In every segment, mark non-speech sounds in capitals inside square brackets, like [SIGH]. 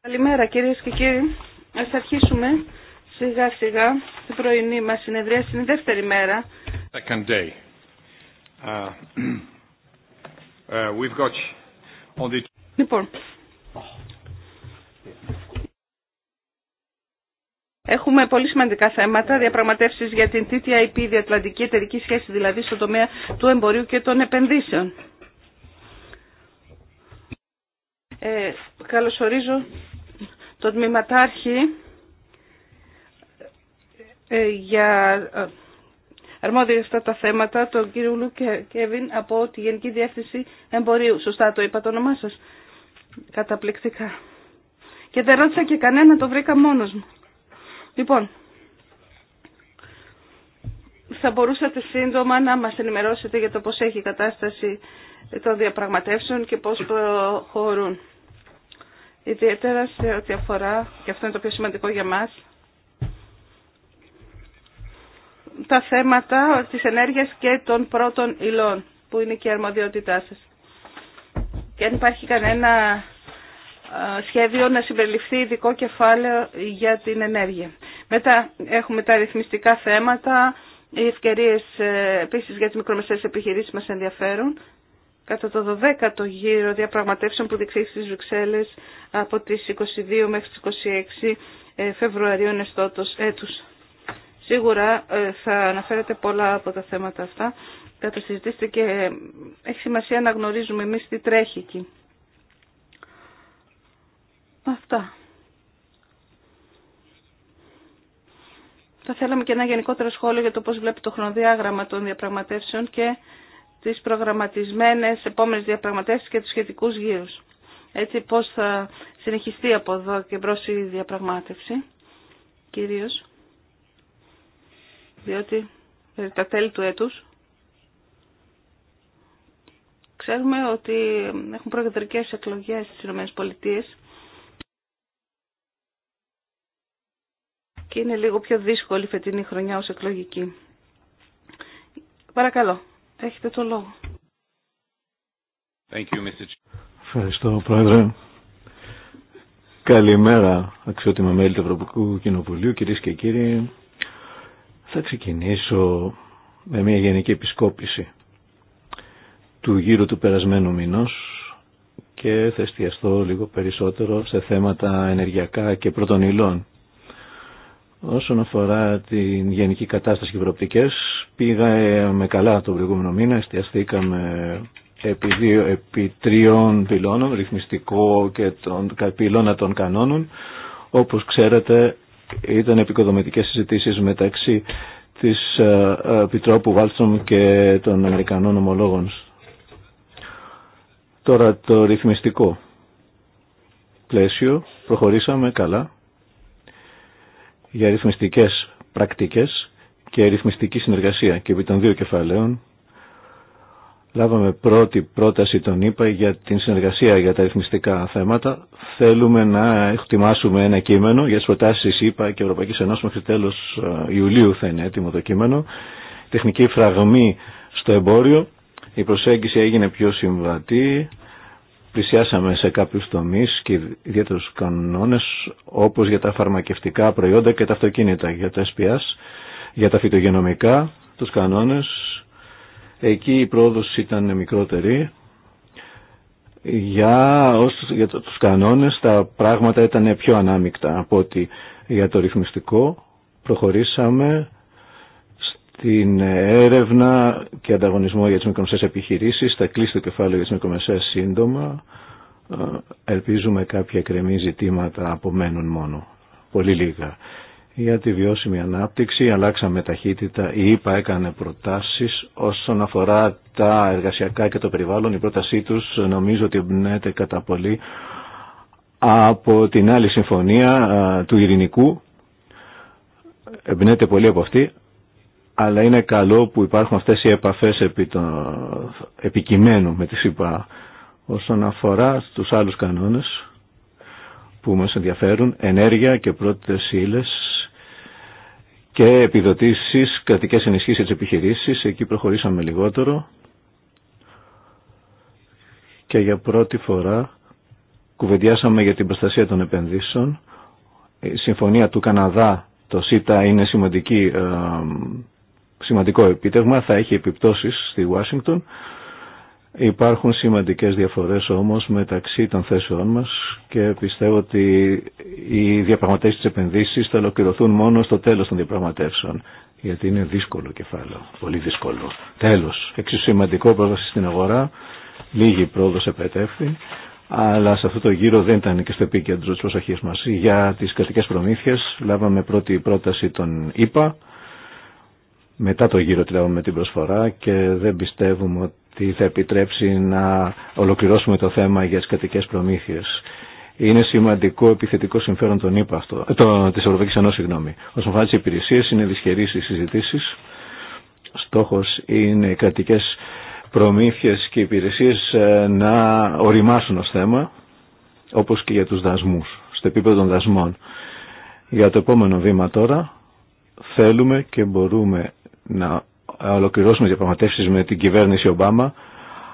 Καλημέρα κύριε και κύριοι. Ας αρχίσουμε σιγά σιγά την πρωινή μα συνεδρία στην δεύτερη μέρα. Second day. Uh, [CLEARS THROAT] uh Λοιπόν, Έχουμε πολύ σημαντικά θέματα, διαπραγματεύσεις για την TTIP, διατλαντική εταιρική σχέση δηλαδή στον τομέα του εμπορίου και των επενδύσεων. Ε, καλωσορίζω τον τμήματάρχη ε, για ε, αρμόδια αυτά τα θέματα, τον κύριο Λουκ Κέβιν από τη Γενική Διεύθυνση Εμπορίου. Σωστά το είπα το όνομά σας. Καταπληκτικά. Και δεν ρώτησα και κανένα, το βρήκα μόνος μου. Λοιπόν, θα μπορούσατε σύντομα να μας ενημερώσετε για το πώς έχει η κατάσταση των διαπραγματεύσεων και πώς προχωρούν. Ιδιαίτερα σε ό,τι αφορά, και αυτό είναι το πιο σημαντικό για μας, τα θέματα της ενέργειας και των πρώτων υλών, που είναι και η αρμοδιότητά σας. Και αν υπάρχει κανένα σχέδιο να συμπεριληφθεί ειδικό κεφάλαιο για την ενέργεια. Μετά έχουμε τα ρυθμιστικά θέματα, οι ευκαιρίε ε, επίση για τις μικρομεσαίες επιχειρήσεις μας ενδιαφέρουν. Κατά το 12ο γύρο διαπραγματεύσεων που διεξήχθη στις Βρυξέλλε από τις 22 μέχρι τι 26 ε, Φεβρουαρίου εστότο έτους. Σίγουρα ε, θα αναφέρετε πολλά από τα θέματα αυτά. Θα τα συζητήσετε και έχει σημασία να γνωρίζουμε εμεί τι τρέχει εκεί. Αυτά. Θα θέλαμε και ένα γενικότερο σχόλιο για το πώς βλέπει το χρονοδιάγραμμα των διαπραγματεύσεων και τις προγραμματισμένες επόμενες διαπραγματεύσεις και τους σχετικούς γύρους. Έτσι πώς θα συνεχιστεί από εδώ και μπρος η διαπραγμάτευση, κυρίως, διότι ε, τα τέλη του έτους ξέρουμε ότι έχουν προεδρικές εκλογές στις ΗΠΑ και είναι λίγο πιο δύσκολη φετινή χρονιά ως εκλογική. Παρακαλώ, έχετε το λόγο. Thank you, Mr. Ευχαριστώ, Πρόεδρε. Καλημέρα, αξιότιμα μέλη του Ευρωπαϊκού Κοινοβουλίου, κυρίε και κύριοι. Θα ξεκινήσω με μια γενική επισκόπηση του γύρου του περασμένου μηνός και θα εστιαστώ λίγο περισσότερο σε θέματα ενεργειακά και πρώτων Όσον αφορά την γενική κατάσταση και προοπτικές, πήγαμε καλά τον προηγούμενο μήνα, εστιαστήκαμε επί, δύο, επί τριών πυλώνων, ρυθμιστικό και τον πυλώνα των κανόνων. Όπως ξέρετε ήταν επικοδομητικές συζητήσεις μεταξύ της ε, ε, Επιτρόπου Βάλστρομ και των Αμερικανών ομολόγων. Τώρα το ρυθμιστικό πλαίσιο, προχωρήσαμε καλά για ρυθμιστικές πρακτικές και ρυθμιστική συνεργασία και επί των δύο κεφαλαίων λάβαμε πρώτη πρόταση τον ΗΠΑ για την συνεργασία για τα ρυθμιστικά θέματα. Θέλουμε να εκτιμάσουμε ένα κείμενο για τις προτάσεις ΗΠΑ και Ευρωπαϊκής Ενώσης μέχρι τέλος ε, Ιουλίου θα είναι έτοιμο το κείμενο. Τεχνική φραγμή στο εμπόριο. Η προσέγγιση έγινε πιο συμβατή πλησιάσαμε σε κάποιους τομείς και ιδιαίτερους κανόνες όπως για τα φαρμακευτικά προϊόντα και τα αυτοκίνητα, για τα SPS, για τα φυτογενομικά, τους κανόνες. Εκεί η πρόοδος ήταν μικρότερη. Για, ως, για τους κανόνες τα πράγματα ήταν πιο ανάμεικτα από ότι για το ρυθμιστικό προχωρήσαμε την έρευνα και ανταγωνισμό για τις μικρομεσαίες επιχειρήσεις. Θα κλείσει το κεφάλαιο για τις μικρομεσαίες σύντομα. Ε, ελπίζουμε κάποια κρεμή ζητήματα απομένουν μόνο. Πολύ λίγα. Για τη βιώσιμη ανάπτυξη αλλάξαμε ταχύτητα. Η ΕΠΑ έκανε προτάσεις όσον αφορά τα εργασιακά και το περιβάλλον. Η πρότασή τους νομίζω ότι εμπνέεται κατά πολύ από την άλλη συμφωνία ε, του Ειρηνικού εμπνέεται πολύ από αυτή, αλλά είναι καλό που υπάρχουν αυτές οι επαφές επί το επικειμένου με τη ΣΥΠΑ όσον αφορά στους άλλους κανόνες που μας ενδιαφέρουν, ενέργεια και πρώτες ύλες και επιδοτήσεις, κρατικές ενισχύσεις της επιχειρήσεις, εκεί προχωρήσαμε λιγότερο και για πρώτη φορά κουβεντιάσαμε για την προστασία των επενδύσεων. Η συμφωνία του Καναδά, το ΣΥΤΑ, είναι σημαντική ε, σημαντικό επίτευγμα, θα έχει επιπτώσεις στη Ουάσιγκτον. Υπάρχουν σημαντικές διαφορές όμως μεταξύ των θέσεών μας και πιστεύω ότι οι διαπραγματεύσεις της επενδύσεις θα ολοκληρωθούν μόνο στο τέλος των διαπραγματεύσεων γιατί είναι δύσκολο κεφάλαιο, πολύ δύσκολο. Τέλος, εξίσου σημαντικό πρόβαση στην αγορά, λίγη πρόοδος επετεύθη, αλλά σε αυτό το γύρο δεν ήταν και στο επίκεντρο της προσοχής μας. Για τις κρατικές προμήθειες λάβαμε πρώτη πρόταση των ΙΠΑ, μετά το γύρο τρέχουμε με την προσφορά και δεν πιστεύουμε ότι θα επιτρέψει να ολοκληρώσουμε το θέμα για τις κρατικές προμήθειες. Είναι σημαντικό επιθετικό συμφέρον τον είπα αυτό, ε, το, της Ευρωπαϊκής Ενώσης, συγγνώμη. Όσον αφορά τις υπηρεσίες είναι δυσχερείς οι συζητήσεις. Στόχος είναι οι κρατικές προμήθειες και υπηρεσίες ε, να οριμάσουν ως θέμα, όπως και για τους δασμούς, στο επίπεδο των δασμών. Για το επόμενο βήμα τώρα, θέλουμε και μπορούμε να ολοκληρώσουμε διαπραγματεύσεις με την κυβέρνηση Ομπάμα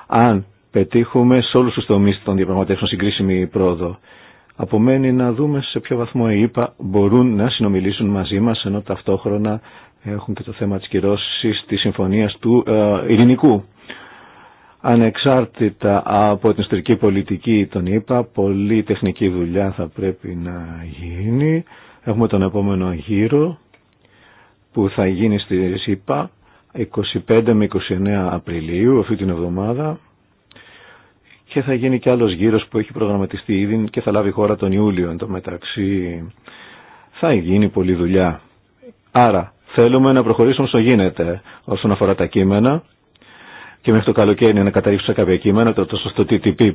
αν πετύχουμε σε όλους τους τομείς των διαπραγματεύσεων συγκρίσιμη πρόοδο. Απομένει να δούμε σε ποιο βαθμό οι ΙΠΑ μπορούν να συνομιλήσουν μαζί μας ενώ ταυτόχρονα έχουν και το θέμα της κυρώσης της συμφωνίας του ελληνικού. Ανεξάρτητα από την ιστορική πολιτική των ΙΠΑ, πολλή τεχνική δουλειά θα πρέπει να γίνει. Έχουμε τον επόμενο γύρο που θα γίνει στη ΣΥΠΑ 25 με 29 Απριλίου αυτή την εβδομάδα και θα γίνει και άλλος γύρος που έχει προγραμματιστεί ήδη και θα λάβει χώρα τον Ιούλιο εν τω μεταξύ θα γίνει πολλή δουλειά άρα θέλουμε να προχωρήσουμε όσο γίνεται όσον αφορά τα κείμενα και μέχρι το καλοκαίρι να καταλήξουμε σε κάποια κείμενα το, το σωστό TTP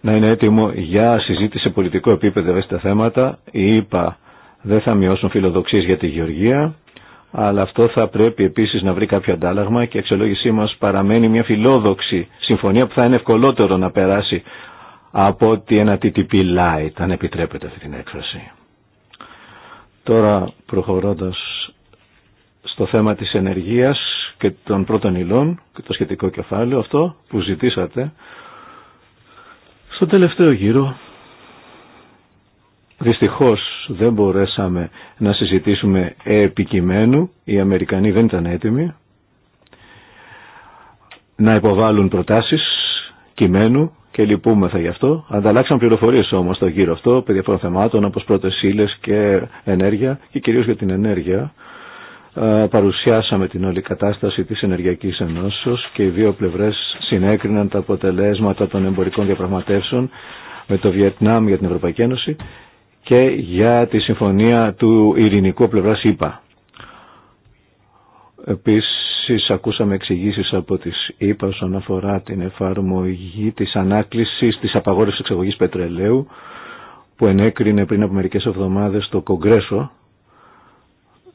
να είναι έτοιμο για συζήτηση σε πολιτικό επίπεδο βέβαια τα θέματα Η ΕΠΑ δεν θα μειώσουν φιλοδοξίες για τη Γεωργία αλλά αυτό θα πρέπει επίσης να βρει κάποιο αντάλλαγμα και η εξολόγησή μας παραμένει μια φιλόδοξη συμφωνία που θα είναι ευκολότερο να περάσει από ότι ένα TTP light, αν επιτρέπεται αυτή την έκφραση. Τώρα προχωρώντας στο θέμα της ενεργείας και των πρώτων υλών και το σχετικό κεφάλαιο αυτό που ζητήσατε, στο τελευταίο γύρο Δυστυχώς δεν μπορέσαμε να συζητήσουμε επικειμένου, οι Αμερικανοί δεν ήταν έτοιμοι να υποβάλουν προτάσεις κειμένου και λυπούμεθα γι' αυτό. Ανταλλάξαν πληροφορίες όμως το γύρο αυτό περί θεμάτων όπως πρώτες ύλες και ενέργεια και κυρίως για την ενέργεια. Παρουσιάσαμε την όλη κατάσταση της Ενεργειακής Ενώσεως και οι δύο πλευρές συνέκριναν τα αποτελέσματα των εμπορικών διαπραγματεύσεων με το Βιετνάμ για την Ευρωπαϊκή Ένωση και για τη συμφωνία του ειρηνικού πλευράς ΙΠΑ. Επίσης ακούσαμε εξηγήσει από τις ΙΠΑ όσον αφορά την εφαρμογή της ανάκλησης της απαγόρευσης εξαγωγής πετρελαίου που ενέκρινε πριν από μερικές εβδομάδες το Κογκρέσο.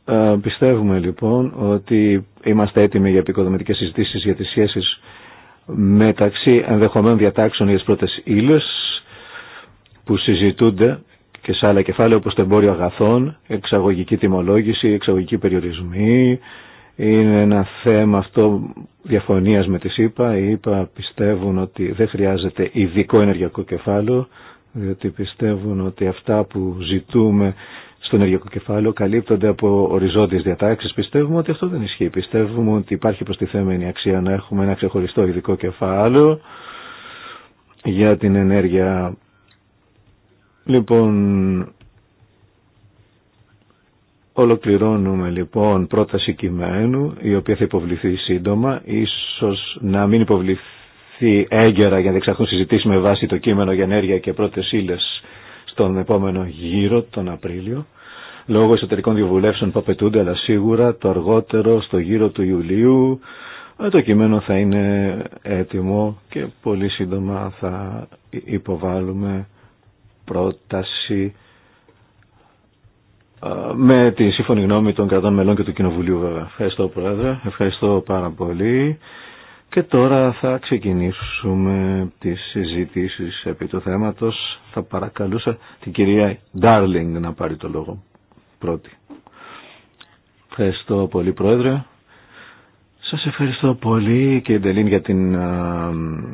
Ε, πιστεύουμε λοιπόν ότι είμαστε έτοιμοι για επικοδομητικές συζητήσεις για τις σχέσεις μεταξύ ενδεχομένων διατάξεων για τις πρώτες ύλες που συζητούνται και σε άλλα κεφάλαια όπως το εμπόριο αγαθών, εξαγωγική τιμολόγηση, εξαγωγική περιορισμή. Είναι ένα θέμα αυτό διαφωνίας με τη ΣΥΠΑ. Οι ΗΠΑ πιστεύουν ότι δεν χρειάζεται ειδικό ενεργειακό κεφάλαιο, διότι πιστεύουν ότι αυτά που ζητούμε στο ενεργειακό κεφάλαιο καλύπτονται από οριζόντιες διατάξεις. Πιστεύουμε ότι αυτό δεν ισχύει. Πιστεύουμε ότι υπάρχει προστιθέμενη αξία να έχουμε ένα ξεχωριστό ειδικό κεφάλαιο για την ενέργεια Λοιπόν, ολοκληρώνουμε λοιπόν πρόταση κειμένου, η οποία θα υποβληθεί σύντομα, ίσως να μην υποβληθεί έγκαιρα για να διεξαχθούν συζητήσει με βάση το κείμενο για ενέργεια και πρώτες ύλες στον επόμενο γύρο, τον Απρίλιο, λόγω εσωτερικών διαβουλεύσεων που απαιτούνται, αλλά σίγουρα το αργότερο στο γύρο του Ιουλίου το κείμενο θα είναι έτοιμο και πολύ σύντομα θα υποβάλουμε πρόταση με τη σύμφωνη γνώμη των κρατών μελών και του Κοινοβουλίου βέβαια. Ευχαριστώ Πρόεδρε, ευχαριστώ πάρα πολύ. Και τώρα θα ξεκινήσουμε τις συζητήσεις επί του θέματος. Θα παρακαλούσα την κυρία Ντάρλινγκ να πάρει το λόγο πρώτη. Ευχαριστώ πολύ Πρόεδρε. Σας ευχαριστώ πολύ και Ντελίν για την ε,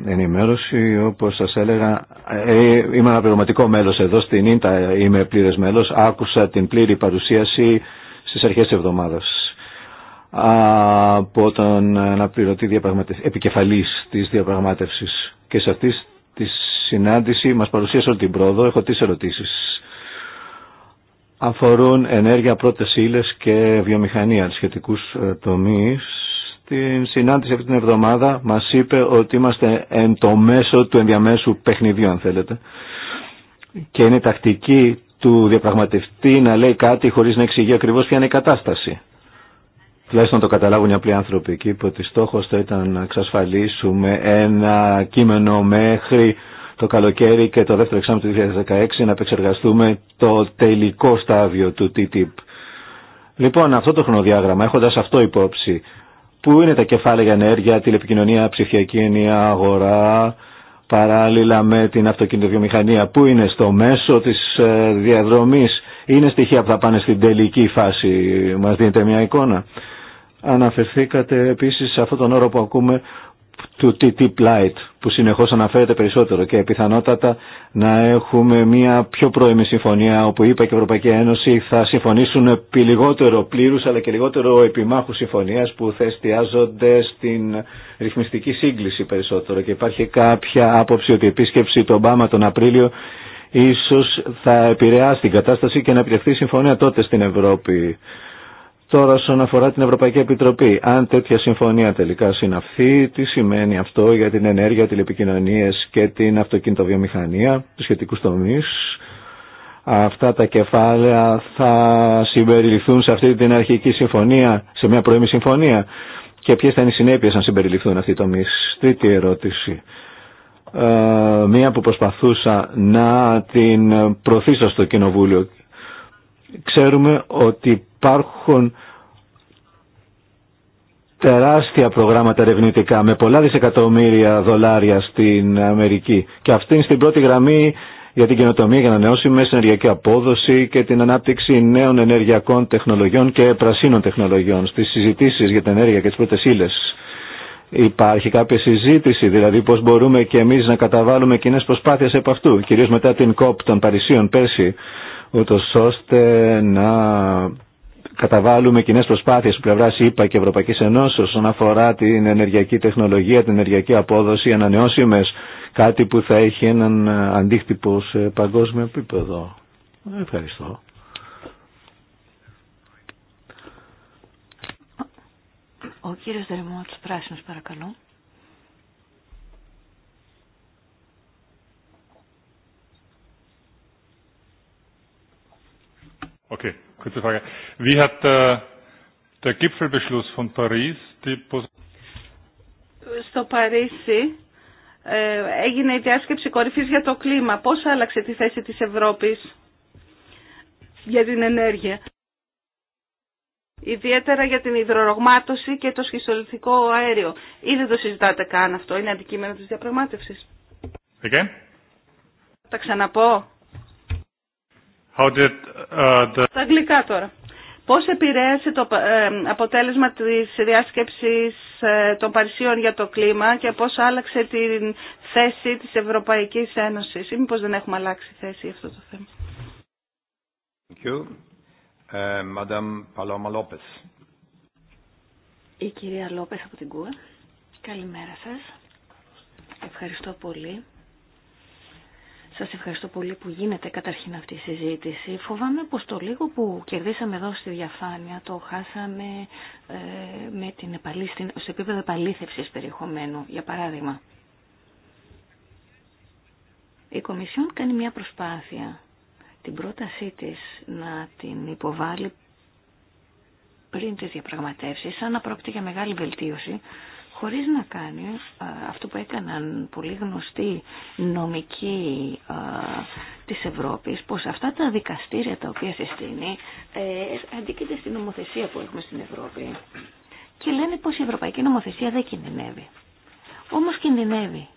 ενημέρωση. Όπως σας έλεγα, ε, είμαι ένα πληρωματικό μέλος εδώ στην Ίντα, είμαι πλήρες μέλος. Άκουσα την πλήρη παρουσίαση στις αρχές της εβδομάδας από τον αναπληρωτή επικεφαλής της διαπραγμάτευσης. Και σε αυτή τη συνάντηση μας παρουσίασε όλη την πρόοδο. Έχω τρεις ερωτήσεις. Αφορούν ενέργεια, πρώτες ύλες και βιομηχανία, σχετικούς ε, τομείς στην συνάντηση αυτή την εβδομάδα μας είπε ότι είμαστε εν το μέσο του ενδιαμέσου παιχνιδιού αν θέλετε και είναι τακτική του διαπραγματευτή να λέει κάτι χωρίς να εξηγεί ακριβώς ποια είναι η κατάσταση. Τουλάχιστον το καταλάβουν οι απλοί άνθρωποι εκεί που ότι στόχος θα ήταν να εξασφαλίσουμε ένα κείμενο μέχρι το καλοκαίρι και το δεύτερο εξάμεινο του 2016 να επεξεργαστούμε το τελικό στάδιο του TTIP. Λοιπόν, αυτό το χρονοδιάγραμμα, έχοντας αυτό υπόψη, Πού είναι τα κεφάλαια για ενέργεια, τηλεπικοινωνία, ψηφιακή ενιαία αγορά, παράλληλα με την αυτοκινητοβιομηχανία. Πού είναι στο μέσο της ε, διαδρομής. Είναι στοιχεία που θα πάνε στην τελική φάση. Μας δίνετε μια εικόνα. Αναφερθήκατε επίσης σε αυτόν τον όρο που ακούμε του T.T. Lite που συνεχώς αναφέρεται περισσότερο και πιθανότατα να έχουμε μια πιο πρώιμη συμφωνία όπου είπα και η Ευρωπαϊκή Ένωση θα συμφωνήσουν επί λιγότερο πλήρους αλλά και λιγότερο επιμάχου συμφωνίας που θα εστιάζονται στην ρυθμιστική σύγκληση περισσότερο και υπάρχει κάποια άποψη ότι η επίσκεψη του Ομπάμα τον Απρίλιο ίσως θα επηρεάσει την κατάσταση και να επιτευχθεί συμφωνία τότε στην Ευρώπη. Τώρα όσον αφορά την Ευρωπαϊκή Επιτροπή, αν τέτοια συμφωνία τελικά συναυθεί, τι σημαίνει αυτό για την ενέργεια, τηλεπικοινωνίες και την αυτοκινητοβιομηχανία, του σχετικού τομεί. Αυτά τα κεφάλαια θα συμπεριληφθούν σε αυτή την αρχική συμφωνία, σε μια πρώιμη συμφωνία. Και ποιε θα είναι οι συνέπειε αν συμπεριληφθούν αυτοί οι τομεί. Τρίτη ερώτηση. Ε, μία που προσπαθούσα να την προωθήσω στο Κοινοβούλιο. Ξέρουμε ότι υπάρχουν τεράστια προγράμματα ερευνητικά με πολλά δισεκατομμύρια δολάρια στην Αμερική και αυτή είναι στην πρώτη γραμμή για την καινοτομία, για να μέσα ενεργειακή απόδοση και την ανάπτυξη νέων ενεργειακών τεχνολογιών και πρασίνων τεχνολογιών. Στις συζητήσεις για την ενέργεια και τις πρώτες ύλε, υπάρχει κάποια συζήτηση, δηλαδή πώς μπορούμε και εμεί να καταβάλουμε κοινέ προσπάθειε από αυτού, κυρίως μετά την COP των Παρισίων πέρσι, ούτω ώστε να καταβάλουμε κοινέ προσπάθειες που πλευρά ΗΠΑ και Ευρωπαϊκής Ενώσεως όσον αφορά την ενεργειακή τεχνολογία, την ενεργειακή απόδοση, ανανεώσιμες, κάτι που θα έχει έναν ε, αντίκτυπο σε παγκόσμιο επίπεδο. Ευχαριστώ. Ο κύριος Δερμό, Πράσινος, παρακαλώ. Okay. Στο Παρίσι ε, έγινε η διάσκεψη κορυφής για το κλίμα. Πώς άλλαξε τη θέση της Ευρώπης για την ενέργεια. Ιδιαίτερα για την υδρορογμάτωση και το σχιστολιθικό αέριο. Ή δεν το συζητάτε καν αυτό. Είναι αντικείμενο της διαπραγμάτευσης. Θα τα ξαναπώ. How did, uh, αγγλικά τώρα. Πώς επηρέασε το ε, αποτέλεσμα της διάσκεψης ε, των Παρισίων για το κλίμα και πώς άλλαξε την θέση της Ευρωπαϊκής Ένωσης ή μήπως δεν έχουμε αλλάξει θέση για αυτό το θέμα. Ε, Η κυρία Λόπες από την ΚΟΕ. Καλημέρα σας. Ευχαριστώ πολύ. Σας ευχαριστώ πολύ που γίνεται καταρχήν αυτή η συζήτηση. Φοβάμαι πως το λίγο που κερδίσαμε εδώ στη διαφάνεια το χάσαμε ε, με την επαλή, σε επίπεδο επαλήθευσης περιεχομένου, για παράδειγμα. Η Κομισιόν κάνει μια προσπάθεια την πρότασή της να την υποβάλει πριν τις διαπραγματεύσεις, σαν να πρόκειται για μεγάλη βελτίωση χωρίς να κάνει ε, αυτό που έκαναν πολύ γνωστοί νομικοί ε, της Ευρώπης, πως αυτά τα δικαστήρια τα οποία συστήνει ε, αντίκειται στην νομοθεσία που έχουμε στην Ευρώπη και λένε πως η ευρωπαϊκή νομοθεσία δεν κινδυνεύει. Όμως κινδυνεύει.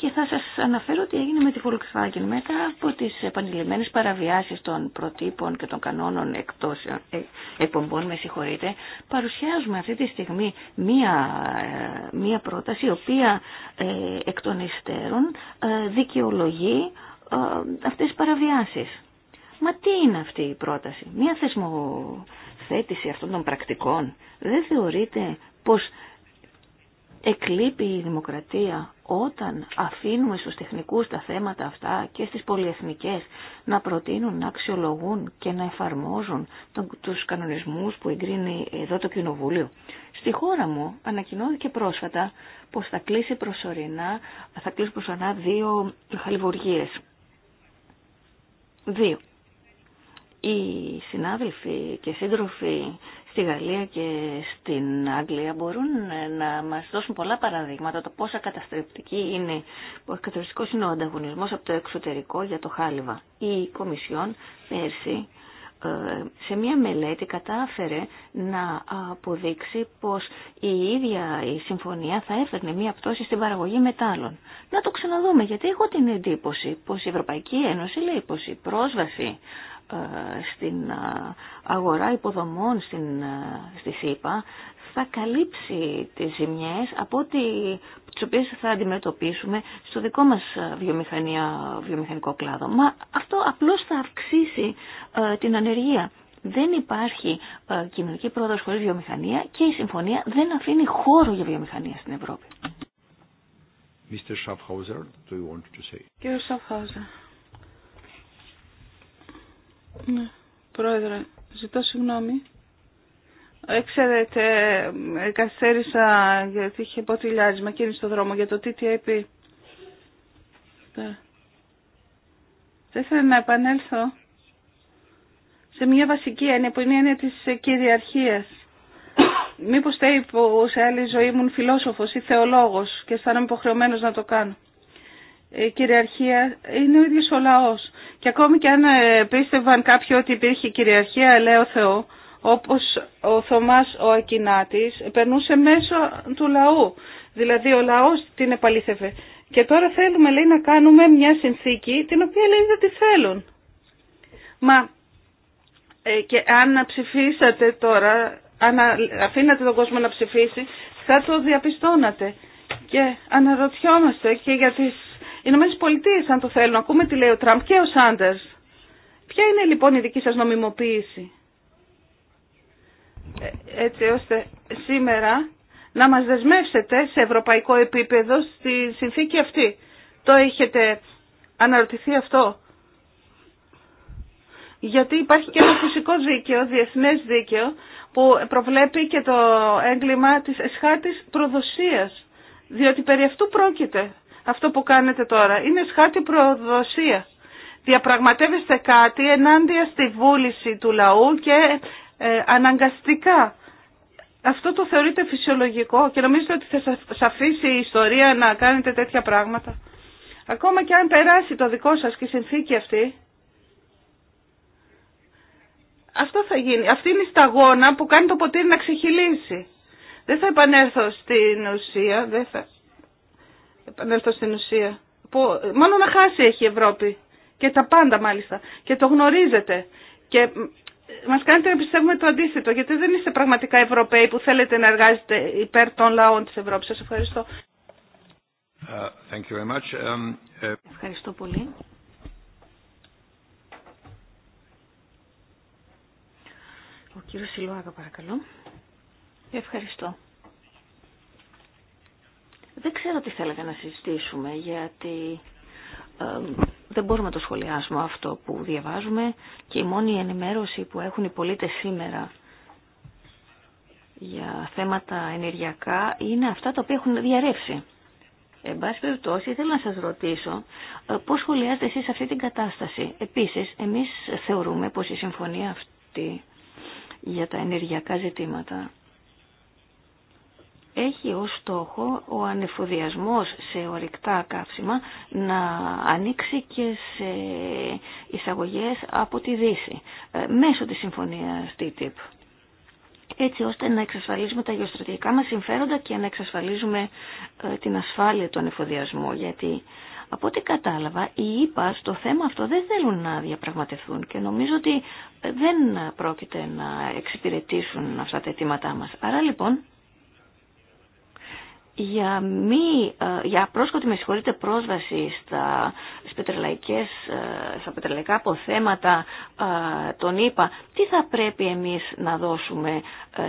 Και θα σας αναφέρω ότι έγινε με τη Volkswagen μετά από τις επανειλημμένες παραβιάσεις των προτύπων και των κανόνων εκτός επομπών, ε, με συγχωρείτε, παρουσιάζουμε αυτή τη στιγμή μία, ε, μία πρόταση η οποία ε, εκ των υστέρων δικαιολογεί αυτές τις παραβιάσεις. Μα τι είναι αυτή η πρόταση, μία θεσμοθέτηση αυτών των πρακτικών. Δεν θεωρείτε πως εκλείπει η δημοκρατία όταν αφήνουμε στους τεχνικούς τα θέματα αυτά και στις πολυεθνικές να προτείνουν, να αξιολογούν και να εφαρμόζουν τον, τους κανονισμούς που εγκρίνει εδώ το Κοινοβούλιο. Στη χώρα μου ανακοινώθηκε πρόσφατα πως θα κλείσει προσωρινά, θα κλείσει προσωρινά δύο χαλιβουργίες. Δύο. Οι συνάδελφοι και σύντροφοι στη Γαλλία και στην Αγγλία μπορούν ε, να μας δώσουν πολλά παραδείγματα το πόσα καταστρεπτική είναι, καταστρεπτικός είναι ο ανταγωνισμός από το εξωτερικό για το χάλιβα. Η Κομισιόν πέρσι ε, σε μια μελέτη κατάφερε να αποδείξει πως η ίδια η συμφωνία θα έφερνε μια πτώση στην παραγωγή μετάλλων. Να το ξαναδούμε γιατί έχω την εντύπωση πως η Ευρωπαϊκή Ένωση λέει πως η πρόσβαση στην αγορά υποδομών στην, στη ΣΥΠΑ θα καλύψει τις ζημιές από ό,τι τις οποίες θα αντιμετωπίσουμε στο δικό μας βιομηχανία, βιομηχανικό κλάδο. Μα αυτό απλώς θα αυξήσει την ανεργία. Δεν υπάρχει ε, κοινωνική πρόοδος χωρίς βιομηχανία και η συμφωνία δεν αφήνει χώρο για βιομηχανία στην Ευρώπη. Κύριε ναι, πρόεδρε, ζητώ συγγνώμη. Ξέρετε, καθυστέρησα γιατί είχε ποτηλιάρισμα εκείνη στο δρόμο για το TTIP. Δεν ήθελα να επανέλθω σε μια βασική έννοια που είναι η έννοια της κυριαρχίας. Μήπως θέλει που σε άλλη ζωή ήμουν φιλόσοφος ή θεολόγος και αισθάνομαι υποχρεωμένος να το κάνω. Ε, κυριαρχία είναι ο ίδιος ο λαός. Και ακόμη και αν ε, πίστευαν κάποιοι ότι υπήρχε κυριαρχία, λέω Θεό, όπως ο Θωμάς ο Ακινάτης, περνούσε μέσω του λαού. Δηλαδή ο λαός την επαλήθευε. Και τώρα θέλουμε, λέει, να κάνουμε μια συνθήκη, την οποία, λέει, δεν τη θέλουν. Μα, ε, και αν ψηφίσατε τώρα, αν αφήνατε τον κόσμο να ψηφίσει, θα το διαπιστώνατε. Και αναρωτιόμαστε και για τις Ηνωμένε Πολιτείε, αν το θέλουν. Ακούμε τι λέει ο Τραμπ και ο Σάντερ. Ποια είναι λοιπόν η δική σα νομιμοποίηση, ε, έτσι ώστε σήμερα να μας δεσμεύσετε σε ευρωπαϊκό επίπεδο στη συνθήκη αυτή. Το έχετε αναρωτηθεί αυτό. Γιατί υπάρχει και ένα φυσικό δίκαιο, διεθνές δίκαιο, που προβλέπει και το έγκλημα της εσχάτης προδοσίας. Διότι περί αυτού πρόκειται αυτό που κάνετε τώρα. Είναι σχάτη προδοσία. Διαπραγματεύεστε κάτι ενάντια στη βούληση του λαού και ε, αναγκαστικά. Αυτό το θεωρείτε φυσιολογικό και νομίζετε ότι θα σας αφήσει η ιστορία να κάνετε τέτοια πράγματα. Ακόμα και αν περάσει το δικό σας και η συνθήκη αυτή, αυτό θα γίνει. Αυτή είναι η σταγόνα που κάνει το ποτήρι να ξεχυλήσει. Δεν θα επανέλθω στην ουσία, δεν θα επανέλθω στην ουσία. Που μόνο να χάσει έχει η Ευρώπη. Και τα πάντα μάλιστα. Και το γνωρίζετε. Και μας κάνετε να πιστεύουμε το αντίθετο. Γιατί δεν είστε πραγματικά Ευρωπαίοι που θέλετε να εργάζετε υπέρ των λαών της Ευρώπης. Σα ευχαριστώ. Uh, um, uh, ευχαριστώ πολύ. Ο κύριος Σιλουάγα παρακαλώ. Ευχαριστώ. Δεν ξέρω τι θέλετε να συζητήσουμε γιατί ε, δεν μπορούμε να το σχολιάσουμε αυτό που διαβάζουμε και η μόνη ενημέρωση που έχουν οι πολίτες σήμερα για θέματα ενεργειακά είναι αυτά τα οποία έχουν διαρρεύσει. Εν πάση περιπτώσει, θέλω να σας ρωτήσω ε, πώς σχολιάζετε εσείς αυτή την κατάσταση. Επίσης, εμείς θεωρούμε πως η συμφωνία αυτή για τα ενεργειακά ζητήματα έχει ως στόχο ο ανεφοδιασμός σε ορυκτά καύσιμα να ανοίξει και σε εισαγωγές από τη Δύση ε, μέσω της συμφωνίας TTIP έτσι ώστε να εξασφαλίζουμε τα γεωστρατηγικά μας συμφέροντα και να εξασφαλίζουμε ε, την ασφάλεια του ανεφοδιασμού γιατί από ό,τι κατάλαβα, οι ΙΠΑ στο θέμα αυτό δεν θέλουν να διαπραγματευτούν και νομίζω ότι ε, δεν πρόκειται να εξυπηρετήσουν αυτά τα αιτήματά μας. Άρα λοιπόν, για, μη, ε, για πρόσκοτη με συγχωρείτε πρόσβαση στα, πετρελαϊκές, ε, στα πετρελαϊκά αποθέματα ε, τον είπα τι θα πρέπει εμείς να δώσουμε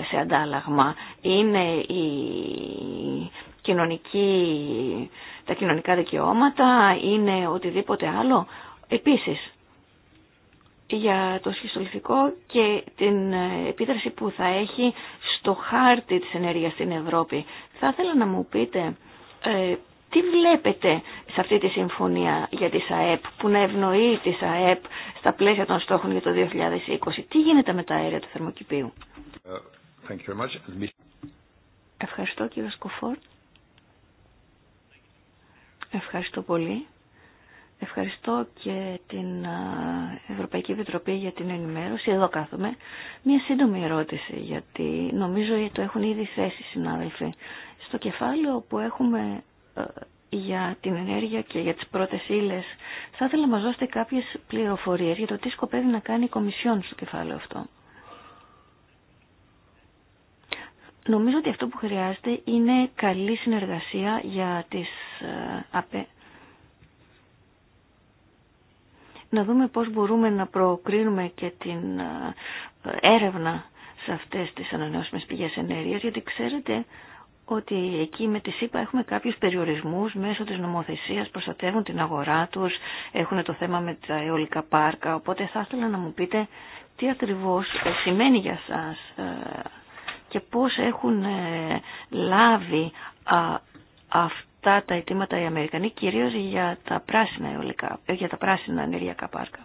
σε αντάλλαγμα είναι η κοινωνική, τα κοινωνικά δικαιώματα είναι οτιδήποτε άλλο επίσης για το σχιστολιθικό και την ε, επίδραση που θα έχει στο χάρτη της ενέργειας στην Ευρώπη. Θα ήθελα να μου πείτε ε, τι βλέπετε σε αυτή τη συμφωνία για τη ΣΑΕΠ που να ευνοεί τη ΣΑΕΠ στα πλαίσια των στόχων για το 2020. Τι γίνεται με τα αέρια του θερμοκηπίου. Ε, thank you very much. Ευχαριστώ κύριε Σκοφόρ. Ευχαριστώ πολύ. Ευχαριστώ και την Ευρωπαϊκή Επιτροπή για την ενημέρωση. Εδώ κάθομαι. Μία σύντομη ερώτηση, γιατί νομίζω το έχουν ήδη θέσει συνάδελφοι. Στο κεφάλαιο που έχουμε ε, για την ενέργεια και για τις πρώτες ύλες, θα ήθελα να μας δώσετε κάποιες πληροφορίες για το τι σκοπεύει να κάνει η Κομισιόν στο κεφάλαιο αυτό. Νομίζω ότι αυτό που χρειάζεται είναι καλή συνεργασία για τις ε, ΑΠΕ να δούμε πώς μπορούμε να προκρίνουμε και την ε, έρευνα σε αυτές τις ανανεώσιμες πηγές ενέργειας, γιατί ξέρετε ότι εκεί με τη ΣΥΠΑ έχουμε κάποιους περιορισμούς μέσω της νομοθεσίας, προστατεύουν την αγορά τους, έχουν το θέμα με τα αιωλικά πάρκα, οπότε θα ήθελα να μου πείτε τι ακριβώς σημαίνει για σας ε, και πώς έχουν ε, λάβει αυτό αυτά τα αιτήματα οι Αμερικανοί, κυρίως για τα πράσινα αιωλικά, ε, για τα πράσινα ενεργειακά πάρκα.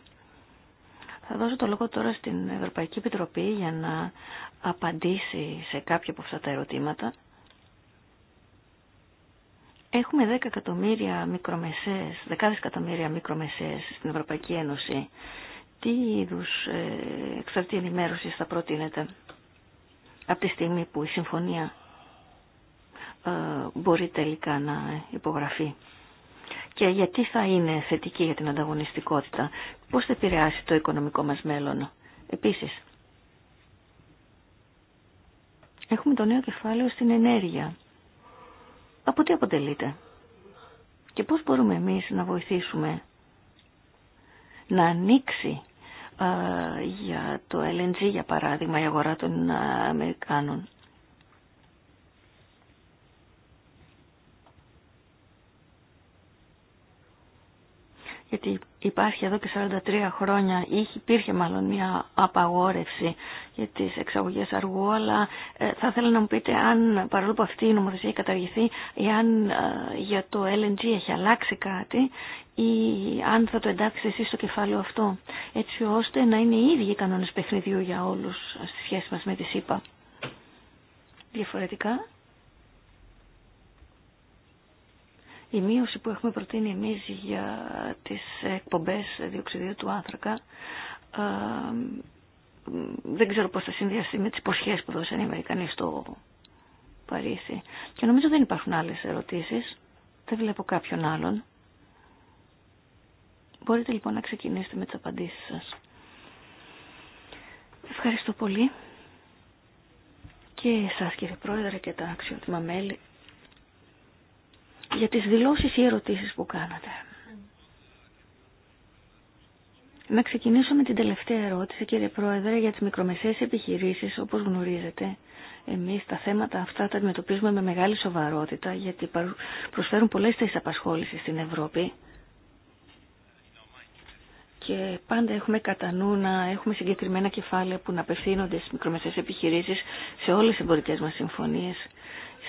Θα δώσω το λόγο τώρα στην Ευρωπαϊκή Επιτροπή για να απαντήσει σε κάποια από αυτά τα ερωτήματα. Έχουμε 10 εκατομμύρια μικρομεσαίες, δεκάδες εκατομμύρια μικρομεσαίες στην Ευρωπαϊκή Ένωση. Τι είδους ε, εξαρτή ενημέρωση θα προτείνετε από τη στιγμή που η συμφωνία ε, μπορεί τελικά να υπογραφεί. Και γιατί θα είναι θετική για την ανταγωνιστικότητα, πώς θα επηρεάσει το οικονομικό μας μέλλον. Επίσης, έχουμε το νέο κεφάλαιο στην ενέργεια. Από τι αποτελείται και πώς μπορούμε εμείς να βοηθήσουμε να ανοίξει ε, για το LNG για παράδειγμα η αγορά των ε, Αμερικάνων. γιατί υπάρχει εδώ και 43 χρόνια, υπήρχε μάλλον μια απαγόρευση για τις εξαγωγές αργού, αλλά ε, θα ήθελα να μου πείτε αν παρόλο που αυτή η νομοθεσία έχει καταργηθεί, εάν ε, για το LNG έχει αλλάξει κάτι ή αν θα το εντάξει εσεί στο κεφάλαιο αυτό, έτσι ώστε να είναι οι ίδιοι οι κανόνες παιχνιδιού για όλους ε, στη σχέση μας με τη ΣΥΠΑ. Διαφορετικά, Η μείωση που έχουμε προτείνει εμείς για τις εκπομπές διοξιδίου του άνθρακα ε, δεν ξέρω πώς θα συνδυαστεί με τις υποσχέσεις που δώσαν οι Αμερικανοί στο Παρίσι. Και νομίζω δεν υπάρχουν άλλες ερωτήσεις. Δεν βλέπω κάποιον άλλον. Μπορείτε λοιπόν να ξεκινήσετε με τις απαντήσεις σας. Ευχαριστώ πολύ και εσάς κύριε Πρόεδρε και τα αξιότιμα μέλη για τις δηλώσεις ή ερωτήσεις που κάνατε. Να ξεκινήσω με την τελευταία ερώτηση, κύριε Πρόεδρε, για τις μικρομεσαίες επιχειρήσεις. Όπως γνωρίζετε, εμείς τα θέματα αυτά τα αντιμετωπίζουμε με μεγάλη σοβαρότητα, γιατί προσφέρουν πολλές θέσεις απασχόλησης στην Ευρώπη. Και πάντα έχουμε κατά νου να έχουμε συγκεκριμένα κεφάλαια που να απευθύνονται στις μικρομεσαίες επιχειρήσεις σε όλες τις εμπορικές μας συμφωνίες.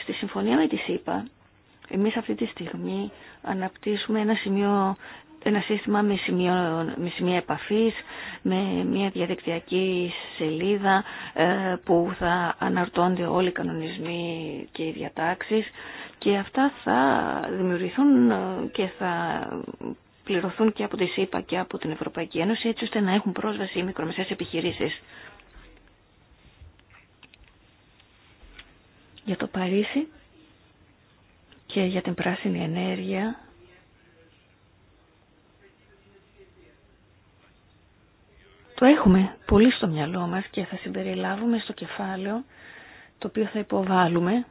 Στη συμφωνία με τη ΣΥΠΑ, εμείς αυτή τη στιγμή αναπτύσσουμε ένα σημείο ένα σύστημα με, σημείο, με σημεία επαφής, με μια διαδικτυακή σελίδα ε, που θα αναρτώνται όλοι οι κανονισμοί και οι διατάξεις και αυτά θα δημιουργηθούν ε, και θα πληρωθούν και από τη ΣΥΠΑ και από την Ευρωπαϊκή Ένωση έτσι ώστε να έχουν πρόσβαση οι μικρομεσαίες επιχειρήσεις. Για το Παρίσι και για την πράσινη ενέργεια. Το έχουμε πολύ στο μυαλό μας και θα συμπεριλάβουμε στο κεφάλαιο το οποίο θα υποβάλουμε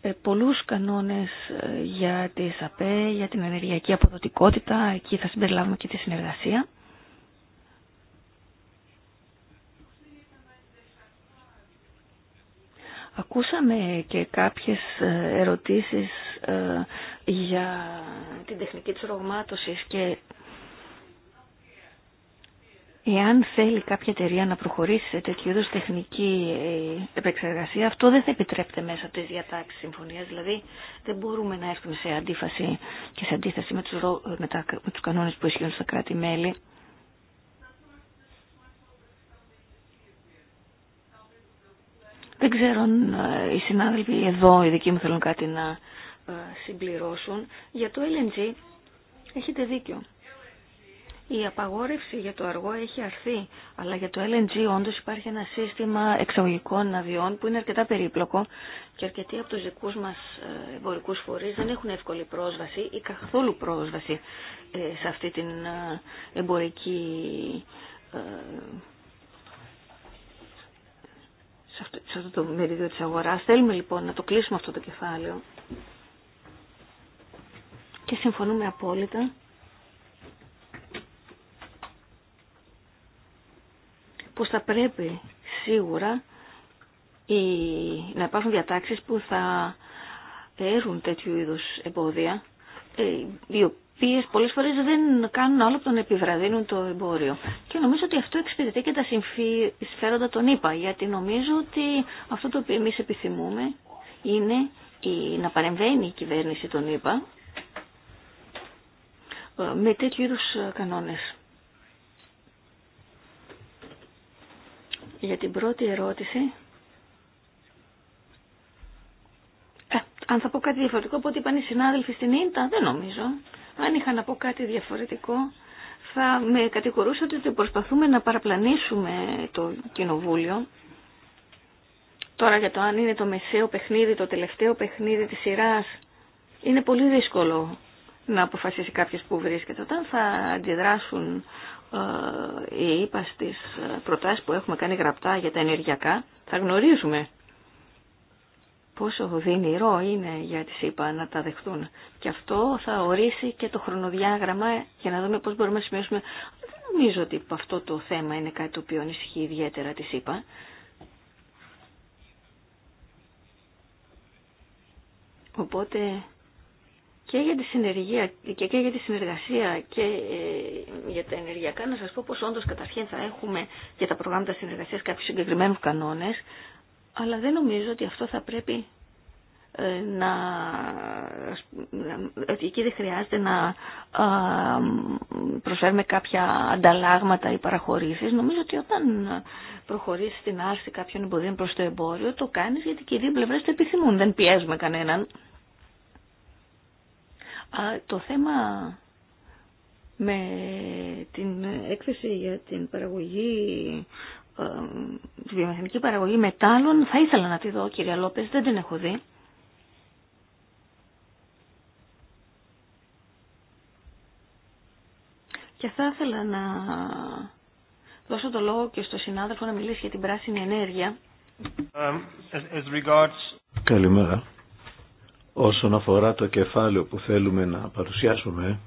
ε, πολλούς κανόνες ε, για τη ΑΠΕ, για την ενεργειακή αποδοτικότητα, εκεί θα συμπεριλάβουμε και τη συνεργασία. Ακούσαμε και κάποιες ε, ερωτήσεις ε, για την τεχνική της ρογμάτωσης και εάν θέλει κάποια εταιρεία να προχωρήσει σε τέτοιου είδους τεχνική ε, επεξεργασία, αυτό δεν θα επιτρέπεται μέσα από τις διατάξεις συμφωνίας. Δηλαδή δεν μπορούμε να έρθουμε σε αντίφαση και σε αντίθεση με τους, με τους κανόνες που ισχύουν στα κράτη-μέλη. Δεν ξέρω αν ε, οι συνάδελφοι εδώ, οι δικοί μου θέλουν κάτι να ε, συμπληρώσουν. Για το LNG έχετε δίκιο. Η απαγόρευση για το αργό έχει αρθεί, αλλά για το LNG όντως υπάρχει ένα σύστημα εξαγωγικών αδειών που είναι αρκετά περίπλοκο και αρκετοί από τους δικούς μας ε, εμπορικούς φορείς δεν έχουν εύκολη πρόσβαση ή καθόλου πρόσβαση σε αυτή την εμπορική σε αυτό, το μερίδιο της αγοράς. Θέλουμε λοιπόν να το κλείσουμε αυτό το κεφάλαιο και συμφωνούμε απόλυτα πως θα πρέπει σίγουρα η να υπάρχουν διατάξεις που θα έρουν τέτοιου είδους εμπόδια ε, οποίε πολλέ φορέ δεν κάνουν άλλο από τον επιβραδύνουν το εμπόριο. Και νομίζω ότι αυτό εξυπηρετεί και τα συμφέροντα των ΗΠΑ, γιατί νομίζω ότι αυτό το οποίο εμεί επιθυμούμε είναι η, να παρεμβαίνει η κυβέρνηση των ΗΠΑ ε, με τέτοιου είδου ε, κανόνες. Για την πρώτη ερώτηση, ε, αν θα πω κάτι διαφορετικό από ό,τι είπαν οι συνάδελφοι στην Ίντα, δεν νομίζω. Αν είχα να πω κάτι διαφορετικό, θα με κατηγορούσατε ότι προσπαθούμε να παραπλανήσουμε το κοινοβούλιο. Τώρα για το αν είναι το μεσαίο παιχνίδι, το τελευταίο παιχνίδι της σειράς, είναι πολύ δύσκολο να αποφασίσει κάποιος που βρίσκεται. Όταν θα αντιδράσουν ε, οι είπα ε, προτάσεις που έχουμε κάνει γραπτά για τα ενεργειακά, θα γνωρίζουμε πόσο δυνηρό είναι για τις ΗΠΑ να τα δεχτούν. Και αυτό θα ορίσει και το χρονοδιάγραμμα για να δούμε πώς μπορούμε να σημειώσουμε. Δεν νομίζω ότι αυτό το θέμα είναι κάτι το οποίο ανησυχεί ιδιαίτερα τις είπα. Οπότε και για τη συνεργία και, και για τη συνεργασία και ε, για τα ενεργειακά να σας πω πως όντως καταρχήν θα έχουμε για τα προγράμματα συνεργασίας κάποιους συγκεκριμένους κανόνες αλλά δεν νομίζω ότι αυτό θα πρέπει ε, να, ότι εκεί δεν χρειάζεται να προσφέρουμε κάποια ανταλλάγματα ή παραχωρήσεις. Νομίζω ότι όταν προχωρήσεις στην άρση κάποιων εμποδιών προς το εμπόριο, το κάνεις γιατί και οι δύο πλευρές το επιθυμούν, δεν πιέζουμε κανέναν. το θέμα με την έκθεση για την παραγωγή ε, τη βιομηχανική παραγωγή μετάλλων. Θα ήθελα να τη δω, κυρία Λόπες, δεν την έχω δει. Και θα ήθελα να δώσω το λόγο και στο συνάδελφο να μιλήσει για την πράσινη ενέργεια. Um, Καλημέρα. Όσον αφορά το κεφάλαιο που θέλουμε να παρουσιάσουμε,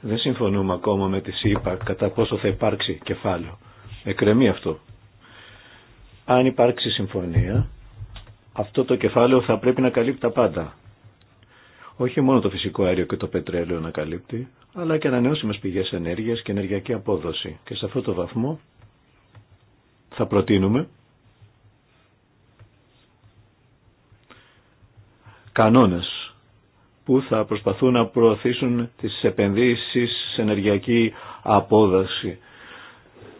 δεν συμφωνούμε ακόμα με τη ΣΥΠΑ κατά πόσο θα υπάρξει κεφάλαιο εκρεμεί αυτό. Αν υπάρξει συμφωνία, αυτό το κεφάλαιο θα πρέπει να καλύπτει τα πάντα. Όχι μόνο το φυσικό αέριο και το πετρέλαιο να καλύπτει, αλλά και ανανεώσιμε πηγέ ενέργεια και ενεργειακή απόδοση. Και σε αυτό το βαθμό θα προτείνουμε κανόνες που θα προσπαθούν να προωθήσουν τις επενδύσεις σε ενεργειακή απόδοση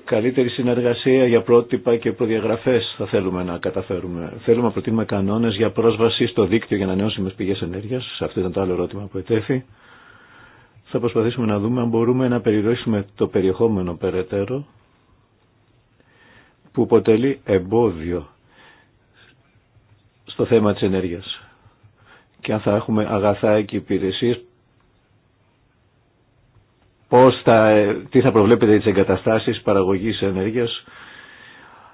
Καλύτερη συνεργασία για πρότυπα και προδιαγραφές θα θέλουμε να καταφέρουμε. Θέλουμε να προτείνουμε κανόνες για πρόσβαση στο δίκτυο για νεώσουμε πηγές ενέργειας. αυτό ήταν το άλλο ερώτημα που ετέθη. Θα προσπαθήσουμε να δούμε αν μπορούμε να περιορίσουμε το περιεχόμενο περαιτέρω που αποτελεί εμπόδιο στο θέμα της ενέργειας και αν θα έχουμε αγαθά και υπηρεσίες πώς θα, τι θα προβλέπετε τις εγκαταστάσεις παραγωγής ενέργειας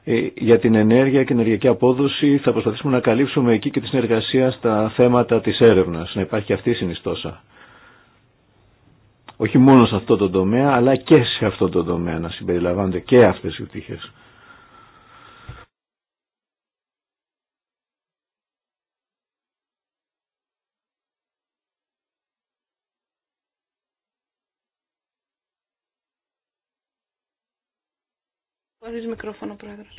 ε, για την ενέργεια και την ενεργειακή απόδοση θα προσπαθήσουμε να καλύψουμε εκεί και τη συνεργασία στα θέματα της έρευνας, να υπάρχει αυτή η συνιστόσα. Όχι μόνο σε αυτό το τομέα, αλλά και σε αυτό το τομέα να συμπεριλαμβάνονται και αυτές οι Χωρίς μικρόφωνο, Πρόεδρος.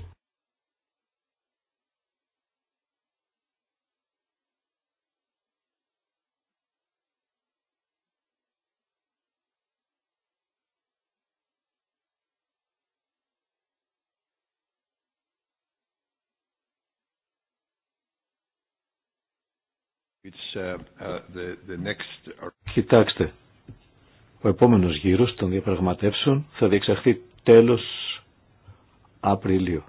It's, uh, uh the, the next... Uh, Κοιτάξτε, ο επόμενος γύρος των διαπραγματεύσεων θα διεξαχθεί τέλος Απριλίου.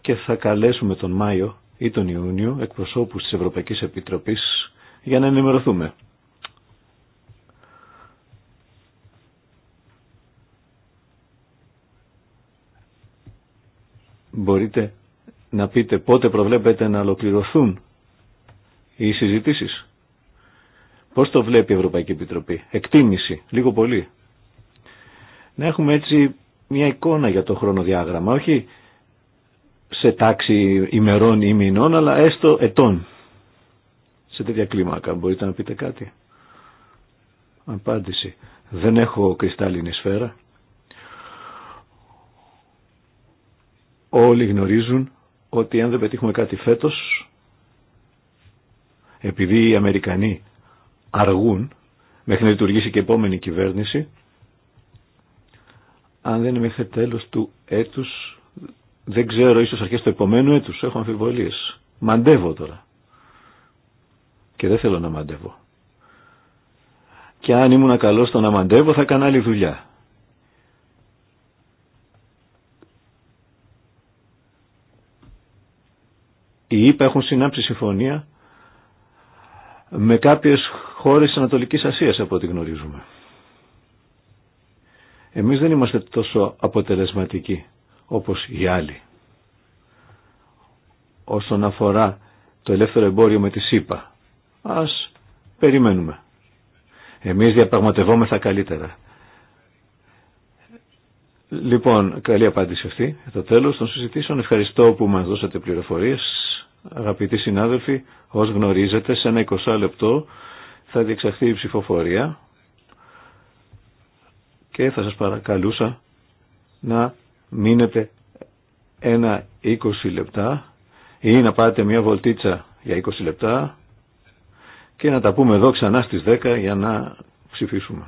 Και θα καλέσουμε τον Μάιο ή τον Ιούνιο εκπροσώπους της Ευρωπαϊκής Επιτροπής για να ενημερωθούμε. Μπορείτε να πείτε πότε προβλέπετε να ολοκληρωθούν οι συζητήσεις. Πώς το βλέπει η Ευρωπαϊκή Επιτροπή. Εκτίμηση, λίγο πολύ. Να έχουμε έτσι μια εικόνα για το χρονοδιάγραμμα, όχι σε τάξη ημερών ή μηνών, αλλά έστω ετών. Σε τέτοια κλίμακα μπορείτε να πείτε κάτι. Απάντηση. Δεν έχω κρυστάλλινη σφαίρα. Όλοι γνωρίζουν ότι αν δεν πετύχουμε κάτι φέτος, επειδή οι Αμερικανοί αργούν μέχρι να λειτουργήσει και η επόμενη κυβέρνηση, αν δεν είναι μέχρι τέλος του έτους, δεν ξέρω, ίσως αρχέ του επομένου έτους, έχω αμφιβολίες. Μαντεύω τώρα. Και δεν θέλω να μαντεύω. Και αν ήμουν καλός στο να μαντεύω θα έκανα άλλη δουλειά. Οι ΙΠΑ έχουν συνάψει συμφωνία με κάποιες χώρες της Ανατολικής Ασίας από ό,τι γνωρίζουμε. Εμείς δεν είμαστε τόσο αποτελεσματικοί όπως οι άλλοι. Όσον αφορά το ελεύθερο εμπόριο με τη ΣΥΠΑ, ας περιμένουμε. Εμείς διαπραγματευόμεθα καλύτερα. Λοιπόν, καλή απάντηση αυτή. Το τέλος των συζητήσεων. Ευχαριστώ που μας δώσατε πληροφορίες. Αγαπητοί συνάδελφοι, ως γνωρίζετε, σε ένα 20 λεπτό θα διεξαχθεί η ψηφοφορία και θα σας παρακαλούσα να μείνετε ένα 20 λεπτά ή να πάτε μια βολτίτσα για 20 λεπτά και να τα πούμε εδώ ξανά στις 10 για να ψηφίσουμε.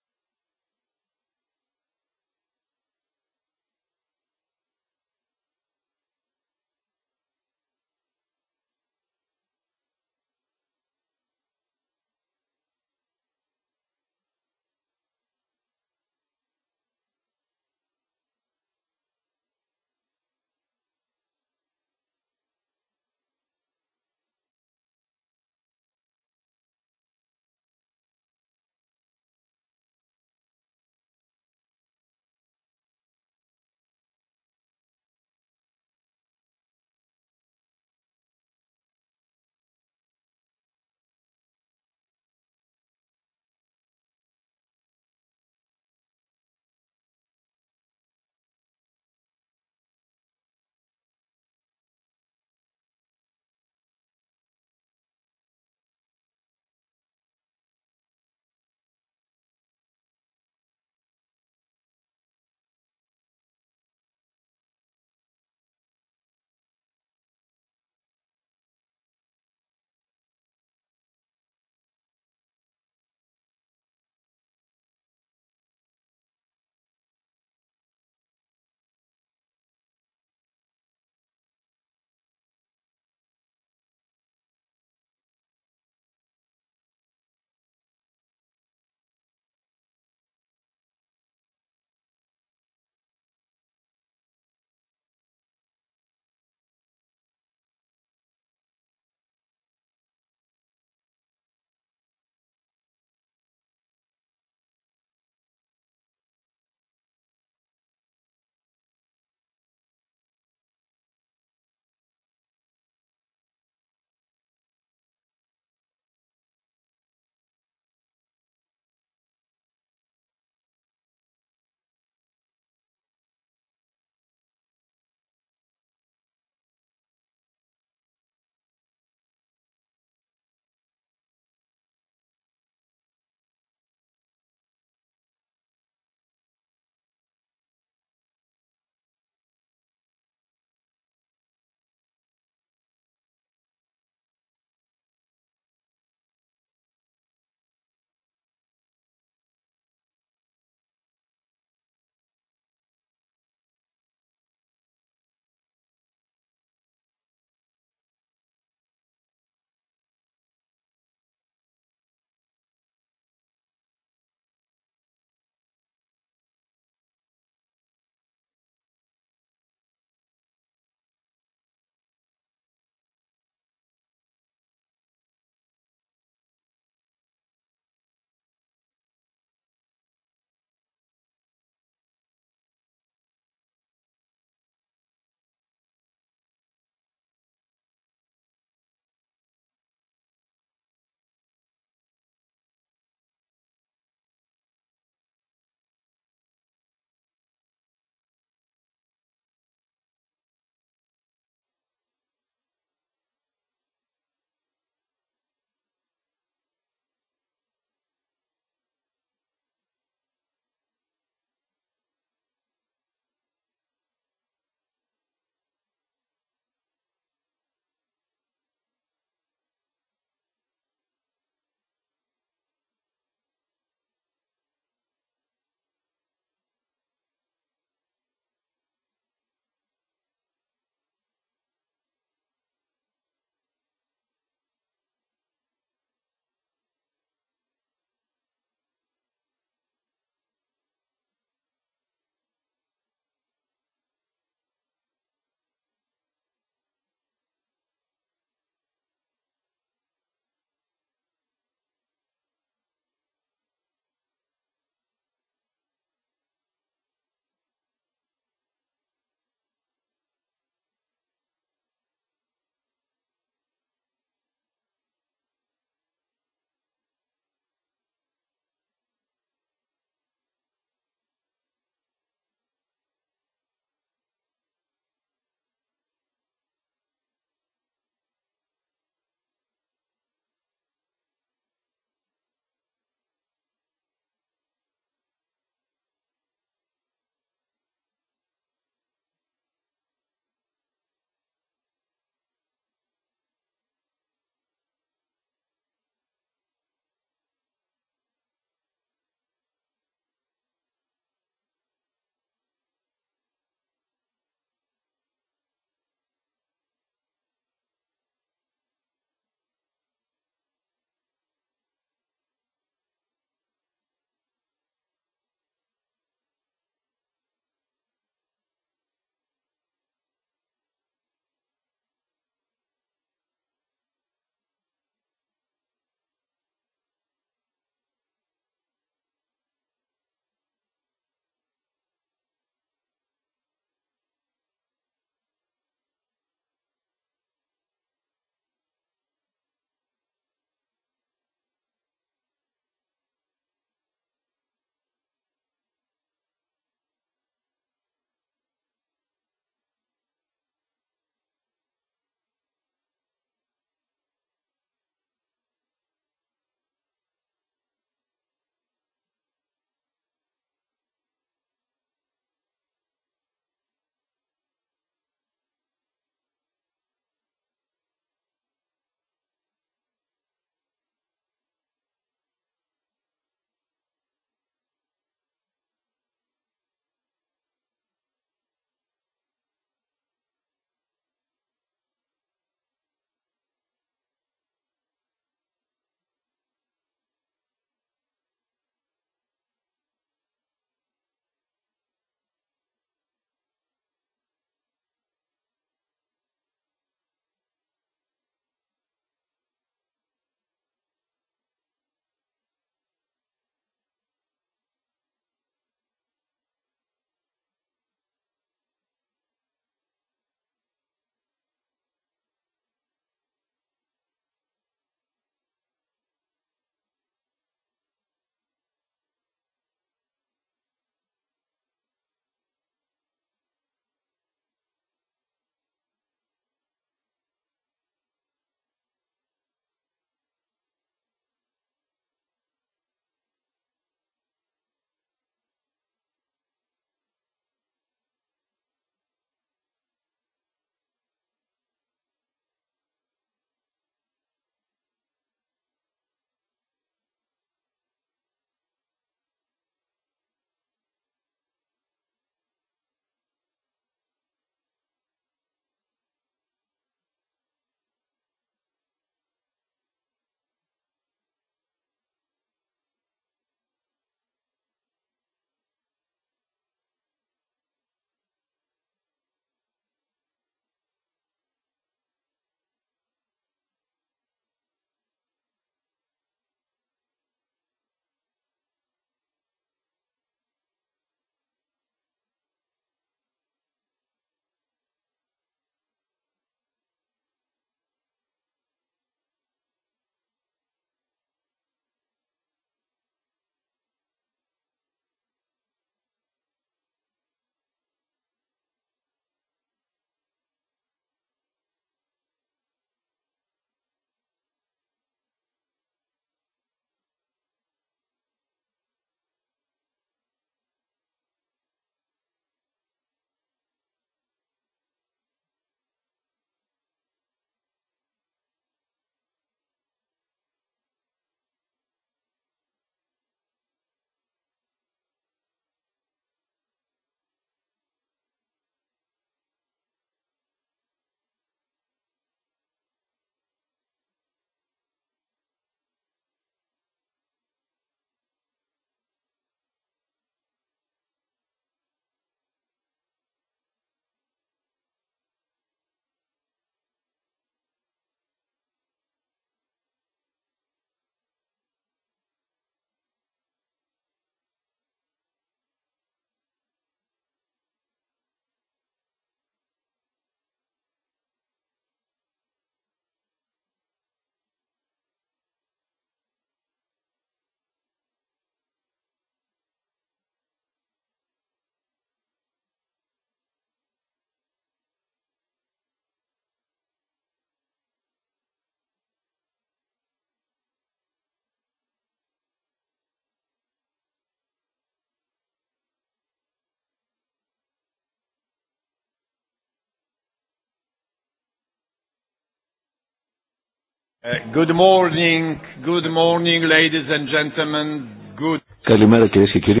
Ε, good morning, good morning, ladies and gentlemen. Good. Καλημέρα κυρίες και κύριοι.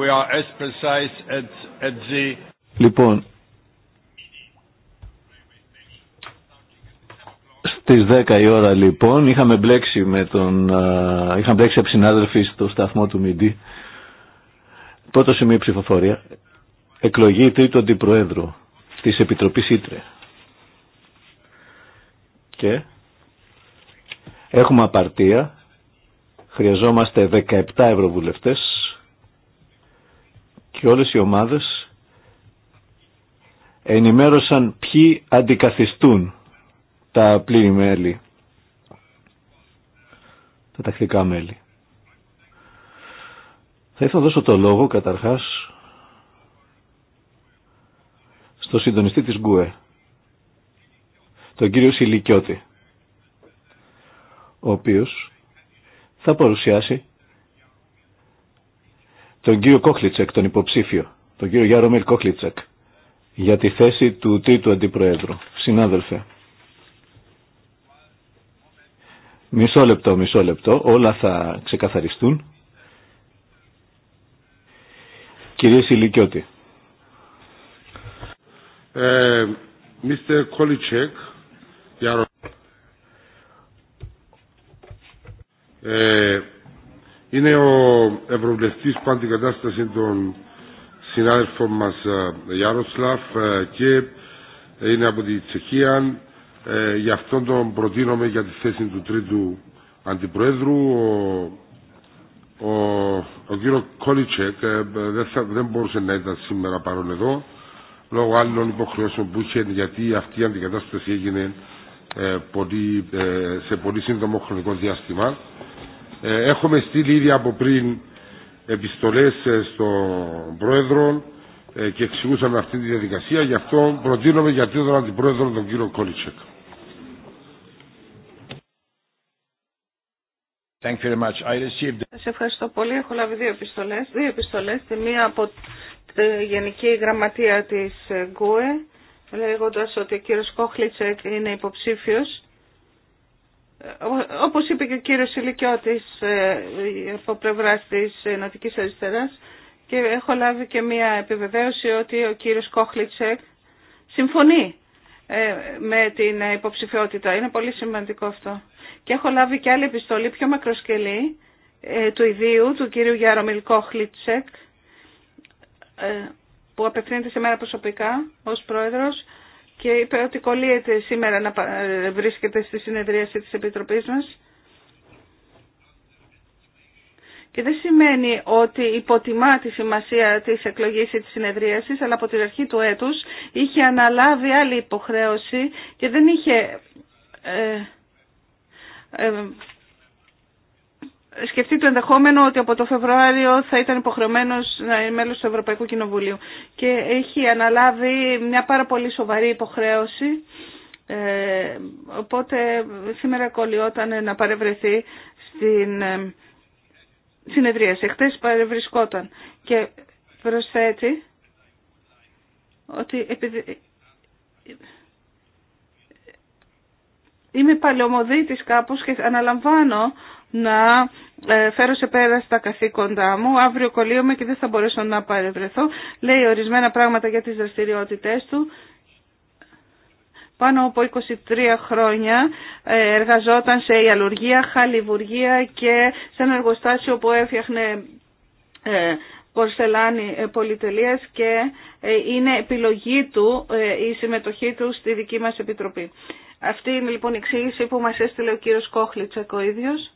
We are as precise at, at the... Λοιπόν, στις 10 η ώρα λοιπόν είχαμε μπλέξει με τον... είχαμε μπλέξει από συνάδελφοι στο σταθμό του Μιντή. Πρώτο σημείο ψηφοφορία. Εκλογή τρίτου αντιπροέδρου της Επιτροπής Ήτρε. Και Έχουμε απαρτία, χρειαζόμαστε 17 ευρωβουλευτές και όλες οι ομάδες ενημέρωσαν ποιοι αντικαθιστούν τα πλήρη μέλη, τα τακτικά μέλη. Θα ήθελα να δώσω το λόγο καταρχάς στο συντονιστή της ΓΚΟΕ, τον κύριο Σιλικιώτη ο οποίος θα παρουσιάσει τον κύριο Κόχλιτσεκ, τον υποψήφιο, τον κύριο Γιάρομιλ Κόχλιτσεκ, για τη θέση του τρίτου αντιπροέδρου. Συνάδελφε, μισό λεπτό, μισό λεπτό, όλα θα ξεκαθαριστούν. Κύριε Σιλικιώτη. Ε, Mr. Kolicek, Ε, είναι ο ευρωβουλευτής που αντικατάστασε τον συνάδελφο μας ε, Γιάροσλαφ ε, και είναι από τη Τσεχία. Ε, γι' αυτόν τον προτείνομαι για τη θέση του τρίτου αντιπροέδρου. Ο, ο, ο κύριο Κόλιτσεκ δεν, δεν μπορούσε να ήταν σήμερα παρόν εδώ λόγω άλλων υποχρεώσεων που είχε γιατί αυτή η αντικατάσταση έγινε σε πολύ σύντομο χρονικό διάστημα. Ε, έχουμε στείλει ήδη από πριν επιστολές ε, στον Πρόεδρο ε, και εξηγούσαμε αυτή τη διαδικασία. Γι' αυτό προτείνομαι για την Πρόεδρο τον κύριο Κόλιτσεκ. Σα ευχαριστώ πολύ. Έχω λάβει δύο επιστολές. Δύο επιστολές. Τη μία από τη Γενική Γραμματεία της ΓΚΟΕ Λέγοντα ότι ο κύριος Κόχλιτσεκ είναι υποψήφιο όπως είπε και ο κύριος Ηλικιώτης ε, από πλευρά της Νοτικής Αριστεράς και έχω λάβει και μία επιβεβαίωση ότι ο κύριος Κόχλιτσεκ συμφωνεί ε, με την υποψηφιότητα. Είναι πολύ σημαντικό αυτό. Και έχω λάβει και άλλη επιστολή πιο μακροσκελή ε, του ιδίου, του κύριου Γιάρομιλ Κόχλιτσεκ, που απευθύνεται σε μένα προσωπικά ως πρόεδρος και είπε ότι κολλείεται σήμερα να βρίσκεται στη συνεδρίαση της Επιτροπής μας. Και δεν σημαίνει ότι υποτιμά τη σημασία της εκλογής ή της συνεδρίασης, αλλά από την αρχή του έτους είχε αναλάβει άλλη υποχρέωση και δεν είχε ε, ε, σκεφτεί το ενδεχόμενο ότι από το Φεβρουάριο θα ήταν υποχρεωμένος να είναι μέλος του Ευρωπαϊκού Κοινοβουλίου. Και έχει αναλάβει μια πάρα πολύ σοβαρή υποχρέωση, ε, οπότε σήμερα κολλιόταν να παρευρεθεί στην ε, συνεδρίαση. Χθε παρευρισκόταν και προσθέτει ότι επειδή... Είμαι παλαιομοδίτης κάπως και αναλαμβάνω να ε, φέρω σε πέρα στα καθήκοντά μου. Αύριο κολλείομαι και δεν θα μπορέσω να παρευρεθώ. Λέει ορισμένα πράγματα για τις δραστηριότητες του. Πάνω από 23 χρόνια ε, εργαζόταν σε ιαλουργία, χαλιβουργία και σε ένα εργοστάσιο που έφτιαχνε ε, πορσελάνη πολυτελείας και είναι επιλογή του η συμμετοχή του στη δική μας επιτροπή. Αυτή είναι λοιπόν η εξήγηση που μας έστειλε ο κύριος ο ίδιος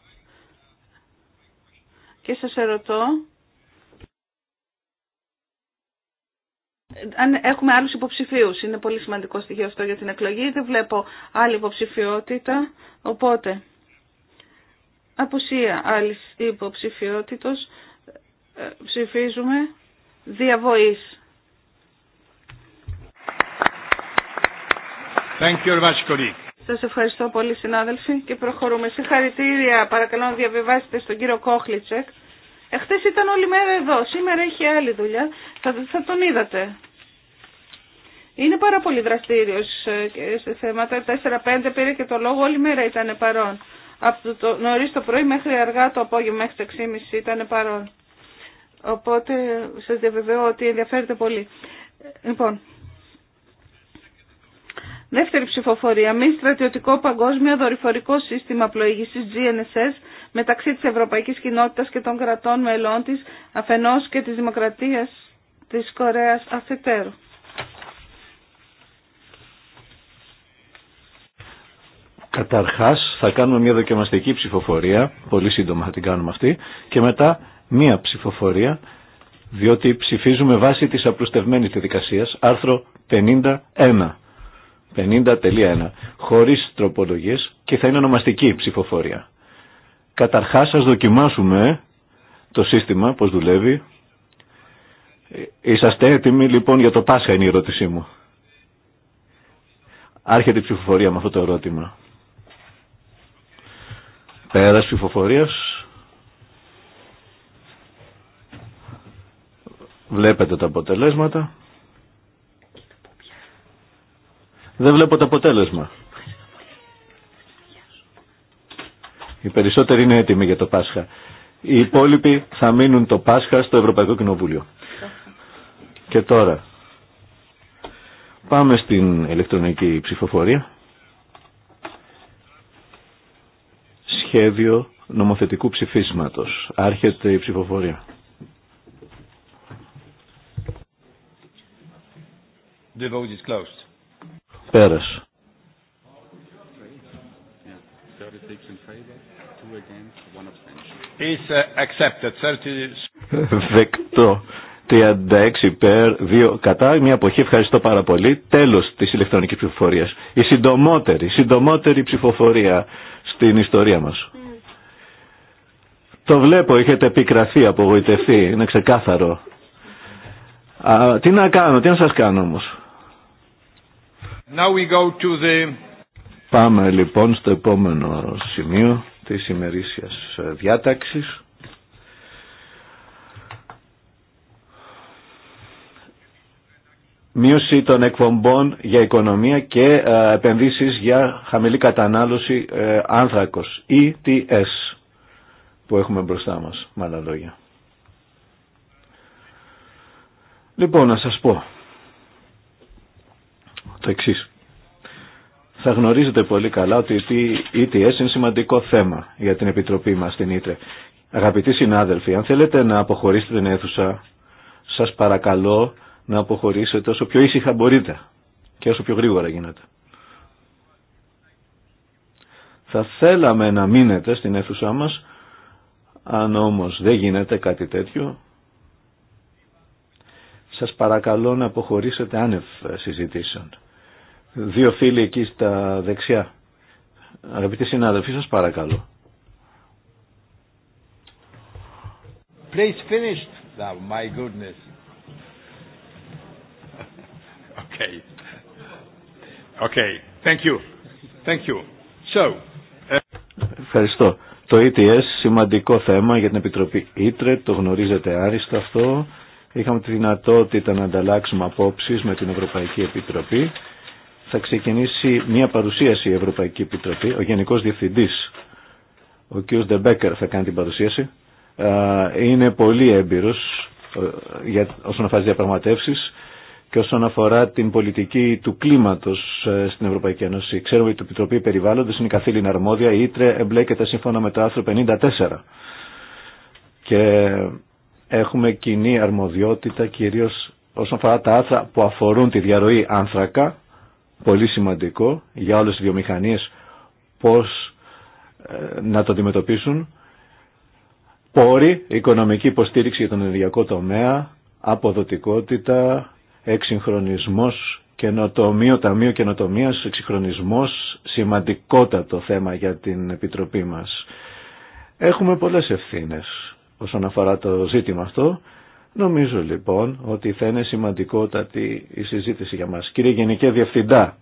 και σας ερωτώ αν έχουμε άλλους υποψηφίους. Είναι πολύ σημαντικό στοιχείο αυτό για την εκλογή. Δεν βλέπω άλλη υποψηφιότητα, οπότε απουσία άλλης υποψηφιότητος ε, ψηφίζουμε διαβοής. Thank you very Σα ευχαριστώ πολύ συνάδελφοι και προχωρούμε. Συγχαρητήρια παρακαλώ να διαβιβάσετε στον κύριο Κόχλιτσεκ. Εχθέ ήταν όλη μέρα εδώ, σήμερα έχει άλλη δουλειά, θα, θα τον είδατε. Είναι πάρα πολύ δραστηριο ε, σε θέματα, 4-5 πήρε και το λόγο, όλη μέρα ήταν παρόν. Από το, το νωρίς το πρωί μέχρι αργά το απόγευμα, μέχρι τι 6.30 ήταν παρόν. Οπότε σα διαβεβαιώ ότι ενδιαφέρεται πολύ. Ε, λοιπόν, Δεύτερη ψηφοφορία. Μη στρατιωτικό παγκόσμιο δορυφορικό σύστημα πλοήγησης GNSS μεταξύ της Ευρωπαϊκής Κοινότητας και των κρατών μελών της αφενός και της Δημοκρατίας της Κορέας αφετέρου. Καταρχάς θα κάνουμε μια δοκιμαστική ψηφοφορία, πολύ σύντομα θα την κάνουμε αυτή, και μετά μια ψηφοφορία, διότι ψηφίζουμε βάσει της απλουστευμένης διαδικασίας, άρθρο 51. 50.1 χωρίς τροπολογίες και θα είναι ονομαστική ψηφοφορία. Καταρχάς ας δοκιμάσουμε το σύστημα, πώς δουλεύει. Ε, είσαστε έτοιμοι λοιπόν για το Πάσχα είναι η ερώτησή μου. Άρχεται η ψηφοφορία με αυτό το ερώτημα. Πέρας ψηφοφορίας. Βλέπετε τα αποτελέσματα. Δεν βλέπω το αποτέλεσμα. Οι περισσότεροι είναι έτοιμοι για το Πάσχα. Οι υπόλοιποι θα μείνουν το Πάσχα στο Ευρωπαϊκό Κοινοβούλιο. Και τώρα πάμε στην ηλεκτρονική ψηφοφορία. Σχέδιο νομοθετικού ψηφίσματος. Άρχεται η ψηφοφορία. The is closed. Πέρας. Uh, Δεκτό. 36 υπέρ, 2 κατά, μια αποχή. Ευχαριστώ πάρα πολύ. Τέλος της ηλεκτρονικής ψηφοφορίας. Η συντομότερη, η συντομότερη ψηφοφορία στην ιστορία μας. Το βλέπω, έχετε επικραθεί, απογοητευτεί, είναι ξεκάθαρο. Α, τι να κάνω, τι να σας κάνω όμως. Now we Πάμε λοιπόν στο επόμενο σημείο της ημερήσιας διάταξης. Μείωση των εκπομπών για οικονομία και ε, επενδύσεις για χαμηλή κατανάλωση ε, άνθρακος, ETS, που έχουμε μπροστά μας, με άλλα λόγια. Λοιπόν, να σας πω το εξή. Θα γνωρίζετε πολύ καλά ότι η ETS είναι σημαντικό θέμα για την Επιτροπή μας στην Ήτρε. Αγαπητοί συνάδελφοι, αν θέλετε να αποχωρήσετε την αίθουσα, σας παρακαλώ να αποχωρήσετε όσο πιο ήσυχα μπορείτε και όσο πιο γρήγορα γίνεται. Θα θέλαμε να μείνετε στην αίθουσά μας, αν όμως δεν γίνεται κάτι τέτοιο, σας παρακαλώ να αποχωρήσετε άνευ συζητήσεων δύο φίλοι εκεί στα δεξιά. Αγαπητοί συνάδελφοι, σας παρακαλώ. Please finished. Now, my goodness. [LAUGHS] okay. Okay. Thank you. Thank you. So, uh... Ευχαριστώ. Το ETS, σημαντικό θέμα για την Επιτροπή Ήτρε, το γνωρίζετε άριστα αυτό. Είχαμε τη δυνατότητα να ανταλλάξουμε απόψεις με την Ευρωπαϊκή Επιτροπή θα ξεκινήσει μια παρουσίαση η Ευρωπαϊκή Επιτροπή. Ο Γενικό Διευθυντής, ο κ. Ντεμπέκερ θα κάνει την παρουσίαση. Είναι πολύ έμπειρο ε, όσον αφορά τι διαπραγματεύσει και όσον αφορά την πολιτική του κλίματο ε, στην Ευρωπαϊκή Ένωση. Ξέρουμε ότι η Επιτροπή Περιβάλλοντο είναι καθήλυνα αρμόδια, η Ήτρε εμπλέκεται σύμφωνα με το άρθρο 54. Και έχουμε κοινή αρμοδιότητα κυρίως όσον αφορά τα άθρα που αφορούν τη διαρροή άνθρακα πολύ σημαντικό για όλες τις βιομηχανίες πώς ε, να το αντιμετωπίσουν. Πόροι, οικονομική υποστήριξη για τον ενεργειακό τομέα, αποδοτικότητα, εξυγχρονισμός, καινοτομείο, ταμείο καινοτομίας, εξυγχρονισμός, σημαντικότατο θέμα για την Επιτροπή μας. Έχουμε πολλές ευθύνες όσον αφορά το ζήτημα αυτό Νομίζω λοιπόν ότι θα είναι σημαντικότατη η συζήτηση για μας. Κύριε Γενικέ Διευθυντά,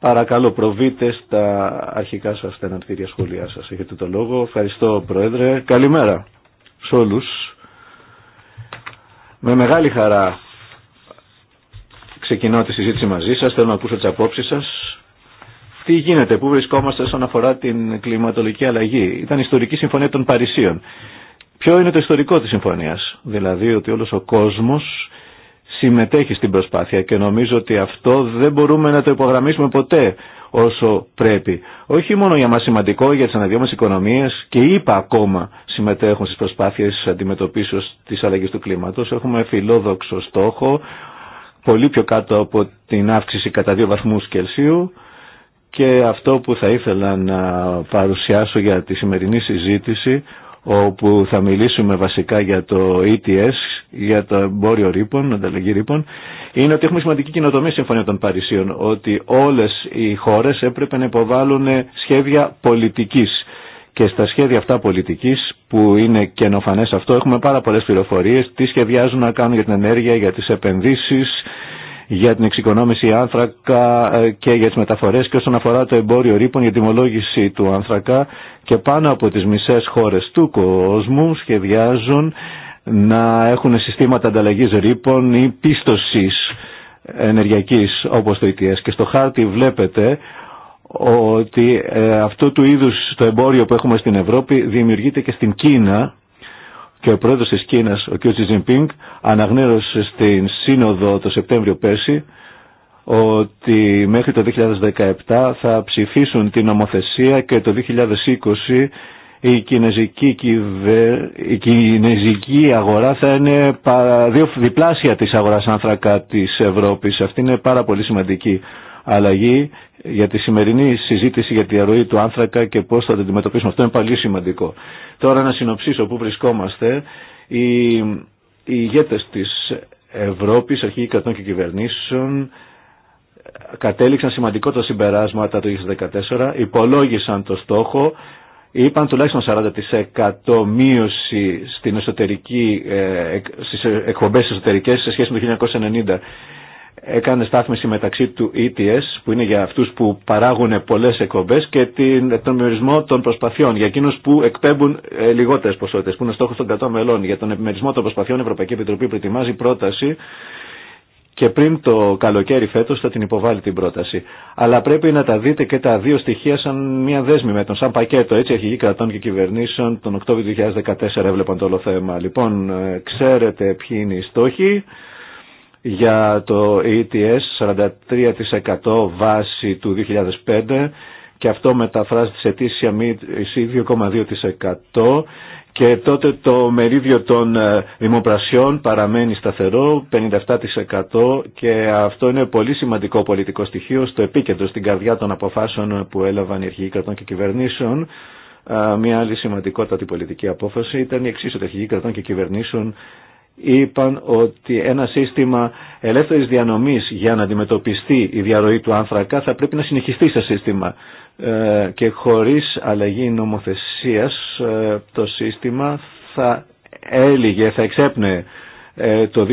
παρακαλώ προβείτε στα αρχικά σας στεναρτήρια σχολεία σας. Έχετε το λόγο. Ευχαριστώ Πρόεδρε. Καλημέρα σε όλους. Με μεγάλη χαρά ξεκινώ τη συζήτηση μαζί σας. Θέλω να ακούσω τι απόψεις σας. Τι γίνεται, πού βρισκόμαστε όσον αφορά την κλιματολογική αλλαγή. Ήταν ιστορική συμφωνία των Παρισίων. Ποιο είναι το ιστορικό της συμφωνίας, δηλαδή ότι όλος ο κόσμος συμμετέχει στην προσπάθεια και νομίζω ότι αυτό δεν μπορούμε να το υπογραμμίσουμε ποτέ όσο πρέπει. Όχι μόνο για μας σημαντικό, για τις αναδυόμενες οικονομίες και είπα ακόμα συμμετέχουν στις προσπάθειες αντιμετωπίσεως της αλλαγής του κλίματος. Έχουμε φιλόδοξο στόχο, πολύ πιο κάτω από την αύξηση κατά δύο βαθμούς Κελσίου και αυτό που θα ήθελα να παρουσιάσω για τη σημερινή συζήτηση όπου θα μιλήσουμε βασικά για το ETS, για το εμπόριο ρήπων, ανταλλαγή ρήπων, είναι ότι έχουμε σημαντική κοινοτομία Συμφωνία των Παρισίων, ότι όλες οι χώρες έπρεπε να υποβάλουν σχέδια πολιτικής. Και στα σχέδια αυτά πολιτικής, που είναι καινοφανές αυτό, έχουμε πάρα πολλές πληροφορίες, τι σχεδιάζουν να κάνουν για την ενέργεια, για τις επενδύσεις, για την εξοικονόμηση άνθρακα ε, και για τις μεταφορές και όσον αφορά το εμπόριο ρήπων για τιμολόγηση του άνθρακα και πάνω από τις μισές χώρες του κόσμου σχεδιάζουν να έχουν συστήματα ανταλλαγής ρήπων ή πίστοσης ενεργειακής όπως το ETS. Και στο χάρτη βλέπετε ότι ε, αυτό του είδους το εμπόριο που έχουμε στην Ευρώπη δημιουργείται και στην Κίνα και ο πρόεδρος της Κίνας, ο κ. Τζιζιμπίνγκ, αναγνέρωσε στην σύνοδο το Σεπτέμβριο πέρσι ότι μέχρι το 2017 θα ψηφίσουν την νομοθεσία και το 2020 η κινέζικη, η κινέζικη αγορά θα είναι παρα... διπλάσια της αγοράς άνθρακα της Ευρώπης. Αυτή είναι πάρα πολύ σημαντική αλλαγή για τη σημερινή συζήτηση για τη διαρροή του άνθρακα και πώς θα την αντιμετωπίσουμε. Αυτό είναι πολύ σημαντικό. Τώρα να συνοψίσω πού βρισκόμαστε. Οι, οι ηγέτες της Ευρώπης, αρχηγοί κρατών και κυβερνήσεων, κατέληξαν σημαντικό τα συμπεράσματα το 2014, υπολόγισαν το στόχο, είπαν τουλάχιστον 40% μείωση στην εσωτερική, ε, στις εκπομπές εσωτερικές σε σχέση με το 1990 έκανε στάθμιση μεταξύ του ETS που είναι για αυτούς που παράγουν πολλές εκπομπές και την, τον μερισμό των προσπαθειών για εκείνους που εκπέμπουν ε, λιγότερες ποσότητες που είναι στόχος των 100 μελών. Για τον επιμερισμό των προσπαθειών η Ευρωπαϊκή Επιτροπή προετοιμάζει πρόταση και πριν το καλοκαίρι φέτος θα την υποβάλει την πρόταση. Αλλά πρέπει να τα δείτε και τα δύο στοιχεία σαν μια δέσμη με τον σαν πακέτο. Έτσι αρχηγοί κρατών και κυβερνήσεων τον Οκτώβριο 2014 έβλεπαν το όλο θέμα. Λοιπόν, ε, ξέρετε ποιοι είναι οι στόχοι για το ETS 43% βάση του 2005 και αυτό μεταφράζεται σε αιτήσια μήνυση 2,2% και τότε το μερίδιο των ε, δημοπρασιών παραμένει σταθερό 57% και αυτό είναι πολύ σημαντικό πολιτικό στοιχείο στο επίκεντρο, στην καρδιά των αποφάσεων που έλαβαν οι αρχηγοί κρατών και κυβερνήσεων. Μια άλλη σημαντικότατη πολιτική απόφαση ήταν η εξίσουτα των αρχηγοί κρατών και κυβερνήσεων είπαν ότι ένα σύστημα ελεύθερης διανομής για να αντιμετωπιστεί η διαρροή του άνθρακα θα πρέπει να συνεχιστεί σε σύστημα ε, και χωρίς αλλαγή νομοθεσίας ε, το σύστημα θα έλυγε, θα εξέπνεε ε, το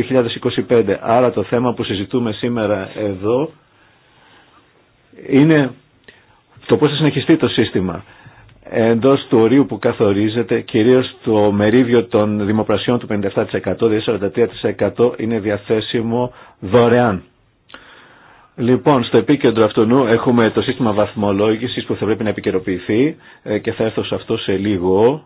2025. Άρα το θέμα που συζητούμε σήμερα εδώ είναι το πώς θα συνεχιστεί το σύστημα εντός του ορίου που καθορίζεται, κυρίως το μερίδιο των δημοπρασιών του 57%, 43% δηλαδή είναι διαθέσιμο δωρεάν. Λοιπόν, στο επίκεντρο αυτού έχουμε το σύστημα βαθμολόγησης που θα πρέπει να επικαιροποιηθεί ε, και θα έρθω σε αυτό σε λίγο.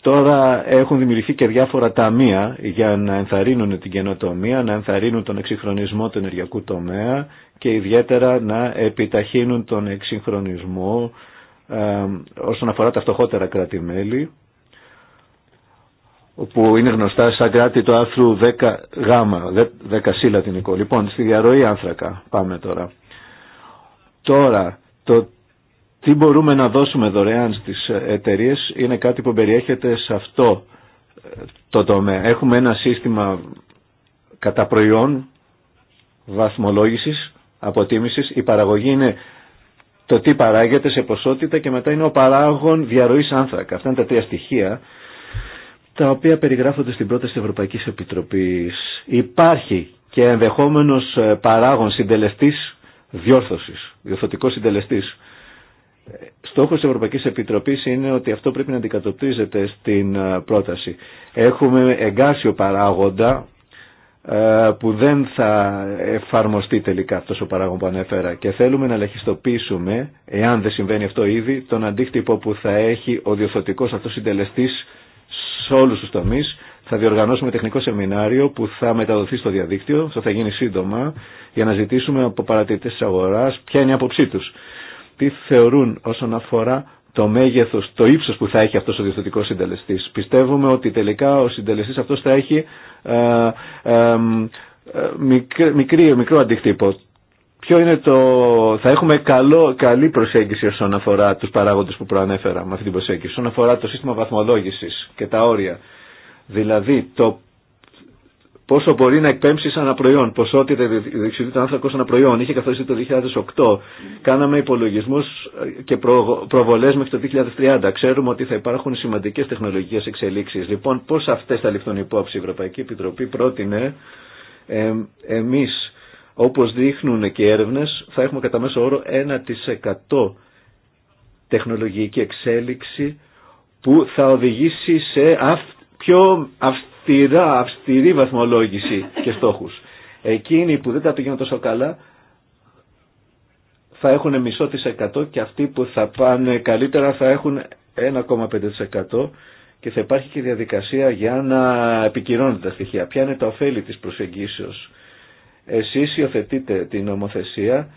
Τώρα έχουν δημιουργηθεί και διάφορα ταμεία για να ενθαρρύνουν την καινοτομία, να ενθαρρύνουν τον εξυγχρονισμό του ενεργειακού τομέα και ιδιαίτερα να επιταχύνουν τον εξυγχρονισμό ε, όσον αφορά τα φτωχότερα κράτη-μέλη που είναι γνωστά σαν κράτη του άθρου 10 γάμα, 10 σύλλα την οικό. Λοιπόν, στη διαρροή άνθρακα πάμε τώρα. Τώρα, το τι μπορούμε να δώσουμε δωρεάν στις εταιρείε είναι κάτι που περιέχεται σε αυτό ε, το τομέα. Έχουμε ένα σύστημα κατά προϊόν βαθμολόγησης, αποτίμησης. Η παραγωγή είναι το τι παράγεται σε ποσότητα και μετά είναι ο παράγων διαρροής άνθρακα. Αυτά είναι τα τρία στοιχεία τα οποία περιγράφονται στην πρόταση της Ευρωπαϊκής Επιτροπής. Υπάρχει και ενδεχόμενος ε, παράγων συντελεστής διόρθωσης, διορθωτικός συντελεστής. Στόχος της Ευρωπαϊκής Επιτροπής είναι ότι αυτό πρέπει να αντικατοπτρίζεται στην ε, πρόταση. Έχουμε εγκάσιο παράγοντα ε, που δεν θα εφαρμοστεί τελικά αυτός ο παράγον που ανέφερα και θέλουμε να λαχιστοποιήσουμε εάν δεν συμβαίνει αυτό ήδη, τον αντίκτυπο που θα έχει ο διορθωτικός αυτός συντελεστής σε όλους τους τομείς. Θα διοργανώσουμε τεχνικό σεμινάριο που θα μεταδοθεί στο διαδίκτυο, αυτό θα γίνει σύντομα, για να ζητήσουμε από παρατηρητές της αγοράς ποια είναι η άποψή τους. Τι θεωρούν όσον αφορά το μέγεθος, το ύψος που θα έχει αυτός ο διευθυντικός συντελεστής. Πιστεύουμε ότι τελικά ο συντελεστής αυτός θα έχει ε, ε, μικρή, μικρό αντίκτυπο. Ποιο είναι το... Θα έχουμε καλό, καλή προσέγγιση όσον αφορά τους παράγοντες που προανέφερα με αυτή την προσέγγιση, όσον αφορά το σύστημα βαθμολόγησης και τα όρια. Δηλαδή το πόσο μπορεί να εκπέμψει σαν ένα προϊόν, ποσότητα διοξιδίου του άνθρακο σαν ένα προϊόν. Είχε καθοριστεί το 2008. Κάναμε υπολογισμού και προ, προβολέ μέχρι το 2030. Ξέρουμε ότι θα υπάρχουν σημαντικέ τεχνολογικέ εξελίξει. Λοιπόν, πώ αυτέ θα ληφθούν υπόψη. Η Ευρωπαϊκή Επιτροπή πρότεινε ε, εμεί, όπω δείχνουν και οι έρευνε, θα έχουμε κατά μέσο όρο 1% τεχνολογική εξέλιξη που θα οδηγήσει σε αυ, πιο αυ, αυστηρά, αυστηρή βαθμολόγηση και στόχους. Εκείνοι που δεν τα πηγαίνουν τόσο καλά θα έχουν μισό της εκατό και αυτοί που θα πάνε καλύτερα θα έχουν 1,5% και θα υπάρχει και διαδικασία για να επικυρώνουν τα στοιχεία. Ποια είναι τα ωφέλη της προσεγγίσεως. Εσείς υιοθετείτε την νομοθεσία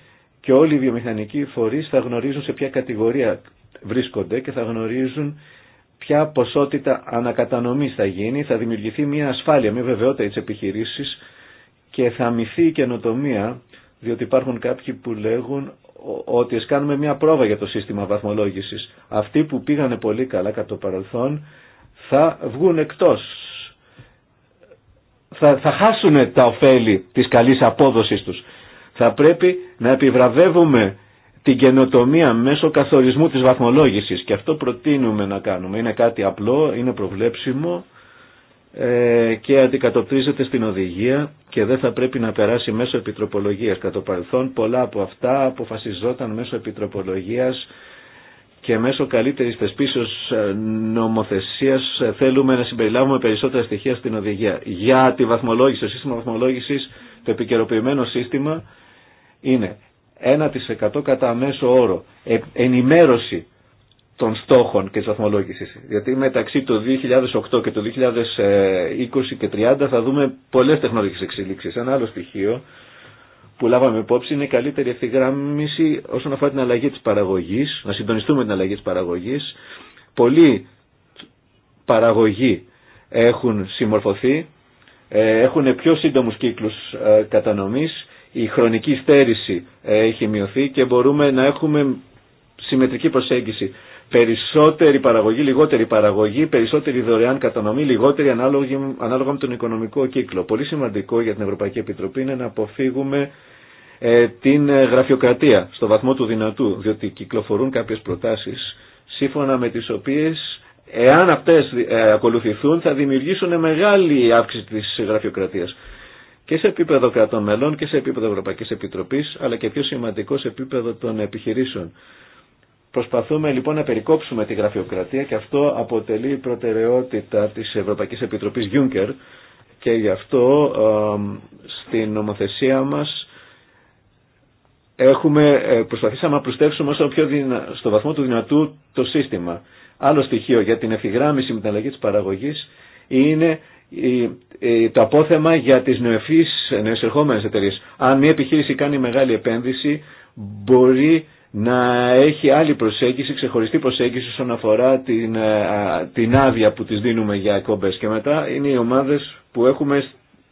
και όλοι οι βιομηχανικοί φορείς θα γνωρίζουν σε ποια κατηγορία βρίσκονται και θα γνωρίζουν ποια ποσότητα ανακατανομής θα γίνει, θα δημιουργηθεί μια ασφάλεια, μια βεβαιότητα της επιχειρήσης και θα μυθεί η καινοτομία, διότι υπάρχουν κάποιοι που λέγουν ότι κάνουμε μια πρόβα για το σύστημα βαθμολόγησης. Αυτοί που πήγανε πολύ καλά κατά το παρελθόν θα βγουν εκτός. Θα, θα χάσουν τα ωφέλη της καλής απόδοσης τους. Θα πρέπει να επιβραβεύουμε την καινοτομία μέσω καθορισμού της βαθμολόγησης και αυτό προτείνουμε να κάνουμε. Είναι κάτι απλό, είναι προβλέψιμο ε, και αντικατοπτρίζεται στην οδηγία και δεν θα πρέπει να περάσει μέσω επιτροπολογίας. Κατά το παρελθόν πολλά από αυτά αποφασιζόταν μέσω επιτροπολογίας και μέσω καλύτερης θεσπίσεως ε, νομοθεσίας ε, θέλουμε να συμπεριλάβουμε περισσότερα στοιχεία στην οδηγία. Για τη βαθμολόγηση, το σύστημα βαθμολόγησης, το επικαιροποιημένο σύστημα είναι 1% κατά μέσο όρο ε, ενημέρωση των στόχων και της βαθμολόγησης. Γιατί μεταξύ του 2008 και του 2020 και 30 θα δούμε πολλές τεχνολογικές εξελίξεις. Ένα άλλο στοιχείο που λάβαμε υπόψη είναι η καλύτερη ευθυγράμμιση όσον αφορά την αλλαγή της παραγωγής, να συντονιστούμε την αλλαγή της παραγωγής. Πολλοί παραγωγοί έχουν συμμορφωθεί, ε, έχουν πιο σύντομους κύκλους ε, κατανομής η χρονική στέρηση ε, έχει μειωθεί και μπορούμε να έχουμε συμμετρική προσέγγιση. Περισσότερη παραγωγή, λιγότερη παραγωγή, περισσότερη δωρεάν κατανομή, λιγότερη ανάλογα με τον οικονομικό κύκλο. Πολύ σημαντικό για την Ευρωπαϊκή Επιτροπή είναι να αποφύγουμε ε, την ε, γραφειοκρατία στο βαθμό του δυνατού, διότι κυκλοφορούν κάποιες προτάσεις σύμφωνα με τις οποίες εάν αυτές ακολουθηθούν θα δημιουργήσουν μεγάλη αύξηση της γραφειοκρατίας και σε επίπεδο κρατών μελών και σε επίπεδο Ευρωπαϊκής Επιτροπής αλλά και πιο σημαντικό σε επίπεδο των επιχειρήσεων. Προσπαθούμε λοιπόν να περικόψουμε τη γραφειοκρατία και αυτό αποτελεί προτεραιότητα της Ευρωπαϊκής Επιτροπής Juncker και γι' αυτό στην νομοθεσία μας έχουμε, ε, προσπαθήσαμε να προστεύσουμε όσο πιο στο βαθμό του δυνατού το σύστημα. Άλλο στοιχείο για την ευθυγράμμιση με την αλλαγή της παραγωγής είναι το απόθεμα για τις νεοεφείς, νεοεσερχόμενες εταιρείες. Αν μια επιχείρηση κάνει μεγάλη επένδυση μπορεί να έχει άλλη προσέγγιση, ξεχωριστή προσέγγιση όσον αφορά την, ε, την άδεια που τις δίνουμε για εκπομπές. Και μετά είναι οι ομάδες που έχουμε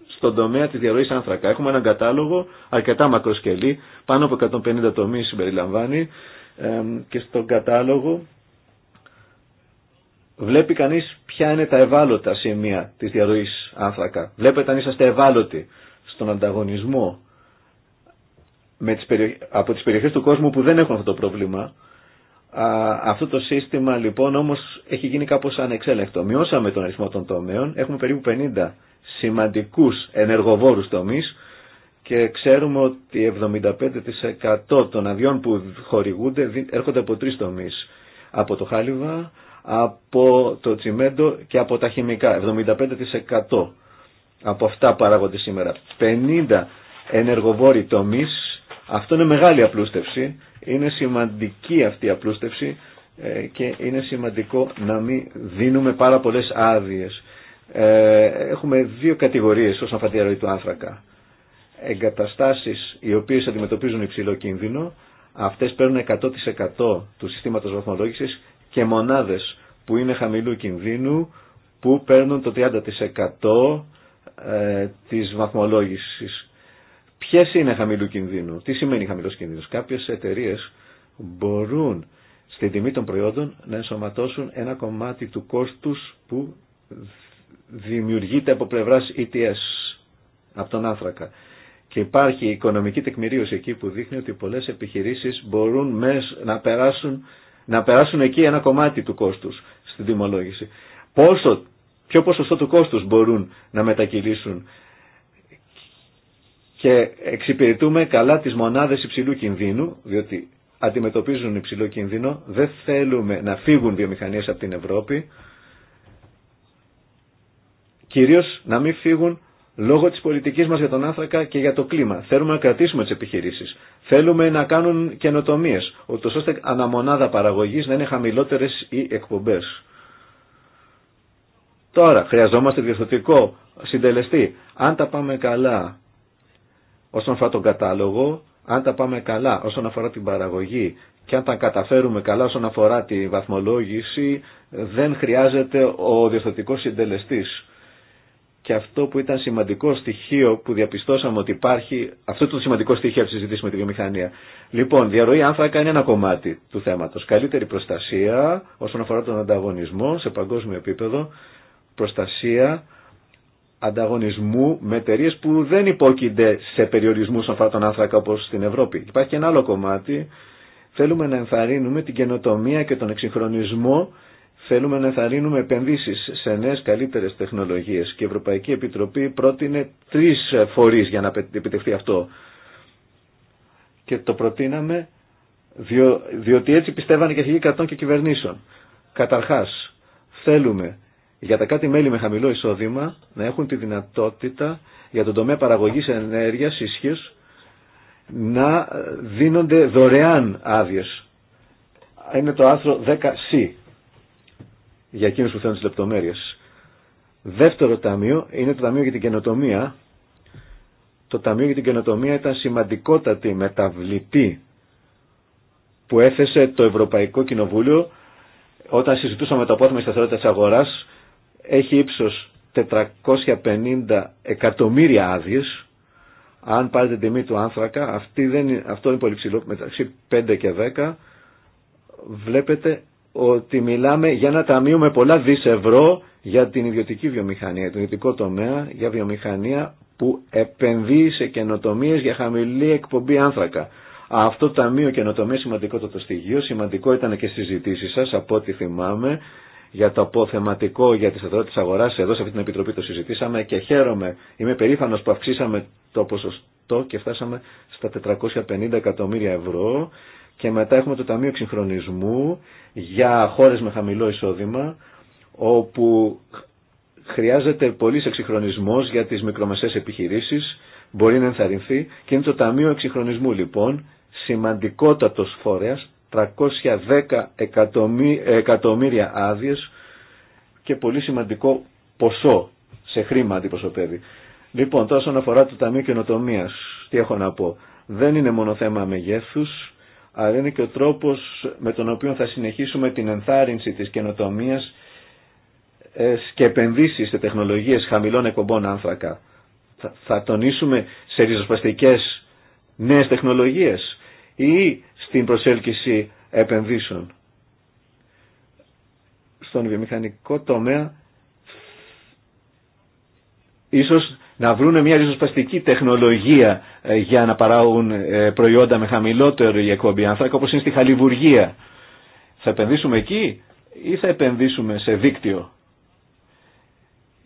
στον τομέα της διαρροής άνθρακα. Έχουμε έναν κατάλογο αρκετά μακροσκελή, πάνω από 150 τομείς συμπεριλαμβάνει και στον κατάλογο βλέπει κανείς ποια είναι τα ευάλωτα σημεία τη διαρροή άνθρακα. Βλέπετε αν είσαστε ευάλωτοι στον ανταγωνισμό με τις από τις περιοχές του κόσμου που δεν έχουν αυτό το πρόβλημα. Α, αυτό το σύστημα λοιπόν όμως έχει γίνει κάπως ανεξέλεκτο. Μειώσαμε τον αριθμό των τομέων, έχουμε περίπου 50 σημαντικούς ενεργοβόρους τομεί και ξέρουμε ότι 75% των αδειών που χορηγούνται έρχονται από τρει τομεί Από το Χάλιβα, από το τσιμέντο και από τα χημικά. 75% από αυτά παράγονται σήμερα. 50 ενεργοβόροι τομείς. Αυτό είναι μεγάλη απλούστευση. Είναι σημαντική αυτή η απλούστευση ε, και είναι σημαντικό να μην δίνουμε πάρα πολλές άδειες. Ε, έχουμε δύο κατηγορίες όσον αφορά τη ροή του άνθρακα. Εγκαταστάσεις οι οποίες αντιμετωπίζουν υψηλό κίνδυνο, αυτές παίρνουν 100% του συστήματος βαθμολόγησης και μονάδες που είναι χαμηλού κινδύνου που παίρνουν το 30% ε, της βαθμολόγησης. Ποιες είναι χαμηλού κινδύνου, τι σημαίνει χαμηλός κινδύνος. Κάποιες εταιρείες μπορούν στην τιμή των προϊόντων να ενσωματώσουν ένα κομμάτι του κόστους που δημιουργείται από πλευράς ETS, από τον άνθρακα. Και υπάρχει οικονομική τεκμηρίωση εκεί που δείχνει ότι πολλές επιχειρήσεις μπορούν να περάσουν να περάσουν εκεί ένα κομμάτι του κόστους στη δημολόγηση. Πόσο, ποιο ποσοστό του κόστους μπορούν να μετακυλήσουν και εξυπηρετούμε καλά τις μονάδες υψηλού κινδύνου, διότι αντιμετωπίζουν υψηλό κίνδυνο, δεν θέλουμε να φύγουν βιομηχανίες από την Ευρώπη, κυρίως να μην φύγουν λόγω της πολιτικής μας για τον άνθρακα και για το κλίμα. Θέλουμε να κρατήσουμε τις επιχειρήσεις. Θέλουμε να κάνουν καινοτομίε, ούτως ώστε αναμονάδα παραγωγής να είναι χαμηλότερες οι εκπομπές. Τώρα, χρειαζόμαστε διορθωτικό συντελεστή. Αν τα πάμε καλά όσον αφορά τον κατάλογο, αν τα πάμε καλά όσον αφορά την παραγωγή και αν τα καταφέρουμε καλά όσον αφορά τη βαθμολόγηση, δεν χρειάζεται ο διορθωτικός συντελεστής και αυτό που ήταν σημαντικό στοιχείο που διαπιστώσαμε ότι υπάρχει, αυτό το σημαντικό στοιχείο που συζητήσουμε με τη βιομηχανία. Λοιπόν, διαρροή άνθρακα είναι ένα κομμάτι του θέματος. Καλύτερη προστασία όσον αφορά τον ανταγωνισμό σε παγκόσμιο επίπεδο, προστασία ανταγωνισμού με εταιρείε που δεν υπόκεινται σε περιορισμού όσον αφορά τον άνθρακα όπω στην Ευρώπη. Υπάρχει και ένα άλλο κομμάτι. Θέλουμε να ενθαρρύνουμε την καινοτομία και τον εξυγχρονισμό Θέλουμε να ενθαρρύνουμε επενδύσεις σε νέες καλύτερε τεχνολογίες και η Ευρωπαϊκή Επιτροπή πρότεινε τρεις φορεί για να επιτευχθεί αυτό. Και το προτείναμε διότι έτσι πιστεύανε και αρχηγοί κρατών και κυβερνήσεων. Καταρχάς, θέλουμε για τα κάτι μέλη με χαμηλό εισόδημα να έχουν τη δυνατότητα για τον τομέα παραγωγής ενέργειας ίσχυω να δίνονται δωρεάν άδειε. Είναι το άρθρο 10C για εκείνους που θέλουν τις λεπτομέρειες. Δεύτερο ταμείο είναι το Ταμείο για την Καινοτομία. Το Ταμείο για την Καινοτομία ήταν σημαντικότατη μεταβλητή που έθεσε το Ευρωπαϊκό Κοινοβούλιο όταν συζητούσαμε το απόθεμα σταθερότητα της αγοράς. Έχει ύψος 450 εκατομμύρια άδειε. Αν πάρετε την τιμή του άνθρακα, αυτή δεν, αυτό είναι πολύ ψηλό, μεταξύ 5 και 10, βλέπετε ότι μιλάμε για ένα ταμείο με πολλά δις ευρώ για την ιδιωτική βιομηχανία, τον ιδιωτικό τομέα, για βιομηχανία που επενδύει σε καινοτομίε για χαμηλή εκπομπή άνθρακα. Αυτό το Ταμείο Καινοτομία σημαντικό το, στοιχείο, σημαντικό ήταν και στι συζητήσει σα, από ό,τι θυμάμαι, για το αποθεματικό για τη σταθερότητα τη αγορά. Εδώ σε αυτή την επιτροπή το συζητήσαμε και χαίρομαι, είμαι περήφανο που αυξήσαμε το ποσοστό και φτάσαμε στα 450 εκατομμύρια ευρώ και μετά έχουμε το Ταμείο Εξυγχρονισμού για χώρες με χαμηλό εισόδημα, όπου χρειάζεται πολύς εξυγχρονισμός για τις μικρομεσαίες επιχειρήσεις, μπορεί να ενθαρρυνθεί και είναι το Ταμείο Εξυγχρονισμού λοιπόν, σημαντικότατος φορέας, 310 εκατομμύρια άδειε και πολύ σημαντικό ποσό σε χρήμα αντιπροσωπεύει. Λοιπόν, τώρα όσον αφορά το Ταμείο Καινοτομία, τι έχω να πω. Δεν είναι μόνο θέμα μεγέθους, αλλά είναι και ο τρόπος με τον οποίο θα συνεχίσουμε την ενθάρρυνση της καινοτομίας ε, και επενδύσει σε τεχνολογίες χαμηλών εκπομπών άνθρακα. Θα τονίσουμε σε ριζοσπαστικές νέες τεχνολογίες ή στην προσέλκυση επενδύσεων. Στον βιομηχανικό τομέα ίσως να βρουν μια ριζοσπαστική τεχνολογία ε, για να παράγουν ε, προϊόντα με χαμηλότερο εκπομπή ανθράκα όπως είναι στη Χαλιβουργία. Θα επενδύσουμε εκεί ή θα επενδύσουμε σε δίκτυο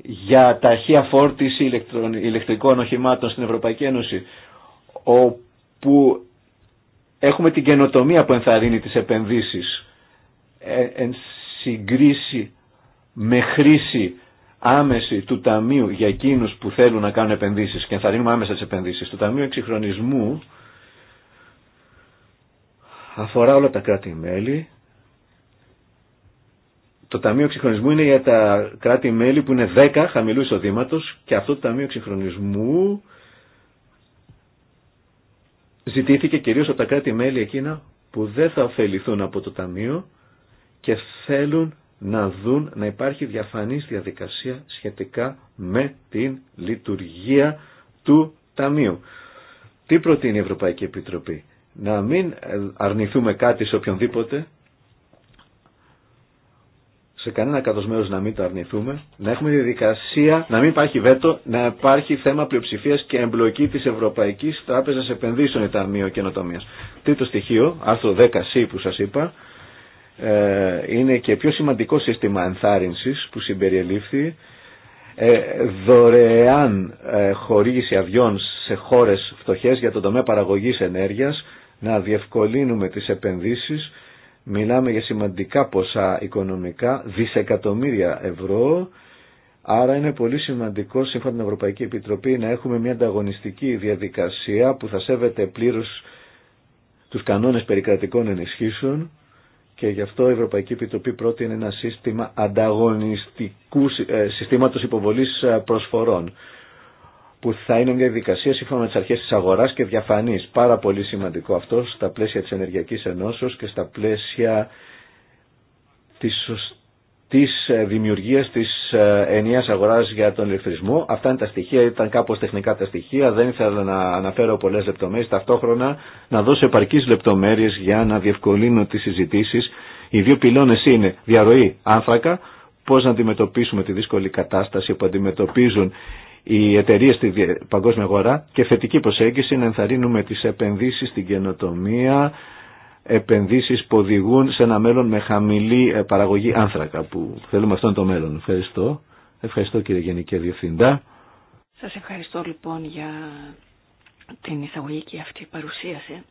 για ταχεία φόρτιση ηλεκτρικών οχημάτων στην Ευρωπαϊκή Ένωση όπου έχουμε την καινοτομία που ενθαρρύνει τις επενδύσεις ε, εν συγκρίση με χρήση άμεση του Ταμείου για εκείνους που θέλουν να κάνουν επενδύσεις και ρίχνουμε άμεσα τις επενδύσεις. Το Ταμείο Εξυγχρονισμού αφορά όλα τα κράτη-μέλη. Το Ταμείο Εξυγχρονισμού είναι για τα κράτη-μέλη που είναι 10 χαμηλού εισοδήματο και αυτό το Ταμείο Εξυγχρονισμού ζητήθηκε κυρίως από τα κράτη-μέλη εκείνα που δεν θα ωφεληθούν από το Ταμείο και θέλουν να δουν να υπάρχει διαφανής διαδικασία σχετικά με την λειτουργία του Ταμείου. Τι προτείνει η Ευρωπαϊκή Επιτροπή. Να μην ε, αρνηθούμε κάτι σε οποιονδήποτε, σε κανένα κατοσμέρος να μην το αρνηθούμε, να έχουμε διαδικασία, να μην υπάρχει βέτο, να υπάρχει θέμα πλειοψηφία και εμπλοκή της Ευρωπαϊκής Τράπεζας Επενδύσεων ή Ταμείο Καινοτομίας. Τρίτο στοιχείο, άρθρο 10C που σας είπα, ε, είναι και πιο σημαντικό σύστημα ενθάρρυνσης που συμπεριελήφθη ε, δωρεάν ε, χορήγηση αδειών σε χώρες φτωχές για τον τομέα παραγωγής ενέργειας να διευκολύνουμε τις επενδύσεις μιλάμε για σημαντικά ποσά οικονομικά δισεκατομμύρια ευρώ άρα είναι πολύ σημαντικό σύμφωνα την Ευρωπαϊκή Επιτροπή να έχουμε μια ανταγωνιστική διαδικασία που θα σέβεται πλήρως τους κανόνες περικρατικών ενισχύσεων και γι' αυτό η Ευρωπαϊκή Επιτροπή πρότεινε ένα σύστημα ανταγωνιστικού ε, συστήματος υποβολής ε, προσφορών που θα είναι μια διαδικασία σύμφωνα με τις αρχές της αγοράς και διαφανής. Πάρα πολύ σημαντικό αυτό στα πλαίσια της Ενεργειακής Ενώσεως και στα πλαίσια της της ε, δημιουργίας της ε, ενιαίας αγοράς για τον ηλεκτρισμό. Αυτά είναι τα στοιχεία, ήταν κάπως τεχνικά τα στοιχεία, δεν ήθελα να αναφέρω πολλές λεπτομέρειες, ταυτόχρονα να δώσω επαρκείς λεπτομέρειες για να διευκολύνω τις συζητήσεις. Οι δύο πυλώνες είναι διαρροή άνθρακα, πώς να αντιμετωπίσουμε τη δύσκολη κατάσταση που αντιμετωπίζουν οι εταιρείε στη παγκόσμια αγορά και θετική προσέγγιση να ενθαρρύνουμε τις επενδύσεις στην καινοτομία, επενδύσεις που οδηγούν σε ένα μέλλον με χαμηλή ε, παραγωγή άνθρακα που θέλουμε αυτό είναι το μέλλον. Ευχαριστώ. Ευχαριστώ κύριε Γενική Διευθυντά. Σας ευχαριστώ λοιπόν για την και αυτή παρουσίαση.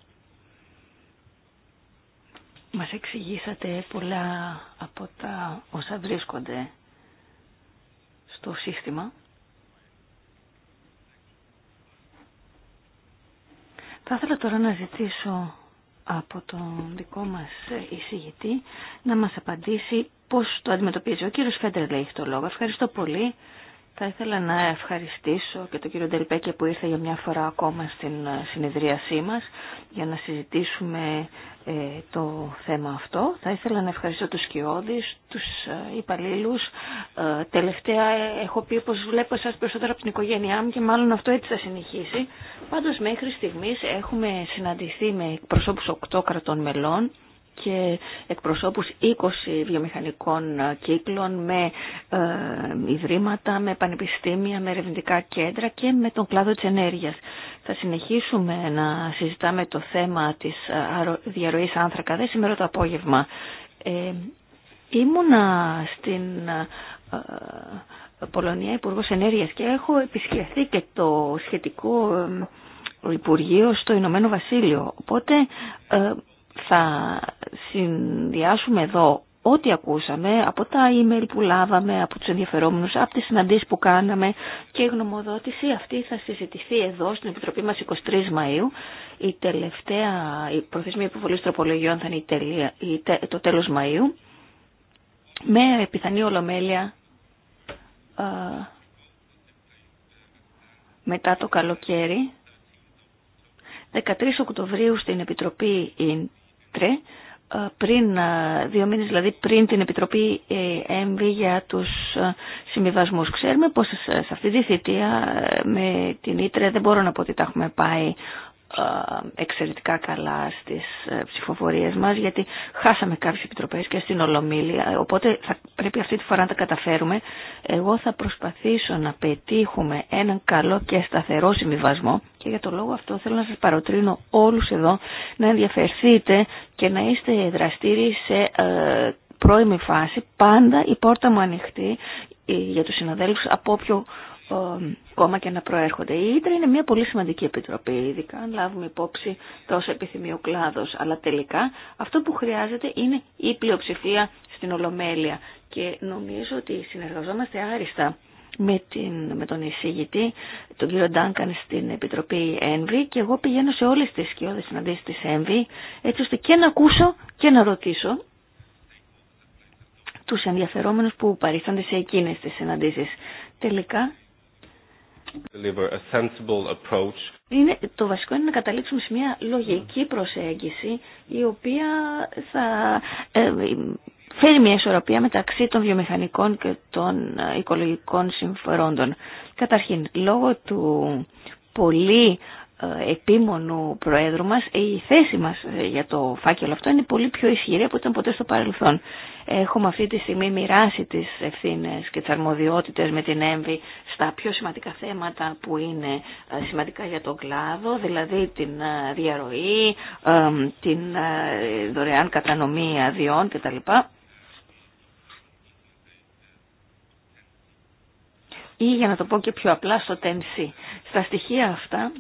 Μας εξηγήσατε πολλά από τα όσα βρίσκονται στο σύστημα. Θα ήθελα τώρα να ζητήσω από τον δικό μας εισηγητή να μας απαντήσει πώς το αντιμετωπίζει. Ο κύριος Φέντερ λέει το λόγο. Ευχαριστώ πολύ. Θα ήθελα να ευχαριστήσω και τον κύριο Ντελπέκε που ήρθε για μια φορά ακόμα στην ε, συνεδρίασή μας για να συζητήσουμε ε, το θέμα αυτό. Θα ήθελα να ευχαριστήσω τους σκιώδεις, τους ε, υπαλλήλους. Τελευταία έχω πει πως βλέπω εσάς περισσότερο από την οικογένειά μου και μάλλον αυτό έτσι θα συνεχίσει. Πάντως μέχρι στιγμής έχουμε συναντηθεί με προσώπους 8 κρατών μελών και εκπροσώπους 20 βιομηχανικών κύκλων με ε, ιδρύματα, με πανεπιστήμια, με ερευνητικά κέντρα και με τον κλάδο της ενέργειας. Θα συνεχίσουμε να συζητάμε το θέμα της ε, διαρροής άνθρακα δεν σήμερα το απόγευμα. Ε, ήμουνα στην... Ε, Πολωνία Υπουργός Ενέργειας και έχω επισκεφθεί και το σχετικό Υπουργείο στο Ηνωμένο Βασίλειο. Οπότε θα συνδυάσουμε εδώ ό,τι ακούσαμε από τα email που λάβαμε, από τους ενδιαφερόμενους, από τις συναντήσεις που κάναμε και η γνωμοδότηση αυτή θα συζητηθεί εδώ στην Επιτροπή μας 23 Μαΐου. Η τελευταία η προθεσμία υποβολής τροπολογιών θα είναι η τελεία, η, το τέλος Μαΐου με επιθανή ολομέλεια α, μετά το καλοκαίρι. 13 Οκτωβρίου στην Επιτροπή ε, πριν, ε, δύο μήνες δηλαδή πριν την Επιτροπή ε, ΕΜΒ για τους συμβιβασμούς. Ξέρουμε πως σε αυτή τη θητεία με την Ήτρε δεν μπορώ να πω ότι τα έχουμε πάει ε, εξαιρετικά καλά στις ε, ψηφοφορίες μας γιατί χάσαμε κάποιες επιτροπές και στην Ολομήλεια οπότε θα πρέπει αυτή τη φορά να τα καταφέρουμε εγώ θα προσπαθήσω να πετύχουμε έναν καλό και σταθερό συμβιβασμό και για το λόγο αυτό θέλω να σας παροτρύνω όλους εδώ να ενδιαφερθείτε και να είστε δραστήριοι σε ε, πρώιμη φάση πάντα η πόρτα μου ανοιχτή για τους συναδέλφους από όποιο ε, κόμμα και να προέρχονται. Η Ήτρα είναι μια πολύ σημαντική επιτροπή, ειδικά αν λάβουμε υπόψη τόσο επιθυμεί ο κλάδο. Αλλά τελικά αυτό που χρειάζεται είναι η πλειοψηφία στην Ολομέλεια. Και νομίζω ότι συνεργαζόμαστε άριστα με, την, με τον εισηγητή, τον κύριο Ντάνκαν στην Επιτροπή ΕΝΒΗ και εγώ πηγαίνω σε όλες τις σκιώδες συναντήσει της ΕΝΒΗ έτσι ώστε και να ακούσω και να ρωτήσω τους ενδιαφερόμενους που παρίστανται σε εκείνες τις συναντήσεις. Τελικά είναι, το βασικό είναι να καταλήξουμε σε μια λογική προσέγγιση η οποία θα ε, φέρει μια ισορροπία μεταξύ των βιομηχανικών και των ε, οικολογικών συμφερόντων. Καταρχήν, λόγω του πολύ ε, επίμονου Προέδρου μας, ε, η θέση μας ε, για το φάκελο αυτό είναι πολύ πιο ισχυρή από ήταν ποτέ στο παρελθόν. Έχουμε αυτή τη στιγμή μοιράσει τις ευθύνε και τις αρμοδιότητες με την ΕΜΒΗ στα πιο σημαντικά θέματα που είναι σημαντικά για τον κλάδο, δηλαδή την διαρροή, την δωρεάν κατανομή αδειών κτλ. Ή για να το πω και πιο απλά στο ΤΕΝΣΥ. Στα στοιχεία αυτά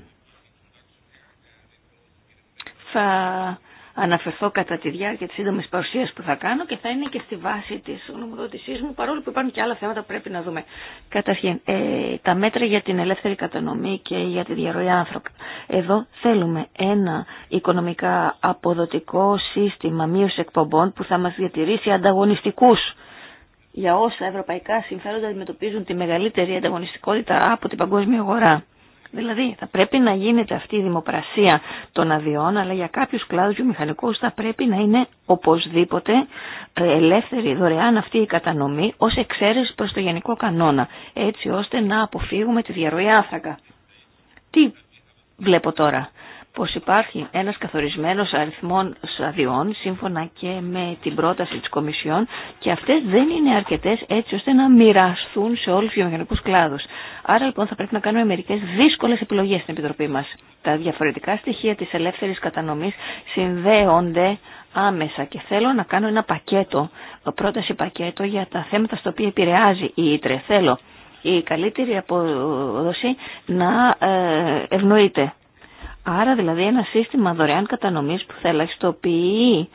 θα αναφερθώ κατά τη διάρκεια τη σύντομη παρουσίας που θα κάνω και θα είναι και στη βάση τη γνωμοδότησή μου, παρόλο που υπάρχουν και άλλα θέματα που πρέπει να δούμε. Καταρχήν, ε, τα μέτρα για την ελεύθερη κατανομή και για τη διαρροή άνθρωπων. Εδώ θέλουμε ένα οικονομικά αποδοτικό σύστημα μείωση εκπομπών που θα μα διατηρήσει ανταγωνιστικού για όσα ευρωπαϊκά συμφέροντα αντιμετωπίζουν τη μεγαλύτερη ανταγωνιστικότητα από την παγκόσμια αγορά. Δηλαδή θα πρέπει να γίνεται αυτή η δημοπρασία των αδειών, αλλά για κάποιους κλάδους βιομηχανικούς θα πρέπει να είναι οπωσδήποτε ε, ελεύθερη δωρεάν αυτή η κατανομή ως εξαίρεση προς το γενικό κανόνα, έτσι ώστε να αποφύγουμε τη διαρροή άθρακα. Τι βλέπω τώρα πως υπάρχει ένας καθορισμένος αριθμός αδειών σύμφωνα και με την πρόταση της Κομισιόν και αυτές δεν είναι αρκετές έτσι ώστε να μοιραστούν σε όλους τους βιομηχανικούς κλάδους. Άρα λοιπόν θα πρέπει να κάνουμε μερικές δύσκολες επιλογές στην Επιτροπή μας. Τα διαφορετικά στοιχεία της ελεύθερης κατανομής συνδέονται άμεσα και θέλω να κάνω ένα πακέτο, πρόταση πακέτο για τα θέματα στο οποία επηρεάζει η ΙΤΡΕ. Θέλω η καλύτερη αποδοσή να ε, ευνοείται Άρα δηλαδή ένα σύστημα δωρεάν κατανομής που θα ελαχιστοποιεί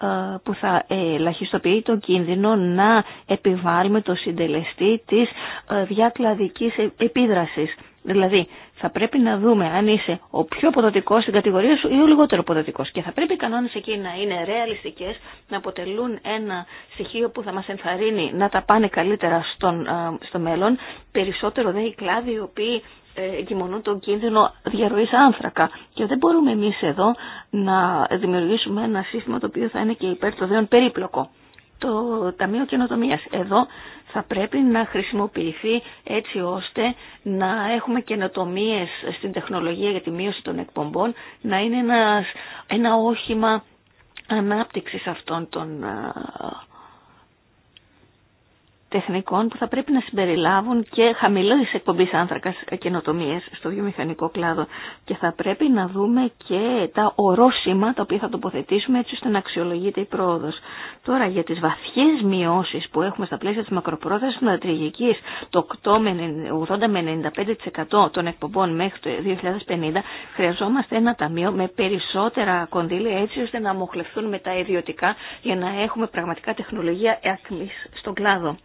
ε, που θα ελαχιστοποιεί τον κίνδυνο να επιβάλλουμε το συντελεστή της ε, διακλαδικής ε, επίδρασης. Δηλαδή, θα πρέπει να δούμε αν είσαι ο πιο ποδοτικός στην κατηγορία σου ή ο λιγότερο ποδοτικός. Και θα πρέπει οι κανόνε εκεί να είναι ρεαλιστικές, να αποτελούν ένα στοιχείο που θα μας ενθαρρύνει να τα πάνε καλύτερα στο μέλλον. Περισσότερο δε οι κλάδοι οι οποίοι ε, εγκυμονούν τον κίνδυνο διαρροής άνθρακα. Και δεν μπορούμε εμείς εδώ να δημιουργήσουμε ένα σύστημα το οποίο θα είναι και υπέρ των δέων περίπλοκο. Το Ταμείο Καινοτομία. Εδώ θα πρέπει να χρησιμοποιηθεί έτσι ώστε να έχουμε καινοτομίε στην τεχνολογία για τη μείωση των εκπομπών, να είναι ένα, ένα όχημα ανάπτυξης αυτών των τεχνικών που θα πρέπει να συμπεριλάβουν και χαμηλές εκπομπής άνθρακας καινοτομίε στο βιομηχανικό κλάδο και θα πρέπει να δούμε και τα ορόσημα τα οποία θα τοποθετήσουμε έτσι ώστε να αξιολογείται η πρόοδος. Τώρα για τις βαθιές μειώσεις που έχουμε στα πλαίσια της μακροπρόθεσης νοτατριγικής το 80 με 95% των εκπομπών μέχρι το 2050 χρειαζόμαστε ένα ταμείο με περισσότερα κονδύλια έτσι ώστε να μοχλευθούν με τα ιδιωτικά για να έχουμε πραγματικά τεχνολογία εκμή στον κλάδο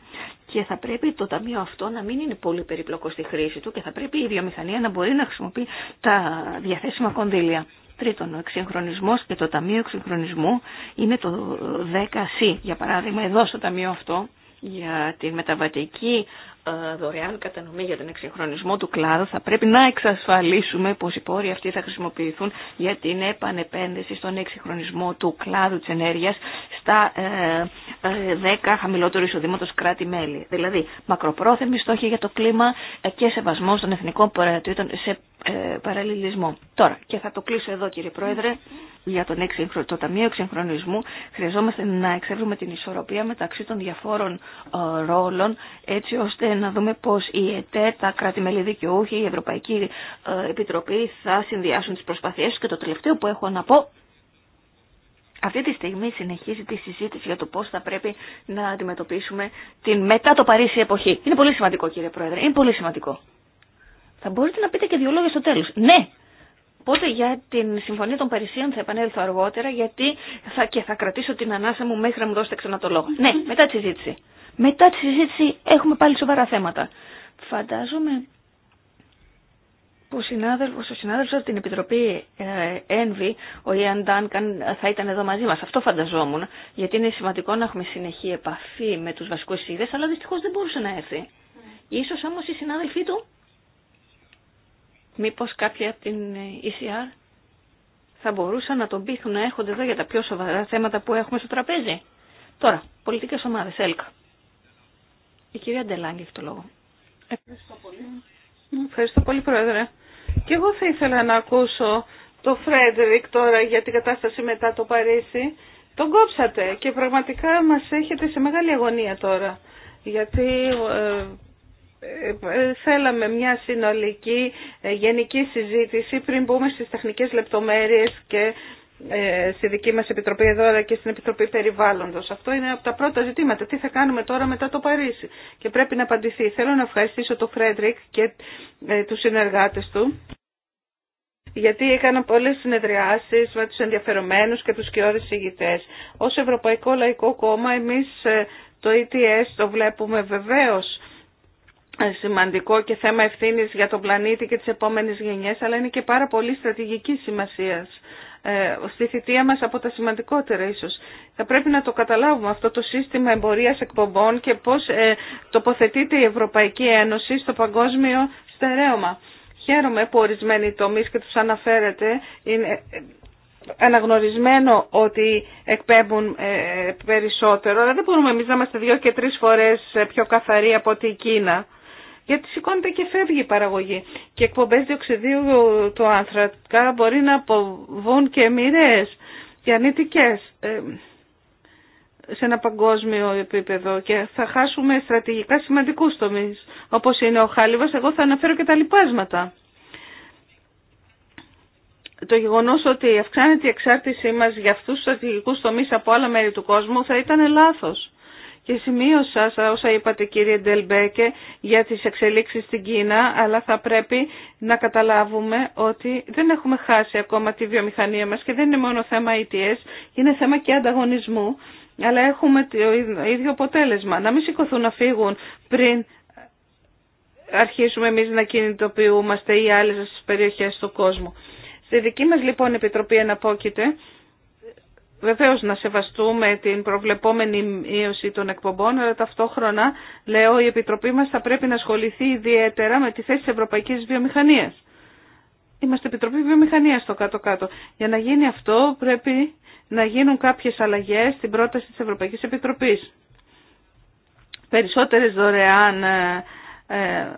και θα πρέπει το ταμείο αυτό να μην είναι πολύ περιπλοκό στη χρήση του και θα πρέπει η βιομηχανία να μπορεί να χρησιμοποιεί τα διαθέσιμα κονδύλια. Τρίτον, ο εξυγχρονισμό και το Ταμείο Εξυγχρονισμού είναι το 10C. Για παράδειγμα, εδώ στο Ταμείο αυτό για τη μεταβατική δωρεάν κατανομή για τον εξυγχρονισμό του κλάδου θα πρέπει να εξασφαλίσουμε πως οι πόροι αυτοί θα χρησιμοποιηθούν για την επανεπένδυση στον εξυγχρονισμό του κλάδου τη ενέργεια στα 10 ε, ε, χαμηλοτερου εισοδηματο εισοδήματος κράτη-μέλη. Δηλαδή, μακροπρόθεσμοι στόχη για το κλίμα και σεβασμό των εθνικών προαιρετήτων σε ε, παραλληλισμό. Τώρα, και θα το κλείσω εδώ κύριε Πρόεδρε, για τον εξυγχρο... το Ταμείο Εξυγχρονισμού χρειαζόμαστε να εξεύρουμε την ισορροπία μεταξύ των διαφόρων ε, ρόλων, έτσι ώστε να δούμε πώς η ΕΤΕ, τα κράτη-μέλη δικαιούχοι, η Ευρωπαϊκή ε, Επιτροπή θα συνδυάσουν τις προσπαθειές τους. Και το τελευταίο που έχω να πω αυτή τη στιγμή συνεχίζει τη συζήτηση για το πώς θα πρέπει να αντιμετωπίσουμε την μετά το Παρίσι εποχή. Είναι πολύ σημαντικό κύριε Πρόεδρε, είναι πολύ σημαντικό. Θα μπορείτε να πείτε και δύο λόγια στο τέλος. Ναι, Οπότε για την Συμφωνία των Παρισίων θα επανέλθω αργότερα γιατί θα, και θα κρατήσω την ανάσα μου μέχρι να μου δώσετε ξανά το λόγο. Ναι, μετά τη συζήτηση. Μετά τη συζήτηση έχουμε πάλι σοβαρά θέματα. Φαντάζομαι που ο συνάδελφος, ο από την Επιτροπή ΕΝΒΗ, ο Ιαν Ντάνκαν, θα ήταν εδώ μαζί μας. Αυτό φανταζόμουν, γιατί είναι σημαντικό να έχουμε συνεχή επαφή με τους βασικούς είδες, αλλά δυστυχώς δεν μπορούσε να έρθει. Ναι. Ίσως όμως οι συνάδελφοί του Μήπως κάποιοι από την ECR θα μπορούσαν να τον πείθουν να έρχονται εδώ για τα πιο σοβαρά θέματα που έχουμε στο τραπέζι. Τώρα, πολιτικές ομάδες, ΕΛΚΑ. Η κυρία Ντελάγκη, έχει το λόγο. Ευχαριστώ πολύ. Ευχαριστώ πολύ, Πρόεδρε. Και εγώ θα ήθελα να ακούσω το Φρέντερικ τώρα για την κατάσταση μετά το Παρίσι. Τον κόψατε και πραγματικά μας έχετε σε μεγάλη αγωνία τώρα. Γιατί ε, ε, θέλαμε μια συνολική ε, γενική συζήτηση πριν μπούμε στις τεχνικές λεπτομέρειες και στη δική μας Επιτροπή εδώ αλλά και στην Επιτροπή Περιβάλλοντος. Αυτό είναι από τα πρώτα ζητήματα. Τι θα κάνουμε τώρα μετά το Παρίσι. Και πρέπει να απαντηθεί. Θέλω να ευχαριστήσω τον Φρέντρικ και τους συνεργάτες του γιατί έκανα πολλές συνεδριάσεις με τους ενδιαφερομένους και τους κοιόδης ηγητές. Ως Ευρωπαϊκό Λαϊκό Κόμμα εμείς το ETS το βλέπουμε βεβαίως σημαντικό και θέμα ευθύνης για τον πλανήτη και τις επόμενες γενιές, αλλά είναι και πάρα πολύ στρατηγική σημασίας ε, στη θητεία μας από τα σημαντικότερα ίσως. Θα πρέπει να το καταλάβουμε αυτό το σύστημα εμπορίας εκπομπών και πώς ε, τοποθετείται η Ευρωπαϊκή Ένωση στο παγκόσμιο στερέωμα. Χαίρομαι που ορισμένοι τομείς και τους αναφέρετε είναι ε, αναγνωρισμένο ότι εκπέμπουν περισσότερο, αλλά δεν μπορούμε εμείς να είμαστε δύο και τρεις φορές πιο καθαροί από ότι η Κίνα γιατί σηκώνεται και φεύγει η παραγωγή. Και εκπομπές διοξιδίου του άνθρακα μπορεί να αποβούν και μοιραίε και ανήτικε σε ένα παγκόσμιο επίπεδο και θα χάσουμε στρατηγικά σημαντικούς τομείς, όπως είναι ο Χάλιβα. εγώ θα αναφέρω και τα λοιπάσματα. Το γεγονός ότι αυξάνεται η εξάρτησή μας για αυτούς τους στρατηγικούς τομείς από άλλα μέρη του κόσμου θα ήταν λάθος και σημείωσα όσα είπατε κύριε Ντελμπέκε για τις εξελίξεις στην Κίνα, αλλά θα πρέπει να καταλάβουμε ότι δεν έχουμε χάσει ακόμα τη βιομηχανία μας και δεν είναι μόνο θέμα ETS, είναι θέμα και ανταγωνισμού, αλλά έχουμε το ίδιο αποτέλεσμα. Να μην σηκωθούν να φύγουν πριν αρχίσουμε εμείς να κινητοποιούμαστε ή άλλες περιοχές του κόσμου. Στη δική μας λοιπόν επιτροπή εναπόκειται Βεβαίως να σεβαστούμε την προβλεπόμενη μείωση των εκπομπών, αλλά ταυτόχρονα, λέω, η Επιτροπή μας θα πρέπει να ασχοληθεί ιδιαίτερα με τη θέση της Ευρωπαϊκής Βιομηχανίας. Είμαστε Επιτροπή Βιομηχανίας στο κάτω-κάτω. Για να γίνει αυτό πρέπει να γίνουν κάποιες αλλαγές στην πρόταση της Ευρωπαϊκής Επιτροπής. Περισσότερες δωρεάν ε, ε,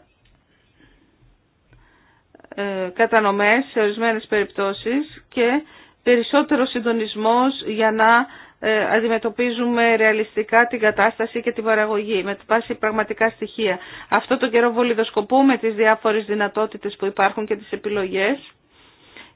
ε κατανομές σε ορισμένες περιπτώσεις και περισσότερο συντονισμός για να ε, αντιμετωπίζουμε ρεαλιστικά την κατάσταση και την παραγωγή με βάση πραγματικά στοιχεία. Αυτό το καιρό βολιδοσκοπούμε τις διάφορες δυνατότητες που υπάρχουν και τις επιλογές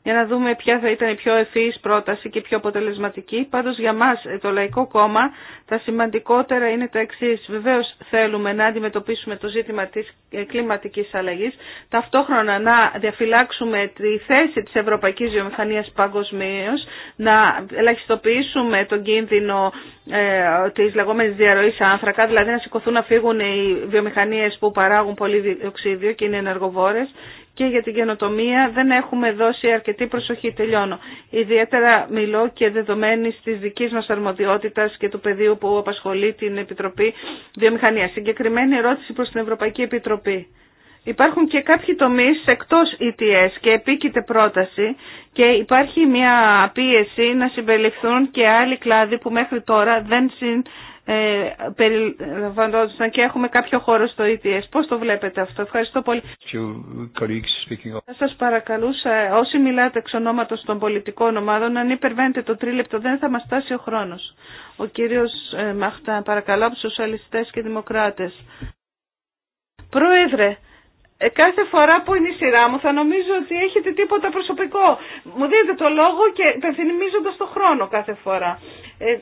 για να δούμε ποια θα ήταν η πιο ευφύης πρόταση και πιο αποτελεσματική. Πάντως για μας ε, το Λαϊκό Κόμμα τα σημαντικότερα είναι τα εξή. Βεβαίως θέλουμε να αντιμετωπίσουμε το ζήτημα της ε, κλιματικής αλλαγής, ταυτόχρονα να διαφυλάξουμε τη θέση της Ευρωπαϊκής Βιομηχανίας παγκοσμίω, να ελαχιστοποιήσουμε τον κίνδυνο ε, της λεγόμενης διαρροής άνθρακα, δηλαδή να σηκωθούν να φύγουν οι βιομηχανίες που παράγουν πολύ διοξίδιο και είναι ενεργοβόρες και για την καινοτομία δεν έχουμε δώσει αρκετή προσοχή. Τελειώνω. Ιδιαίτερα μιλώ και δεδομένη τη δική μα αρμοδιότητα και του πεδίου που απασχολεί την Επιτροπή Βιομηχανία. Συγκεκριμένη ερώτηση προ την Ευρωπαϊκή Επιτροπή. Υπάρχουν και κάποιοι τομείς εκτό ETS και επίκειται πρόταση και υπάρχει μια πίεση να συμπεριληφθούν και άλλοι κλάδοι που μέχρι τώρα δεν ε, περιλαμβανόντουσαν και έχουμε κάποιο χώρο στο ETS. Πώς το βλέπετε αυτό. Ευχαριστώ πολύ. Θα σας παρακαλούσα όσοι μιλάτε εξ ονόματος των πολιτικών ομάδων αν υπερβαίνετε το τρίλεπτο δεν θα μας στάσει ο χρόνος. Ο κύριος ε, Μαχτά παρακαλώ από τους σοσιαλιστές και δημοκράτες. Πρόεδρε, ε, κάθε φορά που είναι η σειρά μου θα νομίζω ότι έχετε τίποτα προσωπικό. Μου δίνετε το λόγο και υπενθυμίζοντας το χρόνο κάθε φορά. Ε,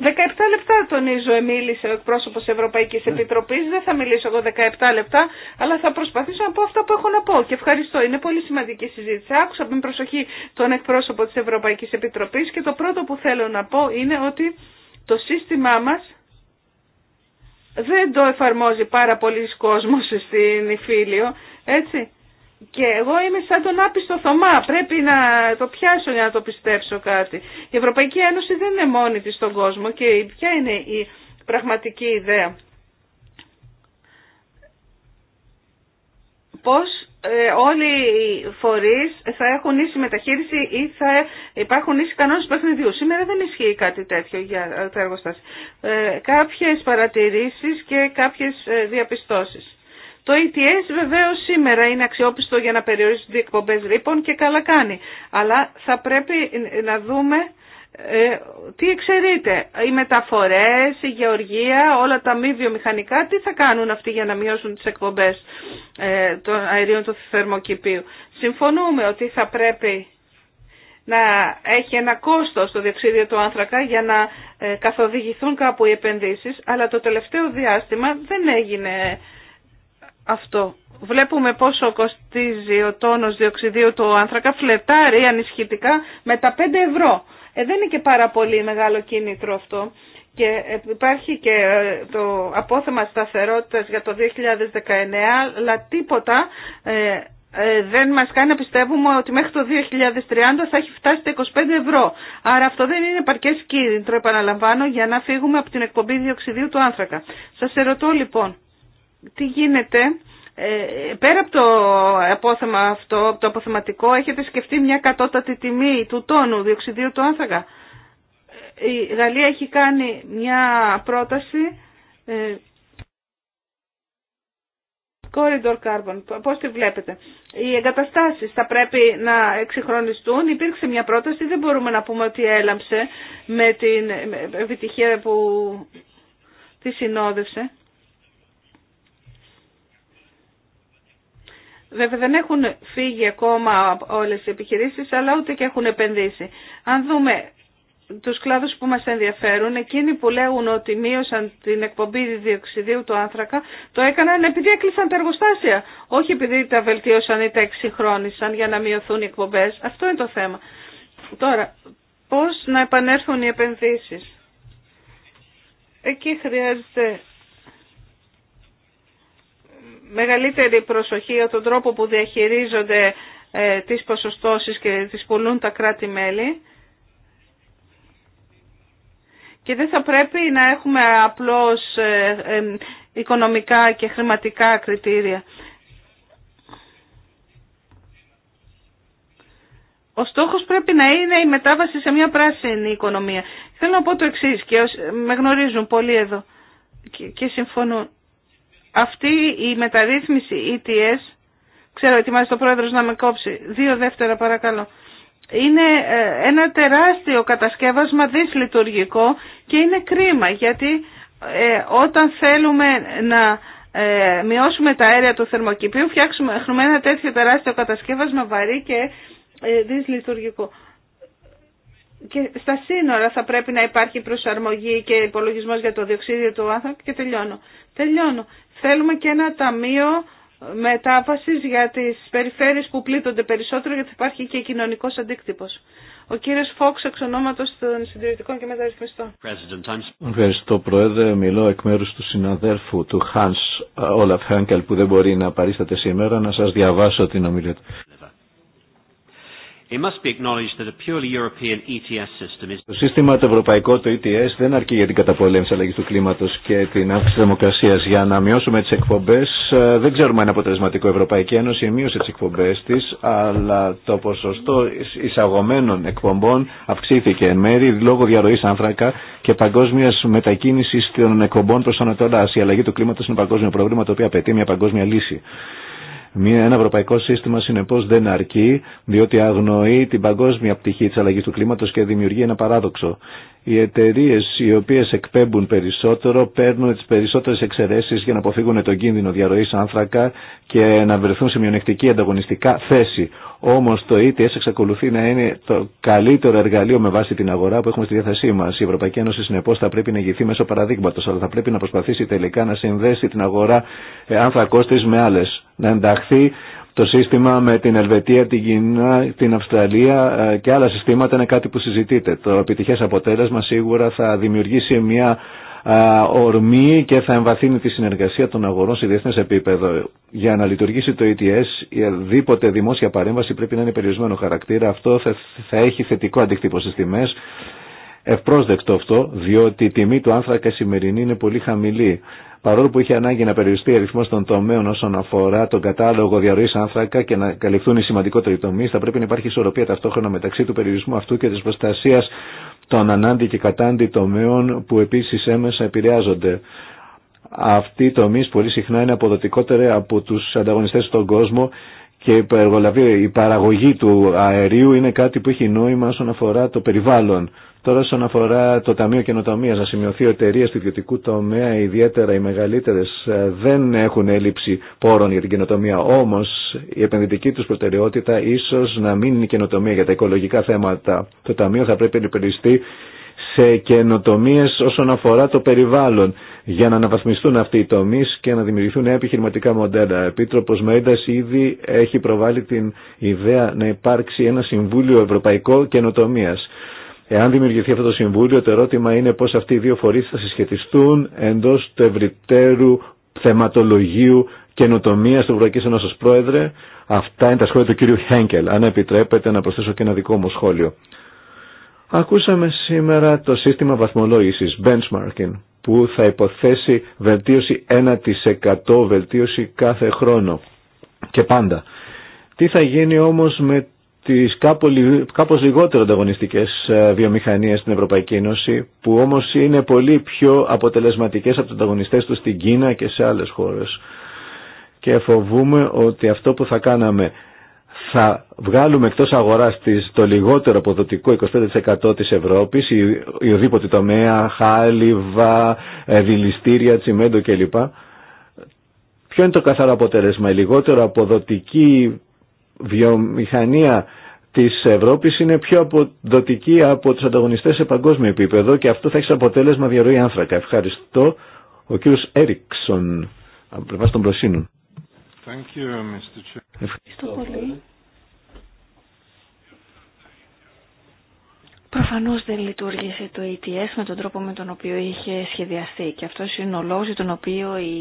17 λεπτά τονίζω μίλησε ο εκπρόσωπο Ευρωπαϊκή Ευρωπαϊκής ναι. Επιτροπής. Δεν θα μιλήσω εγώ 17 λεπτά, αλλά θα προσπαθήσω να πω αυτά που έχω να πω. Και ευχαριστώ. Είναι πολύ σημαντική συζήτηση. Άκουσα με προσοχή τον εκπρόσωπο της Ευρωπαϊκής Επιτροπής και το πρώτο που θέλω να πω είναι ότι το σύστημά μας δεν το εφαρμόζει πάρα πολλοί κόσμο [LAUGHS] στην Ιφίλιο. Έτσι. Και εγώ είμαι σαν τον άπιστο Θωμά. Πρέπει να το πιάσω για να το πιστέψω κάτι. Η Ευρωπαϊκή Ένωση δεν είναι μόνη της στον κόσμο και ποια είναι η πραγματική ιδέα. Πώς ε, όλοι οι φορείς θα έχουν ίση μεταχείριση ή θα υπάρχουν ίση κανόνες παιχνιδιού. Σήμερα δεν ισχύει κάτι τέτοιο για τα εργοστάσια. Ε, κάποιες παρατηρήσεις και κάποιες ε, διαπιστώσεις. Το ETS βεβαίω σήμερα είναι αξιόπιστο για να περιορίσει τι εκπομπέ ρήπων και καλά κάνει. Αλλά θα πρέπει να δούμε ε, τι εξαιρείται. Οι μεταφορέ, η γεωργία, όλα τα μη βιομηχανικά, τι θα κάνουν αυτοί για να μειώσουν τι εκπομπέ ε, των αερίων του θερμοκηπίου. Συμφωνούμε ότι θα πρέπει να έχει ένα κόστος το διεξίδιο του άνθρακα για να ε, καθοδηγηθούν κάπου οι επενδύσεις, αλλά το τελευταίο διάστημα δεν έγινε αυτό. Βλέπουμε πόσο κοστίζει ο τόνος διοξιδίου του άνθρακα, φλετάρει ανισχυτικά με τα 5 ευρώ. Ε, δεν είναι και πάρα πολύ μεγάλο κίνητρο αυτό. Και ε, υπάρχει και ε, το απόθεμα σταθερότητας για το 2019, αλλά τίποτα ε, δεν μας κάνει να πιστεύουμε ότι μέχρι το 2030 θα έχει φτάσει τα 25 ευρώ. Άρα αυτό δεν είναι παρκές κίνητρο, επαναλαμβάνω, για να φύγουμε από την εκπομπή διοξιδίου του άνθρακα. Σας ερωτώ λοιπόν, τι γίνεται. Ε, πέρα από το απόθεμα αυτό, το αποθεματικό, έχετε σκεφτεί μια κατώτατη τιμή του τόνου διοξιδίου του άνθρακα. Ε, η Γαλλία έχει κάνει μια πρόταση ε, Corridor Carbon, πώς τη βλέπετε. Οι εγκαταστάσεις θα πρέπει να εξυγχρονιστούν. Υπήρξε μια πρόταση, δεν μπορούμε να πούμε ότι έλαμψε με την επιτυχία που τη συνόδευσε. Βέβαια δεν έχουν φύγει ακόμα όλες οι επιχειρήσεις, αλλά ούτε και έχουν επενδύσει. Αν δούμε τους κλάδους που μας ενδιαφέρουν, εκείνοι που λέγουν ότι μείωσαν την εκπομπή διοξιδίου του άνθρακα, το έκαναν επειδή έκλεισαν τα εργοστάσια, όχι επειδή τα βελτίωσαν ή τα εξυγχρόνισαν για να μειωθούν οι εκπομπές. Αυτό είναι το θέμα. Τώρα, πώς να επανέλθουν οι επενδύσεις. Εκεί χρειάζεται μεγαλύτερη προσοχή για τον τρόπο που διαχειρίζονται ε, τις ποσοστώσεις και τις πουλούν τα κράτη-μέλη. Και δεν θα πρέπει να έχουμε απλώς ε, ε, οικονομικά και χρηματικά κριτήρια. Ο στόχος πρέπει να είναι η μετάβαση σε μια πράσινη οικονομία. Θέλω να πω το εξής και με γνωρίζουν πολλοί εδώ και συμφωνούν. Αυτή η μεταρρύθμιση ETS, ξέρω ετοιμάζει το πρόεδρος να με κόψει, δύο δεύτερα παρακαλώ, είναι ε, ένα τεράστιο κατασκεύασμα δυσλειτουργικό και είναι κρίμα γιατί ε, όταν θέλουμε να ε, μειώσουμε τα αέρια του θερμοκηπίου φτιάξουμε ένα τέτοιο τεράστιο κατασκεύασμα βαρύ και δυσλειτουργικό. Και στα σύνορα θα πρέπει να υπάρχει προσαρμογή και υπολογισμό για το διοξίδιο του άνθρακα και τελειώνω. Τελειώνω. Θέλουμε και ένα ταμείο μετάβαση για τις περιφέρειες που πλήττονται περισσότερο γιατί υπάρχει και κοινωνικό αντίκτυπος. Ο κύριο Φόξ, εξ ονόματο των συντηρητικών και μεταρρυθμιστών. Ευχαριστώ, Πρόεδρε. Μιλώ εκ μέρου του συναδέλφου του Χάν Όλαφ Χάνκελ, που δεν μπορεί να παρίσταται σήμερα να σας διαβάσω την ομιλία του. E το σύστημα το ευρωπαϊκό, το ETS, δεν αρκεί για την καταπολέμηση αλλαγή του κλίματο και την αύξηση της δημοκρασίας. Για να μειώσουμε τι εκπομπέ. Ε, δεν ξέρουμε αν είναι αποτελεσματικό. Η Ευρωπαϊκή Ένωση μείωσε τι εκπομπέ τη, αλλά το ποσοστό εισαγωμένων εκπομπών αυξήθηκε εν μέρη λόγω διαρροή άνθρακα και παγκόσμια μετακίνηση των εκπομπών προς Ανατολά. Η αλλαγή του κλίματος είναι παγκόσμιο πρόβλημα το οποίο απαιτεί μια παγκόσμια λύση. Μια, ένα ευρωπαϊκό σύστημα συνεπώς δεν αρκεί, διότι αγνοεί την παγκόσμια πτυχή της αλλαγής του κλίματος και δημιουργεί ένα παράδοξο οι εταιρείε οι οποίε εκπέμπουν περισσότερο παίρνουν τι περισσότερε εξαιρέσει για να αποφύγουν τον κίνδυνο διαρροή άνθρακα και να βρεθούν σε μειονεκτική ανταγωνιστικά θέση. Όμω το ETS εξακολουθεί να είναι το καλύτερο εργαλείο με βάση την αγορά που έχουμε στη διάθεσή μα. Η Ευρωπαϊκή Ένωση συνεπώ θα πρέπει να ηγηθεί μέσω παραδείγματο, αλλά θα πρέπει να προσπαθήσει τελικά να συνδέσει την αγορά ε, άνθρακό τη με άλλε. Να ενταχθεί το σύστημα με την Ελβετία, την Κίνα, την Αυστραλία ε, και άλλα συστήματα είναι κάτι που συζητείτε. Το επιτυχές αποτέλεσμα σίγουρα θα δημιουργήσει μια ε, ορμή και θα εμβαθύνει τη συνεργασία των αγορών σε διεθνέ επίπεδο. Για να λειτουργήσει το ETS, η δίποτε δημόσια παρέμβαση πρέπει να είναι περιορισμένο χαρακτήρα. Αυτό θα, θα έχει θετικό αντίκτυπο στι τιμέ. Ευπρόσδεκτο αυτό, διότι η τιμή του άνθρακα σημερινή είναι πολύ χαμηλή. Παρόλο που είχε ανάγκη να περιοριστεί ο αριθμό των τομέων όσον αφορά τον κατάλογο διαρροή άνθρακα και να καλυφθούν οι σημαντικότεροι τομεί, θα πρέπει να υπάρχει ισορροπία ταυτόχρονα μεταξύ του περιορισμού αυτού και τη προστασία των ανάντι και κατάντι τομέων που επίση έμεσα επηρεάζονται. Αυτοί οι τομεί πολύ συχνά είναι αποδοτικότεροι από του ανταγωνιστέ στον κόσμο και η παραγωγή του αερίου είναι κάτι που έχει νόημα όσον αφορά το περιβάλλον Τώρα, όσον αφορά το Ταμείο Καινοτομία, να σημειωθεί ότι εταιρείε του ιδιωτικού τομέα, ιδιαίτερα οι μεγαλύτερε, ε, δεν έχουν έλλειψη πόρων για την καινοτομία. Όμω, η επενδυτική του προτεραιότητα ίσω να μην είναι η καινοτομία για τα οικολογικά θέματα. Το Ταμείο θα πρέπει να υπεριστεί σε καινοτομίε όσον αφορά το περιβάλλον, για να αναβαθμιστούν αυτοί οι τομεί και να δημιουργηθούν νέα επιχειρηματικά μοντέλα. Επίτροπο Μέντα ήδη έχει προβάλει την ιδέα να υπάρξει ένα Συμβούλιο Ευρωπαϊκό Καινοτομία. Εάν δημιουργηθεί αυτό το Συμβούλιο, το ερώτημα είναι πώς αυτοί οι δύο φορείς θα συσχετιστούν εντός του ευρυτέρου θεματολογίου καινοτομία του Ευρωπαϊκή Ένωση Πρόεδρε. Αυτά είναι τα σχόλια του κύριου Χένκελ. Αν επιτρέπετε να προσθέσω και ένα δικό μου σχόλιο. Ακούσαμε σήμερα το σύστημα βαθμολόγησης, benchmarking, που θα υποθέσει βελτίωση 1% βελτίωση κάθε χρόνο και πάντα. Τι θα γίνει όμως με τις κάπως λιγότερο ανταγωνιστικές ε, βιομηχανίες στην Ευρωπαϊκή Ένωση που όμως είναι πολύ πιο αποτελεσματικές από τους ανταγωνιστές τους στην Κίνα και σε άλλες χώρες. Και φοβούμε ότι αυτό που θα κάναμε θα βγάλουμε εκτός αγοράς το λιγότερο αποδοτικό 25% της Ευρώπης, η, η οδήποτε τομέα, χάλιβα, ε, δηληστήρια, τσιμέντο κλπ. Ποιο είναι το καθαρό αποτέλεσμα, η λιγότερο αποδοτική βιομηχανία της Ευρώπης είναι πιο αποδοτική από τους ανταγωνιστές σε παγκόσμιο επίπεδο και αυτό θα έχει αποτέλεσμα διαρροή άνθρακα. Ευχαριστώ. Ο κύριος Έριξον, από πλευράς των Προσύνων. Thank Ευχαριστώ πολύ. Προφανώς δεν λειτουργήσε το ETS ε με τον τρόπο με τον οποίο είχε σχεδιαστεί και αυτός είναι ο λόγος για τον οποίο η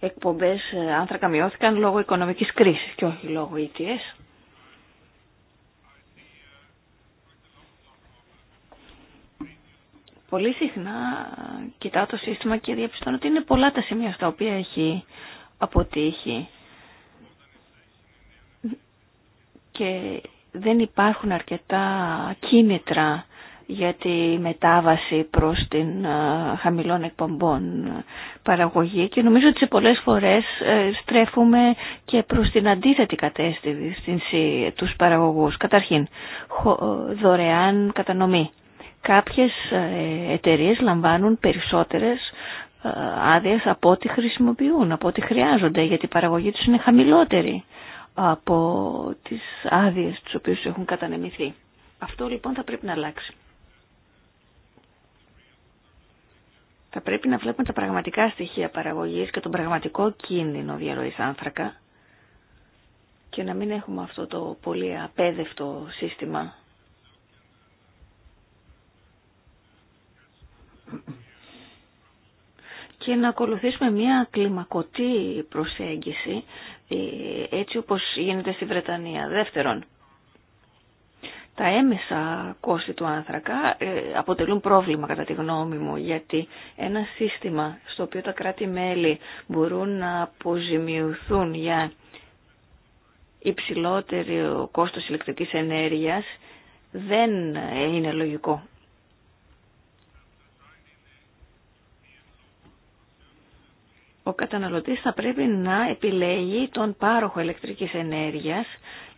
εκπομπές ε, άνθρακα μειώθηκαν λόγω οικονομικής κρίσης και όχι λόγω ETS. Πολύ συχνά ε, κοιτάω το σύστημα και διαπιστώνω ότι είναι πολλά τα σημεία στα οποία έχει αποτύχει και δεν υπάρχουν αρκετά κίνητρα για τη μετάβαση προς την ε, χαμηλών εκπομπών ε, παραγωγή και νομίζω ότι σε πολλές φορές ε, στρέφουμε και προς την αντίθετη κατεύθυνση τους παραγωγούς. Καταρχήν, δωρεάν κατανομή. Κάποιες εταιρείες λαμβάνουν περισσότερες άδειε από ό,τι χρησιμοποιούν, από ό,τι χρειάζονται, γιατί η παραγωγή τους είναι χαμηλότερη από τις άδειε τις οποίες έχουν κατανεμηθεί. Αυτό λοιπόν θα πρέπει να αλλάξει. Θα πρέπει να βλέπουμε τα πραγματικά στοιχεία παραγωγής και τον πραγματικό κίνδυνο διαρροής άνθρακα και να μην έχουμε αυτό το πολύ απέδευτο σύστημα. Και να ακολουθήσουμε μια κλιμακωτή προσέγγιση ε, έτσι όπως γίνεται στη Βρετανία. Δεύτερον, τα έμεσα κόστη του άνθρακα ε, αποτελούν πρόβλημα κατά τη γνώμη μου γιατί ένα σύστημα στο οποίο τα κράτη-μέλη μπορούν να αποζημιωθούν για υψηλότερο κόστος ηλεκτρικής ενέργειας δεν είναι λογικό. Ο καταναλωτής θα πρέπει να επιλέγει τον πάροχο ηλεκτρικής ενέργειας